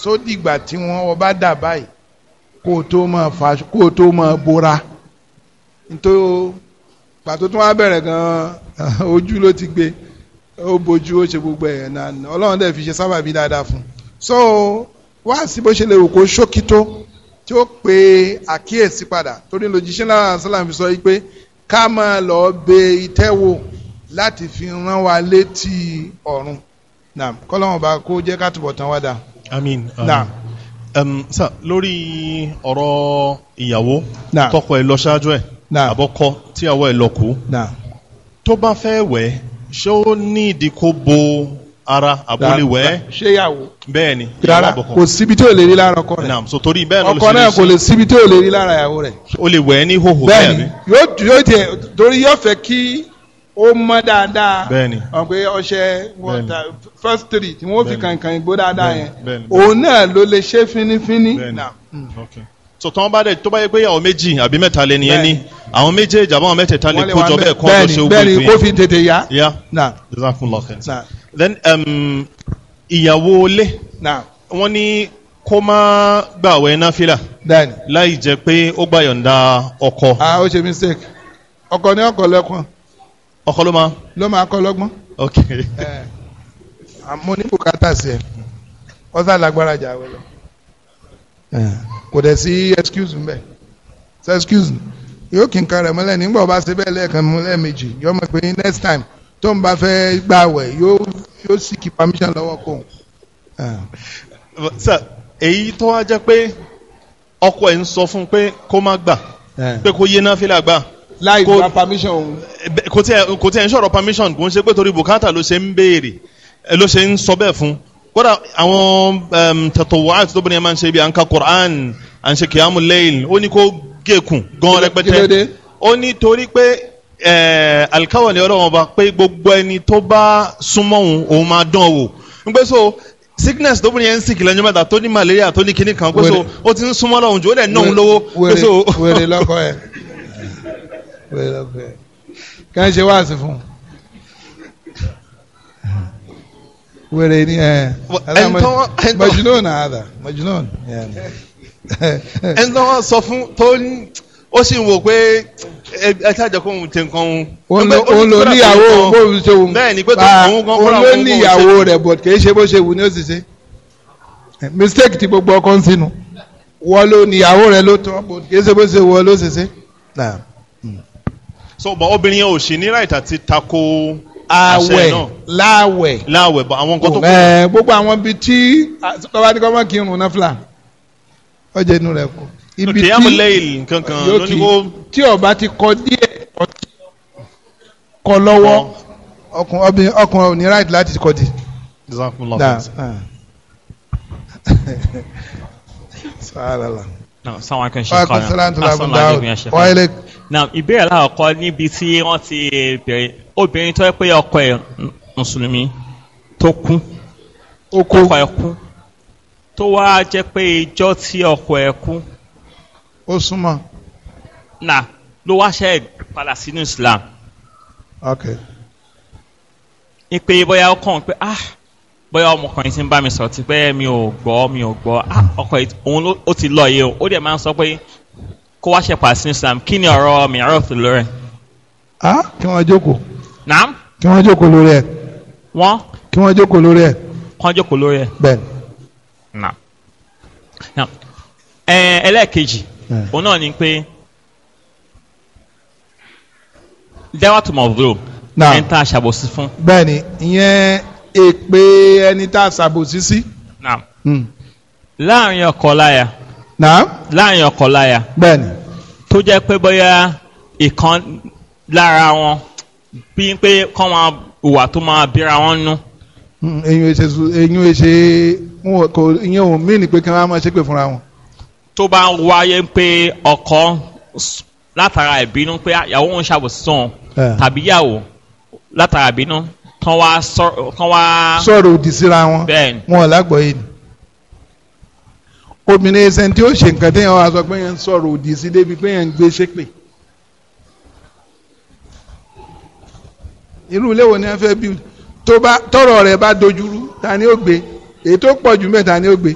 sódìgbà tí wọ́n ọba dà báyìí kó o tó máa fa kó o tó máa bora nítorí pàtó tó wá bẹ̀rẹ̀ gan-an ojú ló ti gbé ó bójú ó ṣe gbogbo ẹ̀ náà ọlọ́run dẹ̀ fi ṣe sábàbí dáadáa fún un so wá sí bó ṣe lè wò kó ṣókí tó tí ó pe àkíyèsí padà torí lójíṣẹ́ náà sálàm fi sọ yìí pé ká máa lọ bẹ itẹ́ láti fi rán wa létí ọ̀run naam kọ́lọ́wọ́n bá kó jẹ́ ká túbọ̀ tán wá dà. àmín naam. Um, sir lórí ọ̀rọ̀ ìyàwó tọkọ ẹ̀ lọ ṣáájú ẹ̀ àbọ̀kọ tíyàwó ẹ̀ lọ kú tó bá fẹ́ wẹ̀ ṣé ó ní ìdí kó bo ara àbólẹ̀wẹ́. ṣéyàwó. bẹ́ẹ̀ ni rárá kò síbi tí o lè rí lára ọkọ rẹ̀. so torí bẹ́ẹ̀ ló lè ṣe ọkọ náà kò lè síbi tí o lè rí lára ìyàwó rẹ̀. o lè wẹ̀ ní hóhó bẹ́ẹ̀ ni. bẹ́ẹ̀ni yóò tiẹ̀ torí yóò fẹ́ kí ó mọ dáadáa wọn pe ọṣẹ first three tí wọn fi kankan igbó dáadáa yẹn òun náà ló lè ṣe fínífíní. Hmm. so tọ́wọ́n bá dẹ̀ tó bá yẹ pé ìyàwó méjì àbí mẹ́ta lé nìyẹn ní àwọn méjèèjì àbáwọn mẹ́tẹ̀ẹ̀ta lè kó jọ bẹ́ẹ̀ kọ́ ọ́ lọ́sẹ̀ ogun ìpín yẹn. bẹ́ẹ̀ni kó fi tètè yá then um, ìyàwó now. wọ́n ní kó má gbàwẹ̀ náfìlà láì jẹ́ pé ó gbàyọ̀ǹda ọkọ. ah ó ṣe mistake ọkọ ní ọkọ lẹ́kùn. ọkọ ló máa. ló máa kọ́ lọ́gbọ́n. ok. Eh. Ah, mo ní bùkátà sí ẹ wọ́n sá lágbára jà wẹ̀ eh. kò dẹ̀ sí excuse mbẹ́ So excuse yóò kí n kan rẹ̀ mọ́lẹ̀ nígbà wọ́n bá ṣe bẹ́ẹ̀ lẹ́ẹ̀kan mọ́lẹ̀ méjì yọ mọ̀ pé next time tó ń bá fẹ́ gbàwẹ̀ yóò yóò sì kí permission lọ́wọ́ kó. Ah. sir èyí tó wá jẹ́ pé ọkọ ẹ̀ ń sọ fún un pé kó má gbà eh. pé kó yé náà fi là láì gba permission òun. kò tí ẹ kò tí ẹ ń sọ̀rọ̀ permission kò ń ṣe pé torí bùkátà ló ṣe ń béèrè ló ṣe ń sọ bẹ́ẹ̀ fún kódà àwọn ehm, tẹ̀tọ̀wọ́ àti tóbi ni ẹ máa ń ṣe bí à Quran à ń ṣe kìámù lẹ́yìn ó ní kó gé kùn gan rẹpẹtẹ ó ní torí pé alikawali ọlọ́run ọba pé gbogbo ẹni tó bá súnmọ́ òun òun máa dán wò ń pẹ́ so sickness tó bóni yẹn ń sìnkì lẹ́yìn mẹ́ta tó ní malaria tó ní kinní kan pé so ó ti ń súnmọ́ lọ́hùn jù ó dẹ̀ náà ń lówó pé wèrè lọkọ ẹ wèrè lọkọ ẹ kí wọ́n ṣe wáàsí fún un wèrè ni ẹ majunun àdà majunun. ẹn tó wọn sọ fún tó ń ó sì ń wò pé ẹ ṣáàjọ kó òun ti nǹkan òun. òun ló níyàwó òun bó ṣe wù. bẹ́ẹ̀ ni pé tó òun kan kọ́ra rẹ̀ bọ̀ kì í ṣe bó ṣe wù ni ó sì ṣe. Eh, mistake ti gbogbo ọkọ ń sínú. wọ́n ló níyàwó rẹ̀ ló tọ́ bọ̀ kì í ṣe bó ṣe wù ọ ló sì ṣe. Hmm. so bọ̀ obìnrin yẹn ò sí ní right àti tako àṣẹ náà. láwẹ̀ láwẹ̀ bọ̀ àwọn nǹkan tó oh, kù. Eh, gbogbo àwọn bíi tí bàbá ah, mọ́ kí n rún náà fúlà ọjọ́ ibi tí yóò ti tí ọba ti kọ díẹ̀ ọtí kọ lọ́wọ́ ọkùnrin ọkùnrin ò ní right láti kọ di. Ah. na ìbéèrè aláàkọ níbi tí wọ́n ti bèrè obìnrin tó yẹ pé ọkọ ẹ̀ mùsùlùmí tó kú ọkọ ẹ̀ kú tó wá jẹ́ pé ìjọ tí ọkọ ẹ̀ kú ó súnmọ́. na ló wá ṣe padà sínú Islam. ok. ìpè bóyá ọkàn kàn pé ah bóyá ọmọkùnrin ti ń bá mi sọ ti pé mi ò gbọ́ mi ò gbọ́ ah ọkọ òun ó ti lọ yìí o ó dẹ̀ máa ń sọ pé kó wá ṣe padà sínú Islam kí ni ọ̀rọ̀ mi ọ̀rọ̀ fi lórí. ah kí wọ́n jókòó. naam. kí wọ́n jókòó lórí ẹ̀. wọ́n. kí wọ́n jókòó lórí ẹ̀. kán jókòó lórí ẹ̀. bẹ́ẹ̀. na. naam. ẹ̀ẹ́dẹ́gbẹ̀jì. òun náà ni pé dẹ́wàtú mọ̀ọ́dúró ẹni tá a ṣàbòsí fún. bẹẹni ìyẹn èpè ẹni tá a ṣàbòsí sí. Hmm. láàrin ọkọ láya. láàrin ọkọ láya. bẹẹni. tó jẹ́ pé bóyá ìkan lára wọn bí pé kọ́ wọn ìwà tó máa bíra wọn nú. Hmm, eyín ò ṣe eyín ò ṣe kò ìyẹn ò mí ni pé kí wọ́n á máa ṣépè fúnra wọn tó bá ń wáyé pé ọkọ látara ìbínú pé ìyàwó ń ṣàbòsí sàn tàbí ìyàwó látara ìbínú kan wá kan wá. sọ̀rọ̀ òdì síra wọn wọn ò lágbọ̀ yìí ni obìnrin ẹsẹ̀ tí ó ṣe nǹkan tí yẹn wá sọ pé yẹn ń sọ̀rọ̀ òdì sí débi pé yẹn ń gbé ṣépè. irú ilé wo ni wọ́n fẹ́ bí tọrọ rẹ̀ bá dojúrú ta ni ó gbé èyí tó pọ̀ jù mẹ́ta ni ó gbé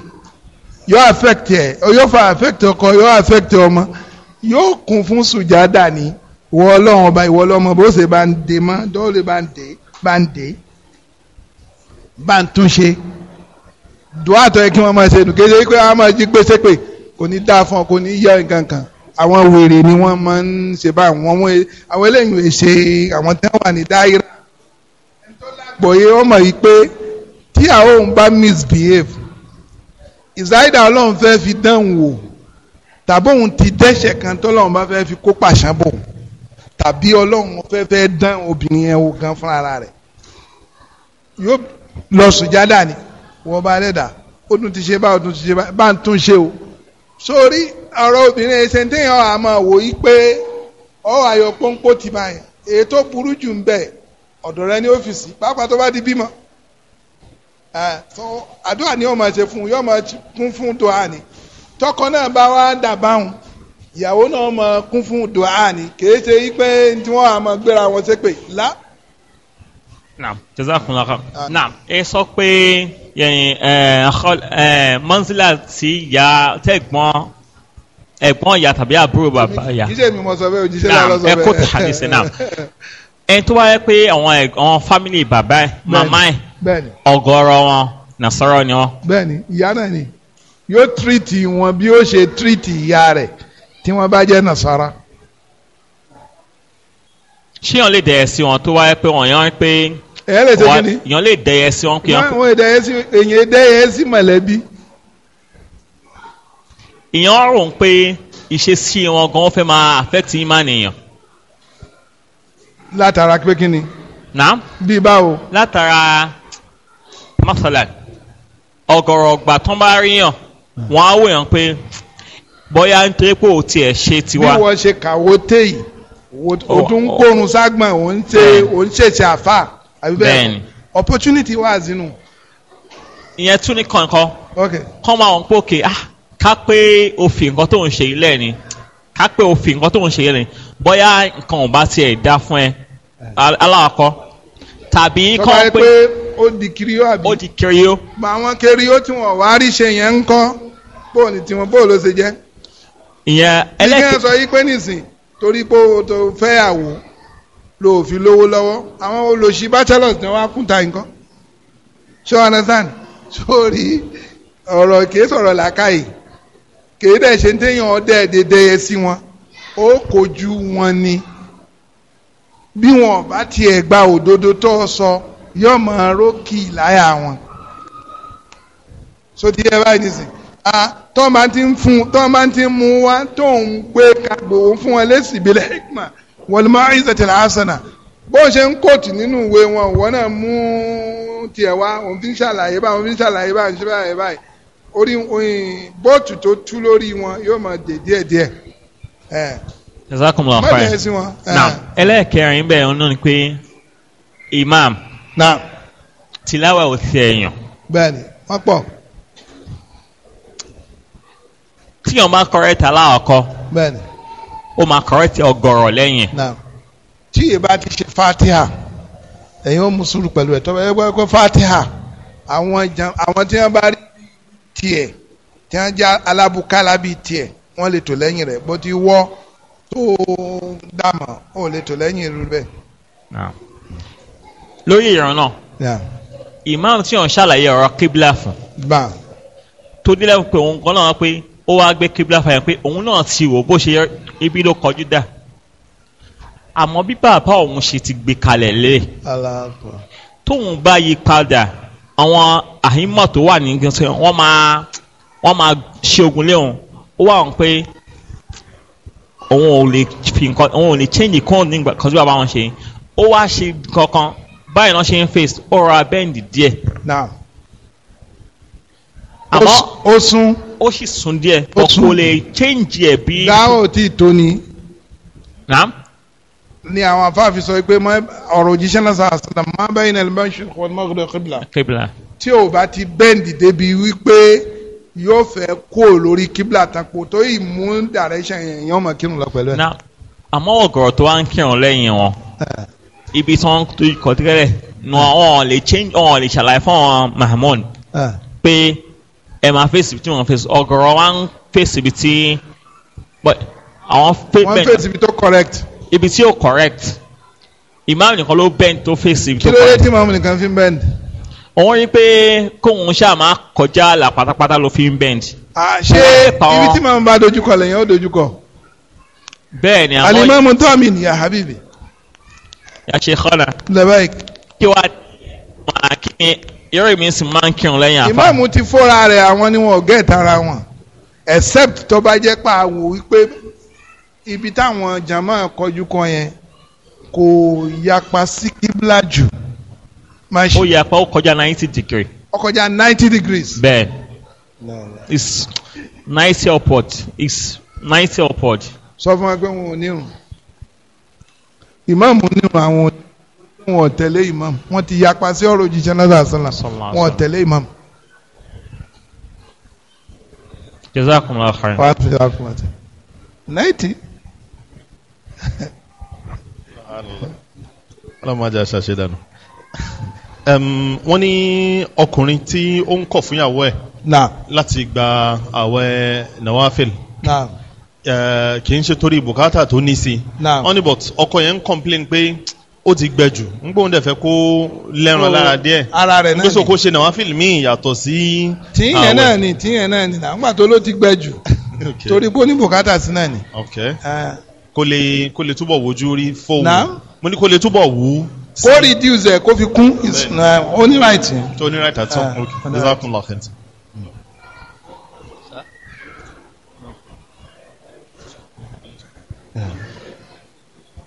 yóò affect ẹ yóò fa affect ọkọ yóò affect ọmọ yóò kún fún sùjádà ni ìwọ ọlọ́run ọba ìwọ ọlọ́mọ bó ṣe bá ń dè mọ́ dọ́ọ̀lì bá ń dè bá ń dè bá ń túnṣe dùn àtọ̀ yẹ kí wọ́n máa ṣe nù kéde pé wọ́n máa jí pèsè pé kò ní dáa fún ọ kò ní yẹ nǹkan kan àwọn wèrè ni wọ́n máa ń ṣe bá àwọn ọmọ àwọn eléyìí ò ṣe àwọn tí wọ́n wà ní dáírà ẹni tó lágbọ̀ọ́yé wọ́n mọ̀ yìí pé tí àwọn òun bá misbehave ìsáyidà ọlọ́run fẹ́ fi dán wò tàbí òun ti dẹ́ṣẹ̀ kan tọ́lọ́run bá fẹ́ fi kó pàṣán bò tàbí ọlọ́run fẹ́ fẹ́ dán obìnrin yẹn wò gan fún ara rẹ̀ yóò lọ sùjádà ni wọ́n bá rẹ̀ dà ó tún ti ṣe bá ó tún ti ṣe bá ń tún ṣe o sórí ọ̀rọ̀ obìnrin ẹ̀ṣẹ̀ ń tẹ̀yàn àmọ́ wò yí pé ọ̀ ayọ̀ pọ́npọ́ ti bá yẹn èyí tó burú jù ń bẹ ọ̀dọ̀ rẹ ní ọ́fíìsì pàápàá tó bá di bímọ àdúrà ni yóò máa ṣe fún yóò máa kún fún dùá ni tọkọ náà bá wá dà báwọn ìyàwó náà máa kún fún dùá ni kìí ṣe pé tí wọ́n á máa gbéra wọn ṣépè lá. naam jazakumullah khan ah. naam ẹ sọ pé mọ́nsílà sí ìyá tẹ̀gbọ́n ẹ̀gbọ́n ìyá tàbí àbúrò bàbá ìyá. jíjẹ́ ẹ kó tàbí sí náà ẹ tó wáyé pé àwọn family bàbá ẹ màmá ẹ bẹ́ẹ̀ni. ọ̀gọ̀rọ̀ wọn nasara ni wọn. bẹ́ẹ̀ni ìyá náà ni yóò tírìtì wọn bí ó ṣe tírìtì ìyá rẹ̀ tí wọ́n bá jẹ́ nasara. ṣíyàn lè dẹ̀yẹ sí wọn tó wáyé pé wọ́n yàn pé. ẹ̀yẹ́ lè ṣe kíni. yàn lè dẹ̀yẹ sí wọn. wọ́n dẹ̀yẹ sí èyàn dẹ̀yẹ sí mọ̀lẹ́bí. ìyàn rò ń pé ìṣesí wọn gan fẹ́ máa àfẹ́tì ìmánìyàn. látara pé kíni. náà. bí báwo. látara masalan ọ̀gọ̀rọ̀ ọgbà tán bá rí yàn wọn á wò yàn pé bóyá ń tẹ́ pé ò tiẹ̀ ṣe tiwa. bí wọ́n ṣe kàwó téyì o tún ń kórun ságbọ̀n ò ń ṣe ò ń ṣèṣe àfà àbí bẹ́ẹ̀ opportunity wà sínú. ìyẹn tún ní kankan kọ́ máa wọ́n pé òkè ah ká pé òfin nǹkan tó ń ṣe yìí lẹ́ni ká pé òfin nǹkan tó ń ṣe yìí lẹ́ni bóyá nǹkan ò bá tiẹ̀ dá fún ẹ aláwọ̀ kọ́ tàbí kọ́ pé ó di kiri ó àbí. ó di kiri ó. mà àwọn kiri ó tí wọn wá rí ṣe yẹn ń kọ́ bóòlù tiwọn bóòlù ṣe jẹ́. ìyẹn ẹlẹ́kẹ̀. nígbà sọ yí pé nìsín torí pé o tó fẹ́ àwò lò fi lówó lọ́wọ́ àwọn olòṣì bachelors ni wọ́n á kúta nǹkan. ṣé o understand? sórí ọ̀rọ̀ kìí sọ̀rọ̀ làákàyè kìí dẹ̀ ṣe ń téèyàn ọdẹ dédéyẹ sí wọn ó kojú wọn ni bí wọn bá tiẹ̀ gba òdodo tó sọ. So, yóò máa rókì láyà wọn so díẹ̀ báyìí nìsín ah tọ́ máa ti ń fún tọ́ máa ti ń mú wá tó ń gbé kagbó fún wọn lẹ́sìn ìbílẹ̀ hikma wal ma'izatil hasana bó ṣe ń kóòtù nínú ìwé wọn wọn náà mú tiẹ̀ wá òun fi ń ṣàlàyé báyìí òun fi ń ṣàlàyé báyìí òun fi ń ṣàlàyé báyìí orí bóòtù tó tú lórí wọn yóò máa dè díẹ̀ díẹ̀ jazakumullahu khairan ẹlẹ́ẹ̀kẹrin bẹ́ẹ̀ ọ̀nà ni pé imam na. tìláwà ò sí ẹ̀yàn. bẹ́ẹ̀ni wọn pọ. tíyan máa correct aláwọ̀kọ́. bẹ́ẹ̀ni. ó máa correct ọgọ́rọ̀ lẹ́yìn. na tí yìí bá ti ṣe fatiha ẹ̀yin ó mú sùúrù pẹ̀lú ẹ̀ tọ́ba ẹgbẹ́ ẹgbẹ́ fatiha àwọn jàm àwọn tí wọ́n bá rí tiẹ̀ tí wọ́n já alábùkálà bíi tiẹ̀ wọ́n lè tò lẹ́yìn rẹ̀ bó ti wọ́ tó dàmọ́ ó lè tò lẹ́yìn irú bẹ́ẹ̀ lórí ìran náà imam tí wọn ṣàlàyé ọ̀rọ̀ kíbla fún tó nílẹ̀ pé òun kan náà pé ó wá gbé kíbla fún yẹn pé òun náà ti wò bó ṣe ibi ló kọjú dà àmọ́ bí bàbá òun ṣe ti gbé kalẹ̀ lé tóun bá yí padà àwọn àhímọ̀ tó wà ní gẹ́gẹ́ wọ́n máa wọ́n máa ṣe ogun léwọn ó wà wọn pé òun ò lè fi nǹkan òun ò lè change nǹkan nígbà kan tí bàbá wọn ṣe ó wá ṣe kankan báyìí náà ṣe ń face ọ̀rọ̀ abẹ́ǹdì díẹ̀. now àmọ́ ó sún ó sì sún díẹ̀ ó sún kò lè change ẹ̀ bí. dáhùn tí tó ni. naam. ni àwọn afáàfin sọ pé ọ̀rọ̀ òjíṣẹ́ náà sọ àṣàlà máa bẹ́ẹ̀ ní ẹlẹ́mọ̀ ṣe kọ́ ọmọkùnrin kíbla. kíbla. tí o bá ti bẹ́ǹdì débi wípé yóò fẹ́ kó lórí kíbla tako tó yìí mú direction yẹn yẹn kírun lọ pẹ̀lú ẹ̀. na àmọ́ ọ̀gọ̀rọ̀ tó wá ń kírun lẹ́yìn wọn. Eh ibi tí wọ́n tó kọ́ tẹ́lẹ̀ nù ọ̀hún lè change ọ̀hún lè ṣàlàyé fún ọ̀hún mahmoud ah. pé ẹ máa fèsì tí wọ́n fèsì ọ̀gọ̀rọ̀ wa ń fèsì ibi tí àwọn fèsì. wọ́n fèsì ibi tó correct. ibi tí ó correct ìmáàmù nìkan ló bend tó fèsì ibi tó correct. kí ló dé tí màmú nìkan fi bend. òun rí pé kóun ṣáà máa kọjá àlà pátápátá ló fi bend. ṣé ibi tí màmú bá dojúkọ lẹ́yìn ó dojúkọ. bẹ́ẹ̀ ni àwọn. alimami tó àmì nìyà habibi ya sheikhana. labaik. kí wàá máa kí ni yọrọ mi sì máa ń kírun lẹ́yìn àfa. ìmáàmù ti fọ́ra rẹ̀ àwọn ni wọn ò gẹ̀ tara wọn except tó bá jẹ́ pé àwò wípé ibi táwọn jàmáà kọjú kan yẹn kò yapa sí kíbla jù. ó yapa ó kọjá ninety degree. ó kọjá ninety degrees. bẹ́ẹ̀ it's ninety upward it's ninety upward. sọ fún wa pé wọn ò ní rùn ìmáàmù nínú àwọn wọn ò tẹ̀lé ìmáàmù wọn ti yapa sí ọ̀rọ̀ òjíṣẹ́ náà sọ̀lá wọn ò tẹ̀lé ìmáàmù. jazakumullahu khairan. wàá fi jazakum àti. náìtì. ọlọ́mọdé aṣa ṣe dànù. wọ́n ní ọkùnrin tí ó ń kọ̀ fúnyàwó ẹ̀ láti gba àwẹ̀ nawafil. Nah. Eh, kì í ṣe torí bùkátà tó ní sí only but ọkọ yẹn ń complain pé ó ti gbẹ jù ń gbóhùn dẹ̀ fẹ́ kó lẹ́ran lára díẹ̀ ara rẹ̀ náà ni ṣe náà yàtọ̀ sí àwẹ̀. ni ni ló ti gbẹ jù torí pé ó bùkátà sí náà ni. Ah. lè lè túbọ̀ mo ní lè túbọ̀ wú. kó reduce kó fi kún eh, ní right tó right àti ọkùnrin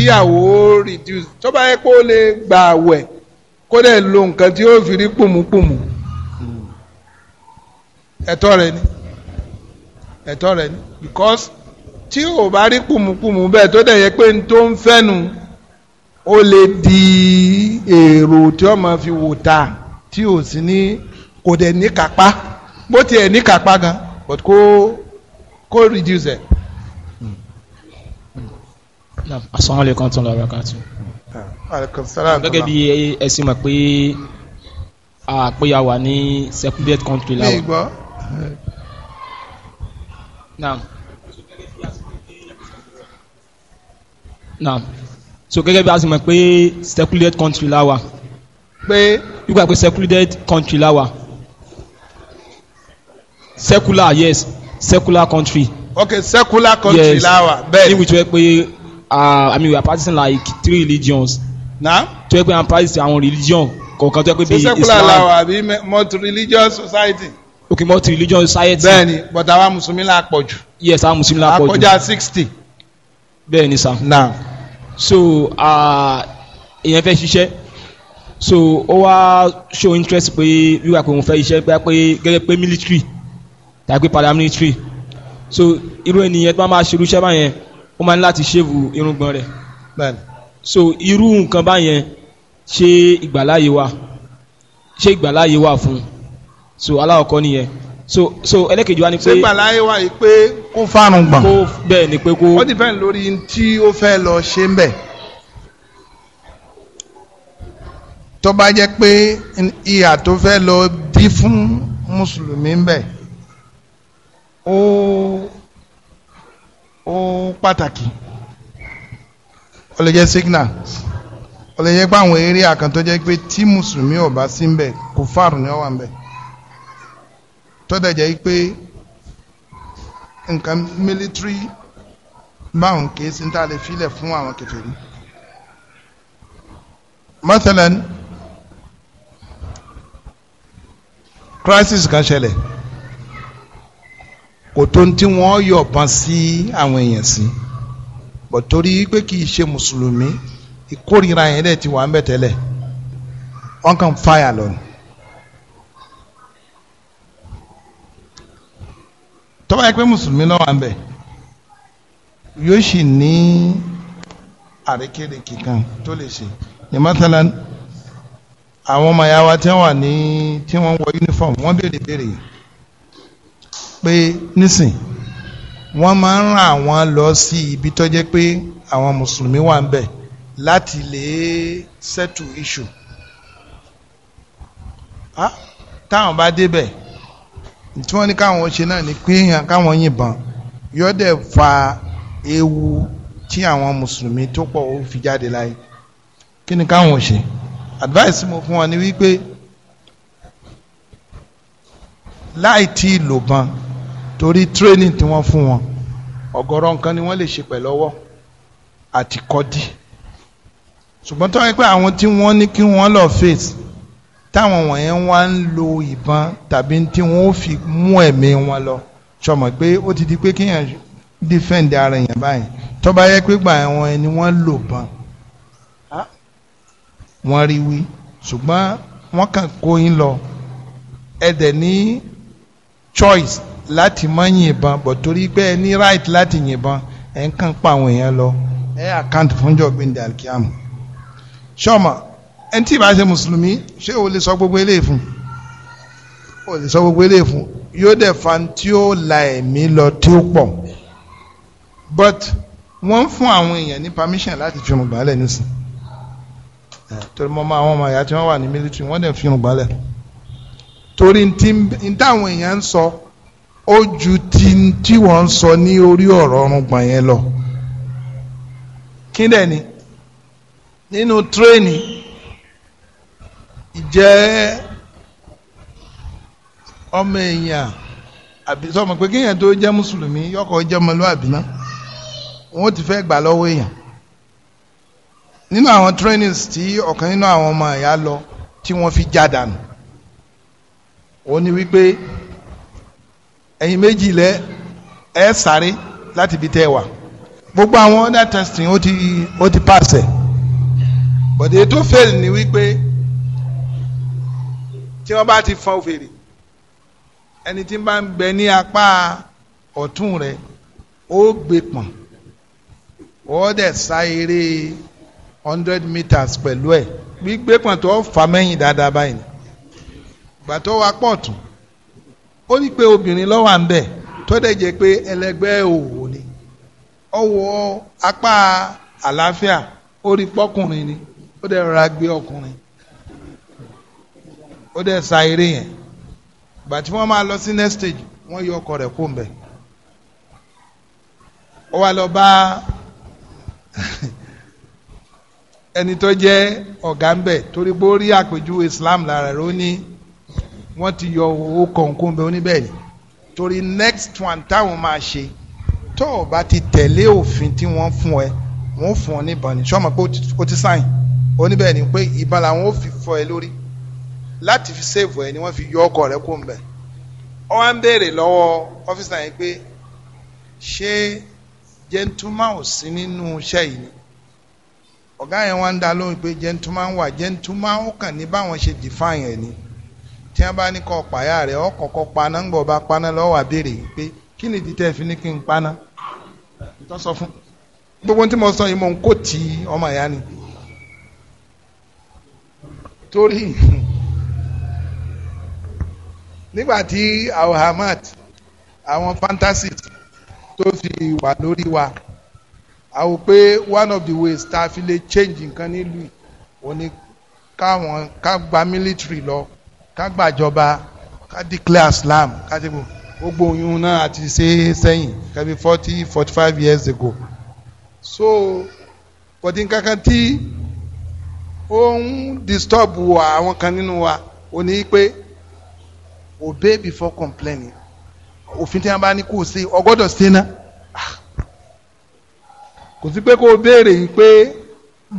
kíyàwó reduce tó bá yẹ kó lè gbà wẹ̀ kó lè lo nǹkan tí ó fi rí pùmùpùmù ẹ̀tọ́ rẹ̀ ni ẹ̀tọ́ rẹ̀ ni because tí ò bá rí pùmùpùmù bẹ́ẹ̀ tó dẹ̀ yẹ pé n tó ń fẹ́nu ó lè di èrò tí ó máa fi wò ta tí ò sí ní kò dẹ̀ ní kápá bó tiẹ̀ ní kápá gan but kó kó reduce ẹ̀. Assalamu alaikum warahmatullahi wabarakatuh. Ah, gẹ́gẹ́ bí ẹ ṣe mọ̀ pé àpéyà wà ní secondary country la wà. naam naam so gẹ́gẹ́ bí a ṣe mọ̀ pé secondary country la wà. pé. yíkọ̀ pé secondary country la wà secular yes secular country. okay secular country yes. la wà bẹ́ẹ̀ ni. ní wíjọ pé uh, I mean we are practicing like three religions. na. tó yẹ pé I'm practicing àwọn religion kọ̀ọ̀kan tó yẹ pé bíi Islam. secular la wa àbí multi-religious society. Okay, multi-religious society. bẹ́ẹ̀ni but àwa mùsùlùmí la pọ̀ jù. yes àwa mùsùlùmí la pọ̀ jù. àkọjá sixty. bẹ́ẹ̀ni sir. na. so ìyẹn uh, fẹ́ ṣiṣẹ́ so ó wá show interest pé wíwà pé òun fẹ́ iṣẹ́ pé pé gẹ́gẹ́ pé military tàbí paramilitary so irú ẹnìyẹn tó máa ṣerú iṣẹ́ báyẹn ó máa ń láti ṣéèvù irùngbọ̀n rẹ̀ so irú nǹkan báyẹn ṣé ìgbàláyé wà ṣé ìgbàláyé wà fún un so aláwọ̀kọ́ nìyẹn so so ẹlẹ́kejì wa ni pé. ṣé ìgbàláyé wà yìí pé kó fárun gbọ̀n. kó bẹ́ẹ̀ ni pé kó. ó dìbẹ́ lórí tí ó fẹ́ lọ ṣe ń bẹ̀. tó bá jẹ́ pé ìyà tó fẹ́ lọ dí fún mùsùlùmí ń bẹ̀ ó ó pàtàkì ó lè jẹ́ signal ó lè jẹ́ pé àwọn eré àkàn tó jẹ́ pé tí mùsùlùmí ò bá sí mbẹ̀ kò fáàrù ni ó wà mbẹ̀ tó dẹ̀ jẹ́ pé nǹkan military báwọn kìí sí tá a lè filẹ̀ fún àwọn kèfèrí mathalan crisis kan ṣẹlẹ̀ kò tó ń tí wọ́n yọ̀bọ̀n sí àwọn èèyàn sí bọ̀ torí pé kì í ṣe mùsùlùmí ìkórìíra yẹn dẹ̀ ti wà ń bẹ̀ tẹ́lẹ̀ wọ́n kàn fáyà lọ. tó bá yẹ mùsùlùmí náà wà ń bẹ̀ yóò sì ní àrékérekè kan tó lè ṣe ní àwọn ọmọ ìyá wa tí wọ́n wà ní tí wọ́n wọ uniform wọ́n béèrè béèrè yìí pé nísìn wọ́n máa ń ràn àwọn lọ sí ibi tó jẹ́ pé àwọn mùsùlùmí wà ń bẹ̀ láti lè settle issue táwọn bá débẹ̀ tí wọ́n ní káwọn ṣe náà ni pé káwọn yìnbọn yóò dẹ̀ fa ewu tí àwọn mùsùlùmí tó pọ̀ ó fi jáde láyé kí ni káwọn ṣe advice mo fún wọn ni wípé láì tí lò ban torí training tí wọ́n fún wọn ọ̀gọ̀rọ̀ nǹkan ni wọ́n lè ṣe pẹ̀lú ọwọ́ àti kọ́dí ṣùgbọ́n tó wáyé pé àwọn tí wọ́n ní kí wọ́n lọ face táwọn wọ̀nyẹn wá ń lo ìbọn tàbí tí wọ́n ó fi mú ẹ̀mí wọn lọ sọmọ pé ó ti di pé kéèyàn defend ara èèyàn báyìí tó bá yẹ pé gbà àwọn ẹni wọ́n lò bọn wọ́n rí wí ṣùgbọ́n wọ́n kàn kó yín lọ ẹ dẹ̀ ní choice láti má yìnbọn bọ̀ torí pé ẹ ní right láti yìnbọn ẹ ń kàn pa àwọn èèyàn lọ ẹ àkáǹtì fúnjọ gbẹndẹ alikiamu ṣọmọ ẹni tí ì bá ṣe mùsùlùmí ṣé o lè sọ gbogbo eléyìí fún o lè sọ gbogbo eléyìí fún yóò dẹ̀ fa tí ó la ẹ̀mí lọ tí ó pọ̀ but wọ́n ń fún àwọn èèyàn ní permission láti fi irun gbálẹ̀ nísìn torí mo máa àwọn ọmọ àyà tí wọ́n wà ní military wọ́n dẹ̀ fi irun gbálẹ̀ torí ní táwọn èèyàn ń sọ. So, ó ju ti tí wọ́n ń sọ ní orí ọ̀rọ̀ ọ̀rùngbọ̀n yẹn lọ. kí ni nínú tírẹ́ẹ̀nì ìjẹ́ ọmọ èèyàn àbí sọmọ pé kéèyàn tó jẹ́ mùsùlùmí yọkọ̀ jẹ́ ọmọlúwàbí náà wọ́n ti fẹ́ gbà lọ́wọ́ èèyàn nínú àwọn trainings tí ọ̀kan nínú àwọn ọmọ ẹ̀yà lọ tí wọ́n fi já dànù ó ní wípé ẹ̀yin méjì lẹ ẹ sáré láti ibi tẹ́ wà gbogbo àwọn under testing ó ti ó ti pàṣẹ bọ̀dé tó fail ni wípé tí wọ́n bá ti fọn fèrè ẹni tí bá ń bẹ ní apá ọ̀tún rẹ̀ ó gbé pọ̀n ó dẹ̀ sá eré hundred meters pẹ̀lú ẹ̀ gbígbé pọ̀n tó fà mẹ́yìn dáadáa báyìí gbà tó pọ̀ tún ó rí i pé obìnrin lọ́wọ́ à ń bẹ̀ tó dẹ̀ jẹ́ pé ẹlẹgbẹ́ òwò ni ọwọ́ apá àlàáfíà ó rí pọ́kùnrin ni ó dẹ̀ rọra gbé ọkùnrin ó dẹ̀ sa eré yẹn ìgbà tí wọ́n máa lọ sí next stage wọ́n yọ ọkọ rẹ̀ kó ń bẹ̀ ó wá lọ bá ẹni tó jẹ́ ọ̀gá ń bẹ̀ torí pé ó rí àpèjú Islam lára rẹ̀ ó ní wọ́n ti yọ owó kọ̀ọ̀kan bẹ́ẹ̀ oníbẹ̀ ni torí next one táwọn máa ṣe tó o bá ti tẹ̀lé òfin tí wọ́n fún ẹ wọ́n fún ọ níbọn ni sọ́mọ pé o ti sáyìn oníbẹ̀ ni pé ìbọn làwọn ò fi fọ ẹ lórí láti fi save ẹ ni wọ́n fi yọ ọkọ rẹ kó ń bẹ̀ ọ wá ń béèrè lọ́wọ́ ọ́fíìsì náà yẹn pé ṣé gentleman ò sí nínú iṣẹ́ yìí ni ọ̀gá yẹn wá ń dá lóhùn pé gentleman wà gentleman ó kàn ní báwọn ṣe define ẹ̀ ni. tí a bá ní kọ́ pàyà rẹ̀ ọ́ kọ̀kọ́ paná ńgbọ̀ bá paná lọ́wọ́ àbèrè pé kí ni ìdí tẹ́ fi ní kí n paná tó sọ fún gbogbo tí mo sọ yìí mo ń kó tì ọmọ ìyá ni torí nígbà tí àwọn àwọn fantasies tó fi wà lórí wa àwọn pé one of the ways tá a fi lè change nǹkan nílùú òní káwọn ká gba military lọ ká gbàjọba ká declare Islam ká ti bò gbogbo oyún náà àti ṣe é sẹ́yìn ká bí forty forty five years ago so kọ̀dí kankan tí ó ń disturb wa àwọn kan nínú wa ó ní pé obey before complaining òfin tí wọn bá ní kó o ṣe ọgọ́dọ̀ ṣe ná ah, kò sí pé kó o béèrè yìí pé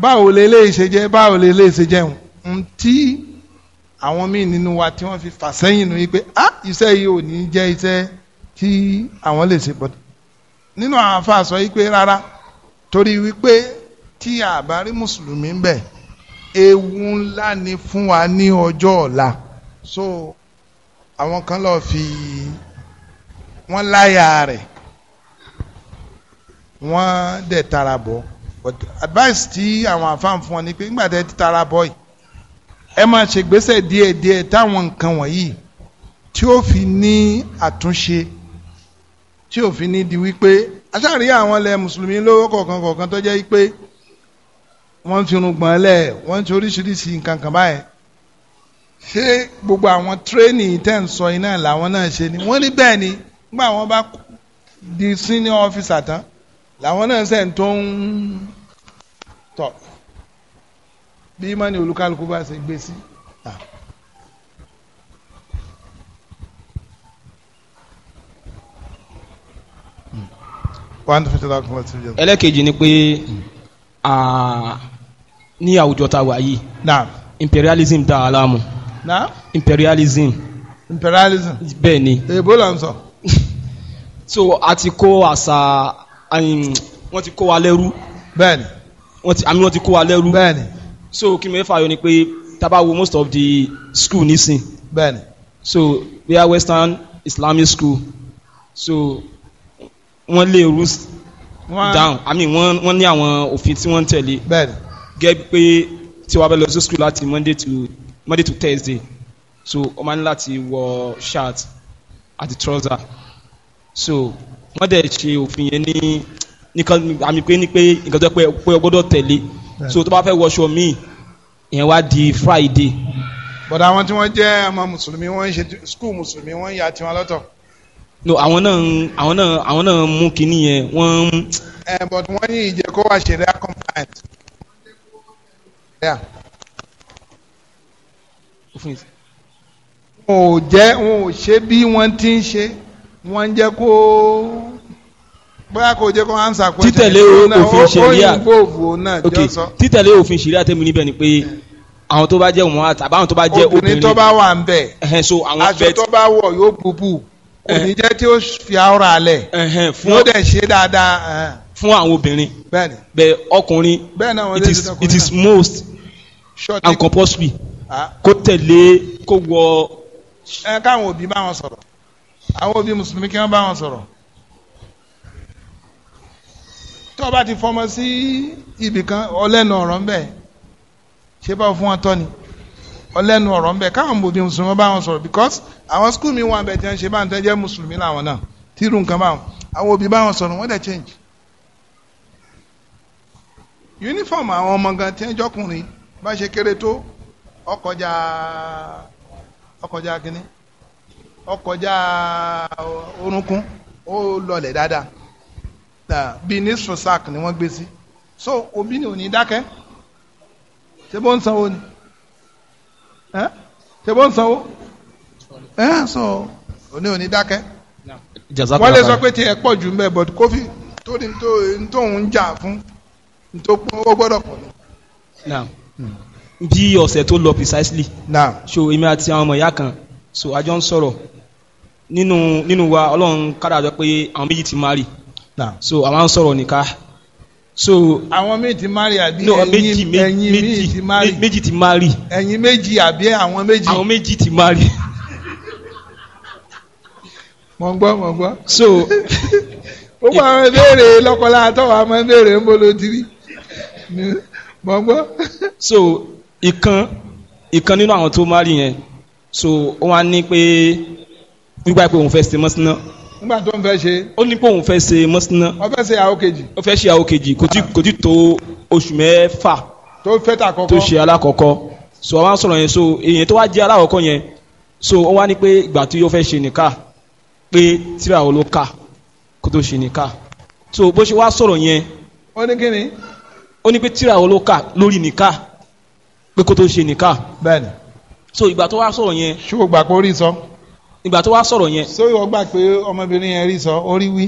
báwo lè lè ṣe jẹ báwo lè lè ṣe jẹun ntí àwọn míì nínú wa tí wọ́n fi fà sẹ́yìn nù yí pé á iṣẹ́ yìí ò ní jẹ́ iṣẹ́ tí àwọn lè ṣe pọ̀tù nínú àwọn afa sọ pé rárá torí wípé tí àbárí mùsùlùmí ń bẹ ewu ńlá ni fún wa ní ọjọ́ ọ̀la so àwọn kan lọ fi wọ́n láyà rẹ̀ wọ́n dẹ̀ tara bọ̀ but advice tí àwọn afa ń fún ọ ni pé nígbà tẹ́ ti tara bọ̀ yìí ẹ máa ṣe gbèsè díẹ̀díẹ̀ táwọn nǹkan wọ̀nyí tí ó fi ní àtúnṣe tí ó fi ní di wípé aṣáàrí àwọn ilẹ̀ mùsùlùmí lówó kọ̀ọ̀kan kọ̀ọ̀kan tó jẹ́ wípé wọ́n ti rúgbọ̀n lẹ̀ wọ́n ti oríṣiríṣi nǹkan kan báyẹn ṣé gbogbo àwọn tírénì tẹ̀ ń sọ iná làwọn náà ṣe ni wọ́n ní bẹ́ẹ̀ ni nígbà wọ́n bá di senior officer tán làwọn náà ṣe ń tó ń tọ̀ bí ìmánì olúkálùkù bá ṣe gbé sí. Ah. Hmm. ẹlẹ́kejì ni pé hmm. ní àwùjọ tá a wà yìí imperialism dá a imperialism imperialism bẹ́ẹ̀ ni èèbó là ń sọ. so a ti kó àṣà wọ́n ti kó wa lẹ́rú. bẹ́ẹ̀ ni. wọ́n ti àmì wọ́n ti kó wa lẹ́rú. bẹ́ẹ̀ ni so kí ni mo fà yọ ni pé tábà wo most of the school nisin bẹ́ẹ̀ni. so we are western islamic school so wọ́n lè rules down i mean wọ́n wọ́n ní àwọn òfin tí wọ́n ń tẹ̀lé. bẹ́ẹ̀ni. gẹ́ pé tí wàá bẹ lọ sí school láti monday to monday to thursday so wọ́n máa ní láti wọ shirt àti trouser so wọ́n dẹ̀ ṣe òfin yẹn ní nìkan àmì pé ní pé nǹkan tó yẹ pé o gbọ́dọ̀ tẹ̀lé so tó bá fẹ́ wọṣọ míì ìyẹn wá di friday. bọ̀dà àwọn tí wọ́n jẹ́ ọmọ mùsùlùmí wọ́n ń ṣe skul mùsùlùmí wọ́n ń ya tiwọn lọ́tọ̀. no àwọn náà àwọn náà àwọn náà mú kinní yẹn wọ́n. ẹ eh, but wọ́n ní ìjẹ́ kó wá ṣe rea compliant. wọn ò jẹ́ wọn ò ṣe bí wọ́n ti ń ṣe wọ́n ń jẹ́ kó bóyá kò jẹ́ kó máa ń sàkóso títẹ̀lé òfin ṣẹ̀ríà ok títẹ̀lé òfin ṣẹ̀ríà tẹ́mi níbẹ̀ ni pé àwọn tó bá jẹ́ òun àti àbáwọn tó bá jẹ́ obìnrin obìnrin tó bá wà ń bẹ̀ aṣọ tó bá wọ̀ yóò bubú kò jẹ́ tí ó fi àwòrán alẹ̀ yóò dẹ̀ ṣe dáadáa. fún àwọn obìnrin bẹ́ẹ̀ ọkùnrin it is most and compulsory ah. kó tẹ̀lé kó wọ. ẹ káwọn òbí bá wọn sọ̀rọ̀ àwọn òbí mùsùlùmí kí wọ́n bá wọn sọ̀rọ̀ tó o bá ti fọmọ sí ibì kan ọlẹ́nu ọ̀rọ̀ ń bẹ̀ ṣé báwo fún wọn tọ́ ni ọlẹ́nu ọ̀rọ̀ ń bẹ̀ káwọn mòbí mùsùlùmí bá wọn sọ̀rọ̀ because àwọn skul mi wọn abẹ jẹun ṣe bá ń tẹ́jẹ́ mùsùlùmí làwọn náà tí irú nǹkan báwọn àwọn òbí bá wọn sọ̀rọ̀ wọ́n dẹ̀ change uniform àwọn ọmọ gan tí ẹjọ́ kùnrin bá ṣe kéré tó ọkọjá ọkọjá kínní ọkọjá orúnkún ó lọlẹ̀ dáadáa bi nisfu sack ni wọn gbé sí so obi ni ò ní dákẹ́ sanwó ni ṣé bó ń sanwó so òní ò ní dákẹ́ wọ́n lè sọ pé tiẹ̀ pọ̀ jù mbẹ́ but kofi tó ní tó ń jà fún tó pọ̀ ó gbọ́dọ̀ pọ̀ ni bí ọ̀sẹ̀ tó lọ precisely. naam so èmi àti àwọn ọmọ ìyá kan so a jọ ń sọ̀rọ̀ nínú nínú wa ọlọ́run kára jọ pé àwọn méjì ti máa rì Nah. so a àwọn sọ̀rọ̀ nìka so. àwọn méjì ti mari àbí ẹ̀yin méjì ti mari méjì ti mari ẹ̀yin méjì àbí àwọn méjì. àwọn méjì ti mari. mo ń gbọ́ mo ń gbọ́. so. gbogbo àwọn ìbéèrè lọ́kọ́lá àtọ́wọ́ àwọn ìbéèrè ń bolo diri mo ń gbọ́. so ìkan ìkan nínú àwọn tó mari yẹn so wọ́n á ní pé wípé òun fẹ́ ṣe mọ́sí náà nígbà tó ń fẹ́ ṣe. ó ní pé òun fẹ́ ṣe mọ́sánná. ó fẹ́ ṣe ìyàwó kejì. ó fẹ́ ṣe ìyàwó kejì kò tí kò tí tó oṣù mẹ́fà. tó fẹ́ tà kọ́kọ́. tó ṣe alákọ̀ọ́kọ́ so àwọn sọ̀rọ̀ yẹn so èyàn tó wá jẹ́ alákọ̀ọ́kọ́ yẹn so ó wá ní pé ìgbà tí ó fẹ́ ṣe nìka pé tíra wo ló kà kó tó ṣe nìka so bó ṣe wá sọ̀rọ̀ yẹn. ó ní kíni. ó ní pé tíra wo ló kà lórí nìka pé kó tó ṣe nìka. bẹ́ẹ̀ni. so ìgbà tó wá sọ̀rọ̀ yẹn. ṣùgbọ́n gbà pé orí sọ nígbà tó wá sọ̀rọ̀ yẹn. so ìwọ gbà pé ọmọbìnrin yẹn rí sọ ó rí wí.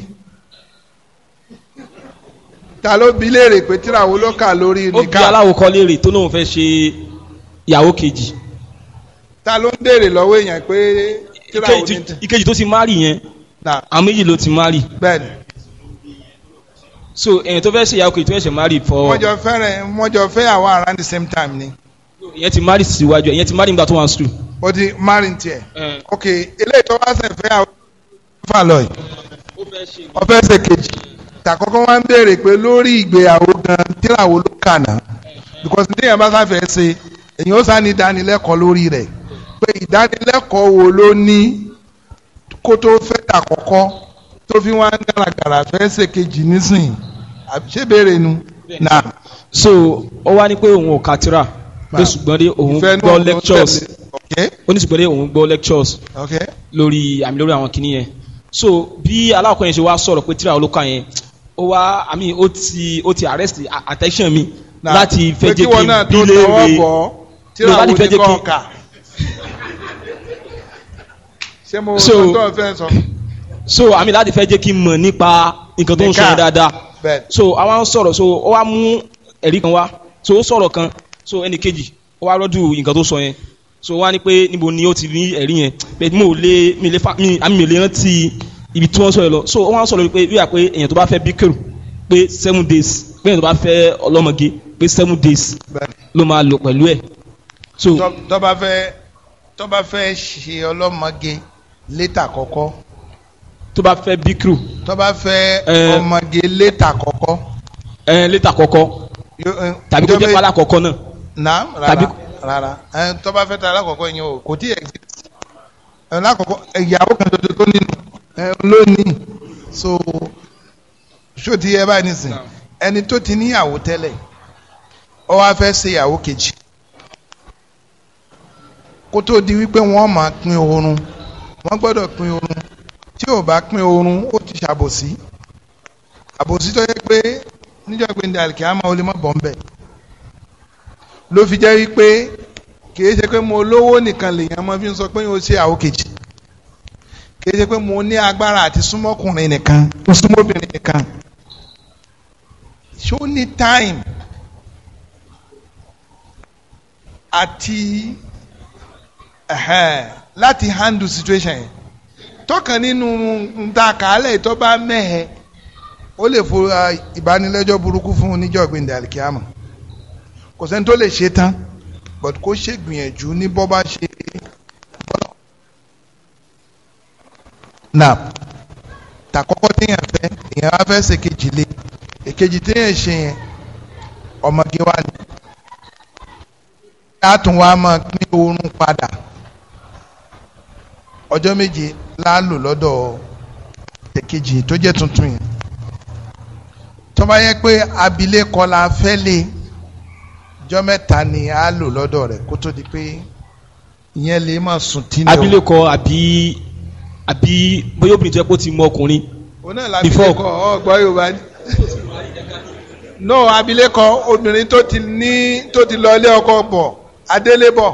ta ló bi léèrè pé tíráwó ló kà lórí nìkan. ó bi aláwo kọ léèrè tó lóun fẹ́ ṣe ìyàwó kejì. ta ló ń béèrè lọ́wọ́ èèyàn pé tíráwó ní. ìkejì tó ti márì yẹn àwọn méjì ló ti márì. bẹ́ẹ̀ni. so èèyàn tó fẹ́ ṣe ìyàwó kejì tó fẹ́ ṣe márì fọ. wọ́n jọ fẹ́rẹ̀ wọ́n fẹ́ àwọn around the same time ni. ìyẹn ti márì síwájú ìyẹn ti márì nígbà o di marin tiɛ ok ele tɔ wa sɛ fɛ fa lɔ yi ɔfɛ sɛ keji ta kɔkɔ wa bɛrɛ pe lori igbeyawo gan tilawo lo kana because ne yɛn ba sa se eyin o sa ni danilɛkɔ lori rɛ pe idanileko wo lo ni ko to fe ta kɔkɔ tofi wa gara fɛ sɛ keji nisin Abise bere bɛrɛ nu na. so ọ wá ní pé òun ò kàtúrà bẹ́ẹ̀ sùgbọ́n ní òun lectures. ó ní sùpẹ́rẹ́ òun gbọ́ lectures lórí àmì lórí àwọn kìnìún yẹn so bí aláwọ̀kọ́ yẹn ṣe wá sọ̀rọ̀ pé tíra olóka yẹn ó wá I mean ó ti ó ti arrest attention mi láti fẹ́ jẹ́ kí n bí léèrè ló láti fẹ́ jẹ́ kí ṣé mo sọ tó ń fẹ́ sọ. so àmì láti fẹ́ jẹ́ kí n mọ̀ nípa nǹkan tó ń sọ dáadáa so àwọn sọ̀rọ̀ so ó wá mú ẹ̀rí kan wá so ó sọ̀rọ̀ kan so ẹnì kejì ó wá rọ́dù nǹkan tó sọ yẹn so wá ní pé níbo ni ó ti rí ẹ̀rí yẹn pé mi ò lè mi lè fa mi àmì mi ò rántí ibi tí wọ́n sọ̀rọ̀ lọ so wọ́n á sọ̀rọ̀ pé wíwà pé èèyàn tó bá fẹ́ bíkèrù pé seven days pé èèyàn tó bá fẹ́ ọlọ́mọge pé seven days ló máa lò pẹ̀lú ẹ̀. so tó bá fẹ́ tó bá fẹ́ ṣe ọlọ́mọge létà kọ́kọ́. tó bá fẹ́ bíkèrù. tó bá fẹ́ ọmọge létà kọ́kọ́. létà kọ́kọ́ tàbí tó jẹ́ pálá kọ́kọ́ náà. naam rárá rárá tó bá fẹ́ ta alákọ̀ọ́kọ́ yẹn o kò tí ì exist alákọ̀ọ́kọ́ ìyàwó kan tuntun tó nínú lónìí so ṣó ti yẹ báyìí nísìn ẹni tó ti níyàwó tẹ́lẹ̀ ó wá fẹ́ ṣe ìyàwó kejì kó tó di wípé wọ́n máa pín oorun wọ́n gbọ́dọ̀ pín oorun tí ò bá pín oorun ó ti ṣàbòsí àbòsí tó yẹ pé níjọ́ pé ní àmọ́ olè mọ́ bọ̀ ló fi jẹ́ wípé kì í ṣe pé mo lówó nìkan lèèyàn máa fi ń sọ pé yóò ṣe àwọn kì í ṣe pé mo ní agbára àti súnmọ́kùnrin nìkan súnmọ́bìnrin nìkan ṣó ní time àti láti handle situation yẹn tọkàn nínú tó bá kò sẹ́ni tó lè ṣe tán but kó ṣe gbìyànjú ní bọ́ bá ṣe bọ́lá. nà tàkọ́kọ́ téèyàn fẹ́ èèyàn wá fẹ́ ṣe kejì lé èkejì téèyàn ṣe yẹn ọmọge wà ní. látùn wá máa ní oorun padà ọjọ́ méje láàlò lọ́dọ̀ èkejì tó jẹ́ tuntun yẹn tó yẹ pé abilékọ la fẹ́ lé ọjọ́ mẹ́ta ni a lò lọ́dọ̀ rẹ̀ kó tó di pé ìyẹn lè máa sùn tí ní o. abilékọ àbí àbí bóyá obìnrin tó kó ti mọ ọkùnrin. òun náà lábílẹ̀kọ ọgbọ́n yorùbá ni. no abilékọ obìnrin tó ti ní tó ti lọ ilé ọkọ bọ̀ adélébọ̀.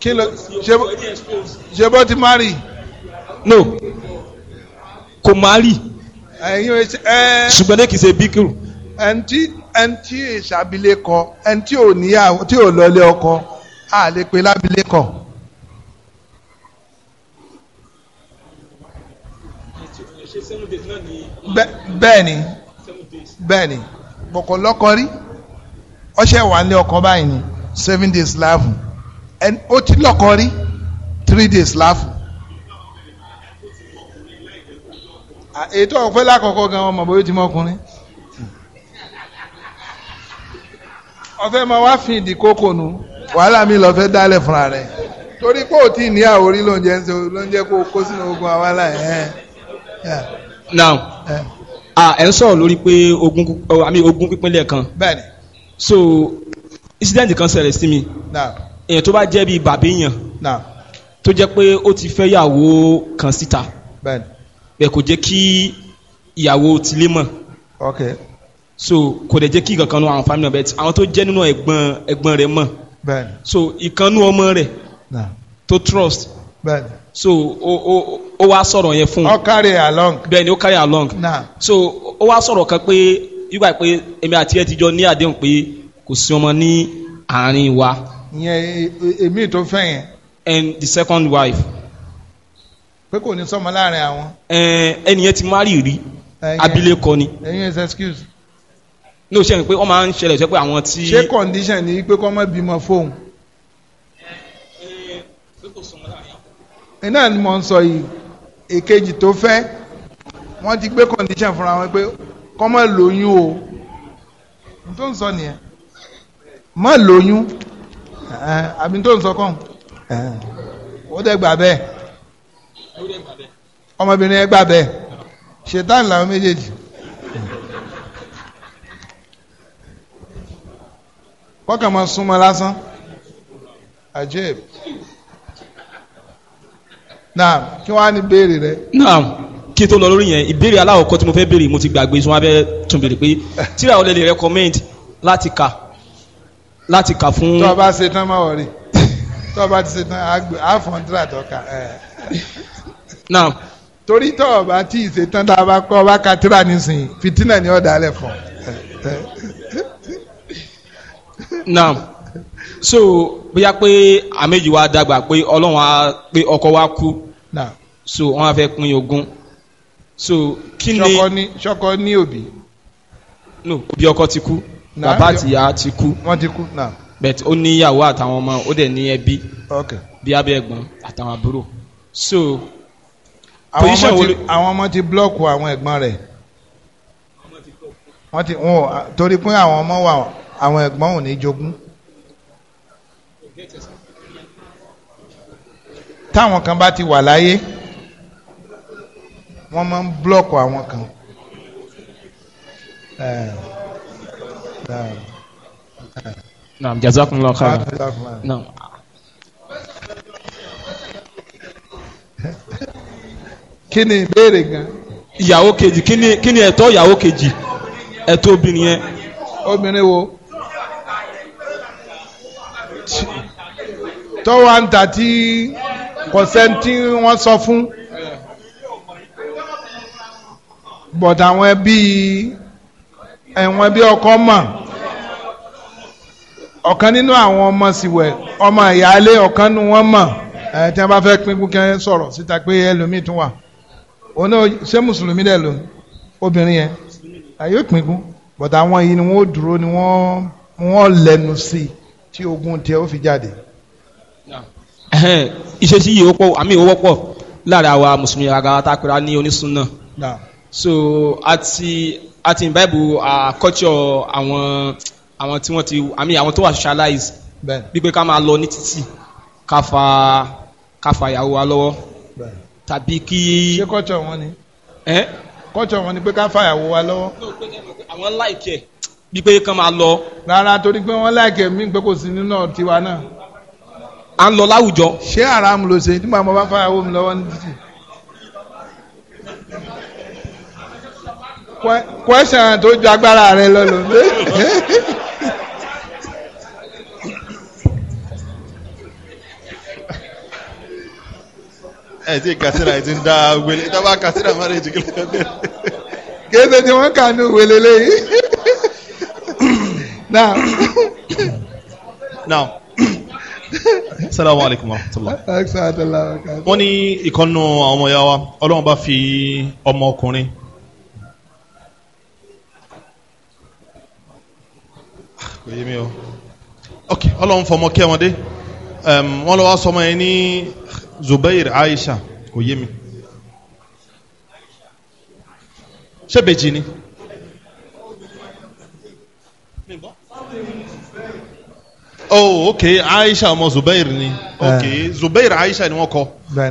kí ló ṣe bó ti má no kò má rí ṣùgbọ́n ní kì í ṣe bíkìrù. ẹni tí ẹni tí ìṣàbílẹ̀kọ ẹni tí ò níyàwó tí ò lọlé ọkọ a lè pe lábílẹ̀kọ. bẹ́ẹ̀ni bẹ́ẹ̀ni bọ̀kọ̀ lọ́kọ rí ọṣẹ wà ní ọkọ báyìí ni seven days láàfù ó ti lọ́kọ rí three days láàfù. ètò ọ̀pẹ́ lákọ̀ọ́kọ́ gan ọmọ bóyá ti mọ ọkùnrin ọ̀fẹ́ máa wá fi ìdí kókò nu wàhálà mi lọ́fẹ́ dálẹ̀ fúnra rẹ̀ torí pé ò tí ì ní àwòrí lóúnjẹ ń sọ lóúnjẹ kó kó sínú ogun àwálà ẹ̀ ẹ̀. now ẹ ń sọ̀rọ̀ lórí pé ogun àmì oh, ogun pínpínlẹ̀ kan bẹ́ẹ̀ni so incident kan ṣẹlẹ̀ sí mi èèyàn tó bá jẹ́ bíi bàbá èèyàn tó jẹ́ pé ó ti fẹ́ yàwó kan síta bẹ kò jẹ́ kí ìyàwó tilé mọ̀. ok. so kò dẹ̀ jẹ́ kí kankan nu àwọn family náà bẹ̀ tí àwọn tó jẹ́ nínú ẹ̀gbọ́n ẹ̀gbọ́n rẹ̀ mọ̀. bẹ́ẹ̀ni. so ìkànnú ọmọ rẹ̀. na tó trust. bẹ́ẹ̀ni. so o o o wá sọ̀rọ̀ yẹn fún. ó carry along. bẹ́ẹ̀ni ó carry along. na so ó wá sọ̀rọ̀ kan pé yíwá pé èmi àti ẹ ti jọ ní àdéhùn pé kò sí ọmọ ní àárín wa. ìyẹn e, e, èmi tó fẹ́ yẹn. and the second wife pé kò ní sọmọ láàrin àwọn. ẹnìyẹn ti mari rí abilékọ ni. ẹyin is excuse. ní o ṣe ni pé wọ́n máa ń ṣẹlẹ̀ ṣe pé àwọn tí. ṣé condition ni pé kọ́ mọ́ bímọ fóun. iná ni mo ń sọ yìí èkejì tó fẹ́ wọ́n ti gbé condition fúnra wọn pé kọ́ mọ́ lóyún o n tó ń sọ nìyẹn mọ́ lóyún àbí n tó ń sọ kàn ó dẹ̀ gbà bẹ́ẹ̀. ọmọbìnrin ẹ gbà bẹ́ẹ̀ ṣètàn méjèèjì kọ́kàn ma súnmọ́ lásán ajib naam kí wọ́n á béèrè rẹ. naam kí tó lọ lórí yẹn ìbéèrè aláwọ̀kọ́ tí mo fẹ́ béèrè mo ti gbàgbé tí wọ́n tún béèrè pé tíra ọ̀lẹ́ lè recommend láti kà láti fún. bá ṣe tán máa wọ̀ rí bá now torí tọ́ ọba tí ìṣètàn tá a bá kọ́ ọba katira nísìnyí fìtínà ni ọ̀dà alẹ́ fún. now so bóyá pé àméjì wa dàgbà pé ọlọ́run á pé ọkọ wa kú so wọ́n á fẹ́ pín ogún so kí ni. sọkọ ní sọkọ ní òbí. no òbí ọkọ ti kú bàbá àtìyá ti kú. wọ́n ti kú náà. bẹ̀t ó ní ìyàwó àtàwọn ọmọ ó dẹ̀ ní ẹbí. ok bí abẹ́ ẹ̀gbọ́n àtàwọn àbúrò so position wo àwọn ọmọ ti blọọkù àwọn ẹ̀gbọ́n rẹ̀ wọ́n ti wọ́n torí pé àwọn ọmọ wa àwọn ẹ̀gbọ́n ò ní jogún táwọn kan bá ti wà láyé wọ́n máa ń blọọkù àwọn kan. Eh, eh, eh. Naam, jazakumullah khairan. Naam. kí ni ìbéèrè gan. ìyàwó kejì kí ni kí ni ẹ̀tọ́ ìyàwó kejì ẹ̀tọ́ obìnrin yẹn. obìnrin wo. tọ́wọ́ à ń tà tí kọ̀sẹ́ntì wọ́n sọ fún. bọ̀t àwọn ẹbí ẹ̀wọ̀n ẹbí ọkọ mọ̀ ọ̀kan nínú àwọn ọmọ síwẹ̀ ọmọ ìyáálé ọ̀kan nínú wọn mọ̀ ẹ̀ tí wọ́n bá fẹ́ pín kúkẹ́ sọ̀rọ̀ síta pé ẹlòmíì tún wà ono náà ṣé mùsùlùmí dẹ̀ ló obìnrin yẹn àyè òpin kú bọ̀dà àwọn yìí ni wọ́n dúró ni wọ́n wọ́n lẹ́nu sí tí ogun tẹ ó fi jáde. ìṣesí yìí ó pọ̀ àmì ó wọ́pọ̀ lára àwa mùsùlùmí ara tá a pera ní onísùnnà so àti àti ìbáìbù àkọ́jọ àwọn àwọn tí wọ́n ti àmì àwọn tó wà socialize bí pé ká máa lọ ní títì ká fa ká fa ìyàwó wa lọ́wọ́ tàbí kí. ṣé kọ́tọ̀ wọn ni. ẹ. kọ́tọ̀ wọn ni pé ká fàyàwó wa lọ́wọ́. àwọn láìkẹ́ bí pé kán máa lọ. rárá torí pé wọ́n láìkẹ́ mí pé kò sí nínú tiwa náà. à ń lọ láwùjọ. ṣé àràmù ló ṣe nígbà mo bá fàyàwó mi lọ́wọ́ ní títì. question tó ju agbára rẹ lọ lò. ẹ̀ tí kàtírà ẹ̀ ti ń wele ìtọ́ba kàtírà má lè jù kí lóko kéde tí wọ́n kà ní wele léyìí. now now salamu alaykum wa rahmatulah. wọ́n ní ìkànnù àwọn ọmọ ya wa ọlọ́run bá fi ọmọ ọkùnrin. kò yé mi o ok ọlọ́run fọmọ kẹ́ wọn dé wọ́n lọ wá sọmọ yẹn ní Zubair Aisha kò yé mi ṣé bèjì ni. oh ok aisha ọmọ zubair ni ok eh. zubair aisha ni wọn kọ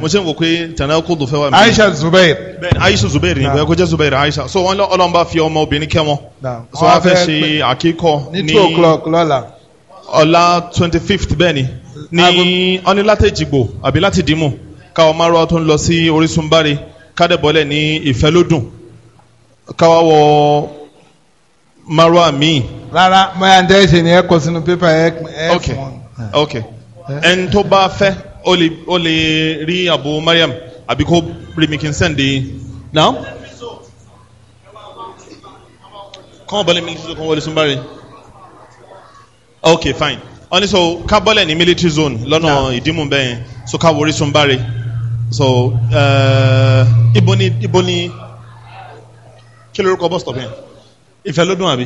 mo ṣe ń wò pé tẹ̀lé kó ló fẹ́ wà mí. aisha zubair. bẹ́ẹ̀ni aisha zubair ni bẹ́ẹ̀ kó jẹ́ zubair aisha so wọn Ọlọ́run bá fi ọmọ obìnrin kẹ́ so wọn fẹ́ ṣe àkíkọ ní two o'clock lọ́la ọ̀la twenty fifth bẹ́ẹ̀ ní ọní láti ìjìgbò àbí láti dìímù káwọn márùá tó ń lọ sí orísun báre kádẹ́bọ́lẹ̀ ní ìfẹ́lódùn káwọn wọ márùá míì. rárá mọ́yà ń tẹ́ ṣe ni ẹ kọ sínú pépà ẹ fún wọn. ẹni tó bá fẹ́ ó lè rí Abu Mariam àbí kó rí mi kí n sẹ́ǹdì náà. kọ́ńbọ̀lẹ̀ mi ní sísọ kọ́ńbọ̀lẹ̀ sunbari. ok fine wọ́n ní so kábọ́lẹ̀ ní military zone lọ́nà ìdímù bẹ́yẹn so ká wọrí sunbari so uh, ibo ni ibo ni kí lórúkọ bus stop yẹn ìfẹ́ ló dùn àbí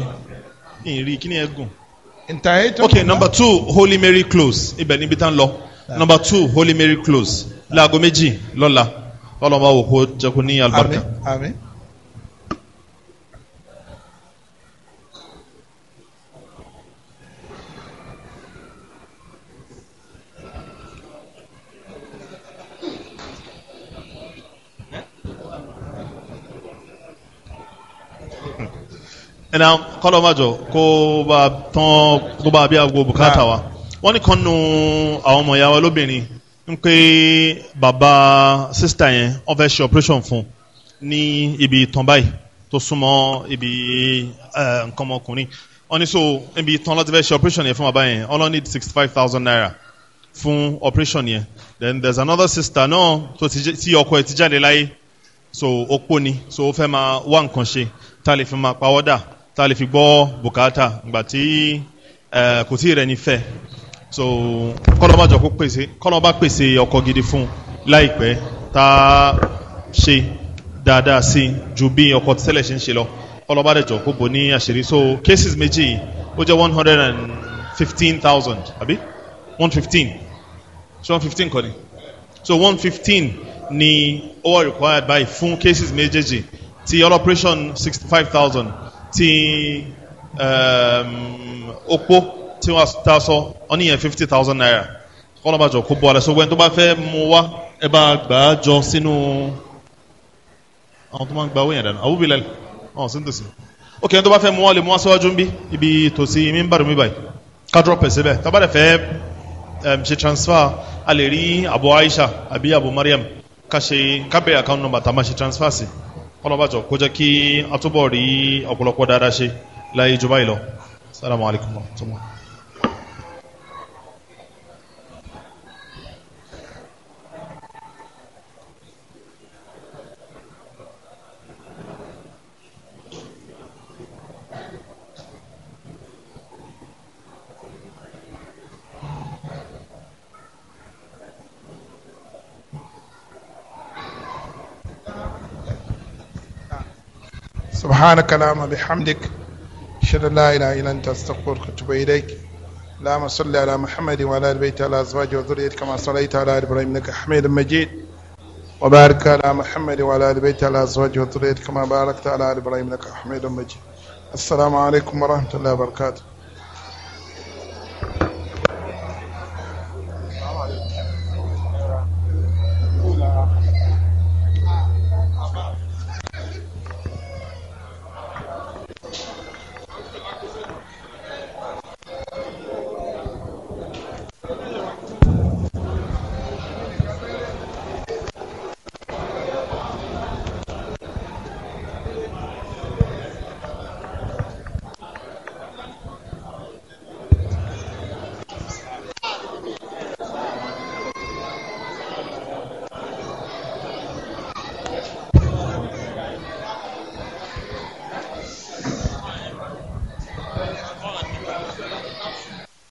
ìrì kí ni ẹ gùn. ok number two holy mary close ibẹ̀ níbi tá ń lọ number two holy mary close láago méjì lọ́la ọlọ́mọ àwòkọ́ jẹ́kun ní alùbáríkà. àmín àmín. ẹ̀nà kọ́lọ́mọ́jọ kó bá tán kó bá bí aago bùkátà wa wọ́n ní kan nù àwọn ọmọ ìyá wa lóbìnrin ń pé bàbá sísítà yẹn wọ́n fẹ́ ṣe operation fún ní ibi ìtàn báyìí tó súnmọ́ ibi nǹkan ọmọkùnrin wọ́n ní so ibi ìtàn lọ́ti fẹ́ ṣe operation yẹn fún bàbá yẹn all I need sixty five thousand naira fún operation yẹn then there's another sista náà tó ti ọkọ ẹ̀ ti jáde láyé so opó ni so ó fẹ́ máa wá nǹkan ṣe tá a lè fi máa pawọ́ dà tá a lè fi gbọ́ bùkátà gbà tí kò tí rẹ̀ ní fẹ́ so kọ́lọ́mọ́jọ kó pèsè kọ́lọ́mọ́ bá pèsè ọkọ̀ gidi fún láìpẹ́ tá a ṣe dáadáa sí ju bí ọkọ̀ tẹ́lẹ̀ ṣe ń ṣe lọ kọ́lọ́mọ́ bá dẹ̀ jọ kó bò so cases meji ó jẹ́ one hundred and fifteen thousand àbí one fifteen so one fifteen kọ́ so one fifteen ni ó wà required by fún cases méjèèjì ti all operation sixty five thousand ti um, opó tí wọ́n ta sọ wọ́n níyẹn fifty thousand naira kọ́nà bá jọ kó bọ́ ọ lẹ́sọ̀ gbẹ́ni tó bá fẹ́ mu wá ẹ bá gbà á jọ sínú àwọn tó máa ń gba owó yẹn dànù àwùjọ ìlẹ̀ ọ̀hún sí ń tòsí ok ẹni tó bá fẹ́ mu wá lè mu wá síwájú ń bí ibi tòsí mi ń bàdùn mi báyìí ká drop ẹ̀ síbẹ̀ tá a bá dẹ̀ fẹ́ um, ṣe transfer a lè rí àbọ̀ Aisha àbí àbọ̀ Mariam ká ṣe ká bẹ̀rẹ̀ account number tá a máa ṣe transfer sí. Si ọlọ́bàjọ́ kó jẹ́ kí a túbọ̀ rí ọ̀pọ̀lọpọ̀ dáadáa ṣe láyé jù báyìí lọ. Assalamu alaikum warahmatullahi سبحانك اللهم بحمدك أشهد أن لا إله إلا أنت أستغفرك وأتوب إليك اللهم صل على محمد وعلى البيت على أزواج وذريتك وذريته كما صليت على إبراهيم إنك حميد مجيد وبارك على محمد وعلى البيت على أزواج وذريتك وذريته كما باركت على إبراهيم إنك حميد مجيد السلام عليكم ورحمة الله وبركاته